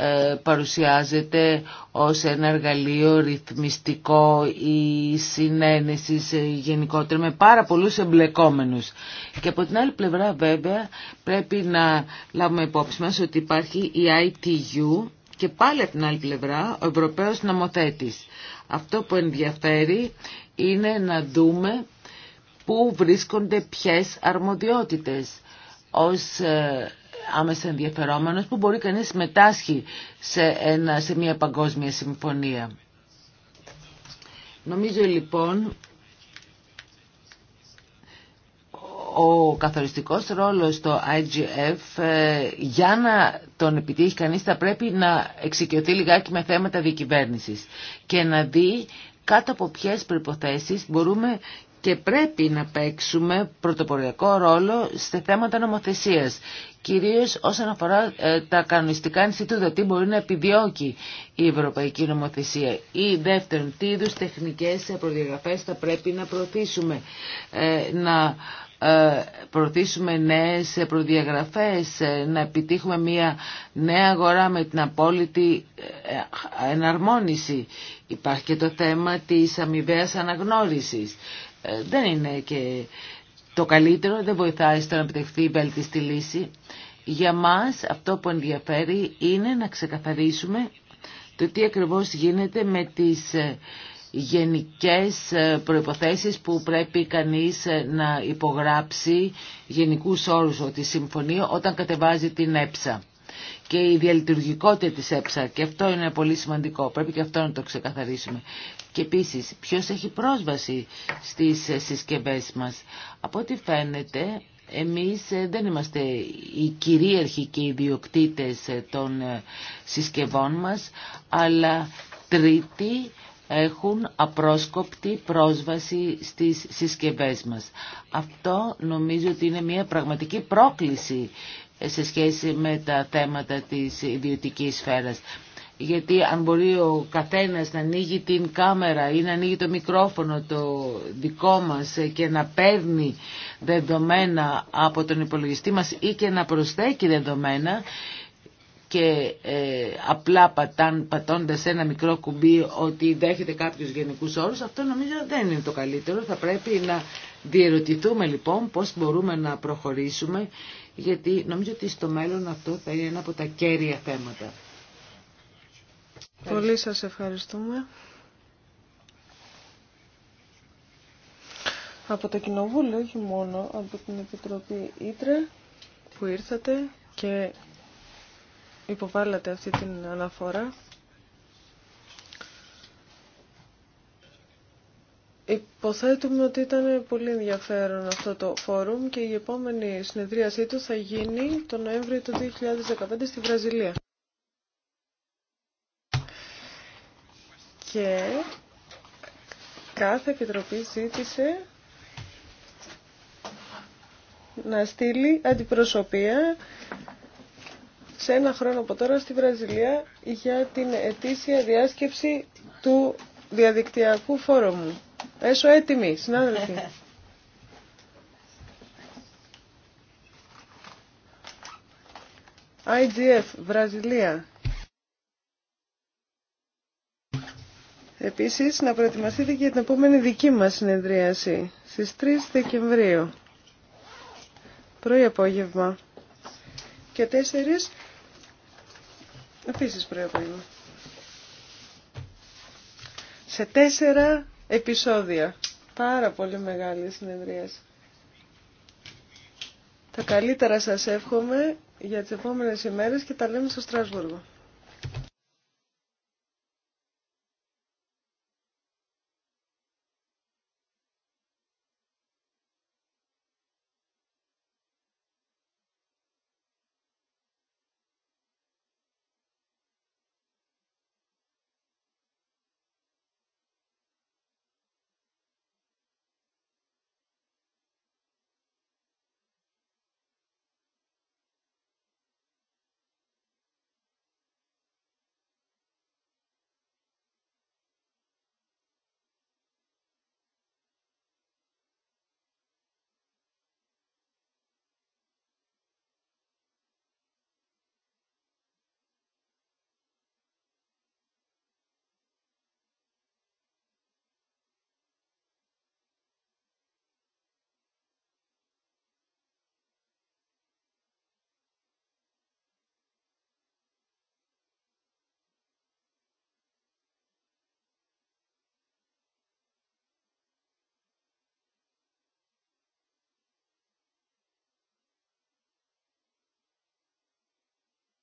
ε, παρουσιάζεται ως ένα εργαλείο ρυθμιστικό ή συνένεσης γενικότερα με πάρα πολλούς εμπλεκόμενους. Και από την άλλη πλευρά βέβαια πρέπει να λάβουμε υπόψη μας ότι υπάρχει η ITU και πάλι από την άλλη πλευρά ο Ευρωπαίος Νομοθέτης. Αυτό που ενδιαφέρει είναι να δούμε πού βρίσκονται ποιες αρμοδιότητες. Ως ε, άμεσα ενδιαφερόμενος που μπορεί κανείς συμμετάσχει σε, μια παγκόσμια συμφωνία. Νομίζω λοιπόν ο καθοριστικός ρόλος στο IGF ε, για να τον επιτύχει κανείς θα πρέπει να εξοικειωθεί λιγάκι με θέματα διακυβέρνησης και να δει κάτω από ποιες προϋποθέσεις μπορούμε και πρέπει να παίξουμε πρωτοποριακό ρόλο σε θέματα νομοθεσίας, κυρίως όσον αφορά ε, τα κανονιστικά Ινστιτούτα, τι μπορεί να επιδιώκει η Ευρωπαϊκή Νομοθεσία ή δεύτερον, τι είδους τεχνικές προδιαγραφές θα πρέπει να προωθήσουμε, ε, να ε, προωθήσουμε νέες προδιαγραφές, να επιτύχουμε μια νέα αγορά με την απόλυτη εναρμόνιση. Υπάρχει και το θέμα της αμοιβαία αναγνώρισης. Ε, δεν είναι και το καλύτερο, δεν βοηθάει στο να επιτευχθεί η βέλτιστη λύση. Για μας αυτό που ενδιαφέρει είναι να ξεκαθαρίσουμε το τι ακριβώς γίνεται με τις ε, γενικές ε, προϋποθέσεις που πρέπει κανείς να υπογράψει γενικούς όρους ότι συμφωνεί όταν κατεβάζει την έψα και η διαλειτουργικότητα της ΕΠΣΑ και αυτό είναι πολύ σημαντικό, πρέπει και αυτό να το ξεκαθαρίσουμε. Και επίσης, ποιος έχει πρόσβαση στις συσκευές μας. Από ό,τι φαίνεται, εμείς ε, δεν είμαστε οι κυρίαρχοι και οι διοκτήτες ε, των ε, συσκευών μας, αλλά τρίτοι έχουν απρόσκοπτη πρόσβαση στις συσκευές μας. Αυτό νομίζω ότι είναι μια πραγματική πρόκληση σε σχέση με τα θέματα της ιδιωτικής σφαίρας. Γιατί αν μπορεί ο καθένας να ανοίγει την κάμερα ή να ανοίγει το μικρόφωνο το δικό μας και να παίρνει δεδομένα από τον υπολογιστή μας ή και να προσθέκει δεδομένα και ε, απλά πατάν, πατώντας ένα μικρό κουμπί ότι δέχεται κάποιους γενικούς όρους, αυτό νομίζω δεν είναι το καλύτερο. Θα πρέπει να διερωτηθούμε λοιπόν πώς μπορούμε να προχωρήσουμε γιατί νομίζω ότι στο μέλλον αυτό θα είναι ένα από τα κέρια θέματα. Πολύ σας ευχαριστούμε. Από το Κοινοβούλιο, όχι μόνο, από την Επιτροπή Ήτρε που ήρθατε και υποβάλλατε αυτή την αναφορά. Υποθέτουμε ότι ήταν πολύ ενδιαφέρον αυτό το φόρουμ και η επόμενη συνεδρίασή του θα γίνει το Νοέμβριο του 2015 στη Βραζιλία. Και κάθε επιτροπή ζήτησε να στείλει αντιπροσωπεία σε ένα χρόνο από τώρα στη Βραζιλία για την ετήσια διάσκεψη του διαδικτυακού φόρουμου. Έσω έτοιμοι, συνάδελφοι. IGF, Βραζιλία. Επίσης, να προετοιμαστείτε για την επόμενη δική μας συνεδρίαση, στις 3 Δεκεμβρίου, πρωί-απόγευμα. Και 4, επίσης πρωί-απόγευμα. Σε 4 επεισόδια. Πάρα πολύ μεγάλη συνεδρία. Τα καλύτερα σας εύχομαι για τις επόμενες ημέρες και τα λέμε στο Στράσβουργο.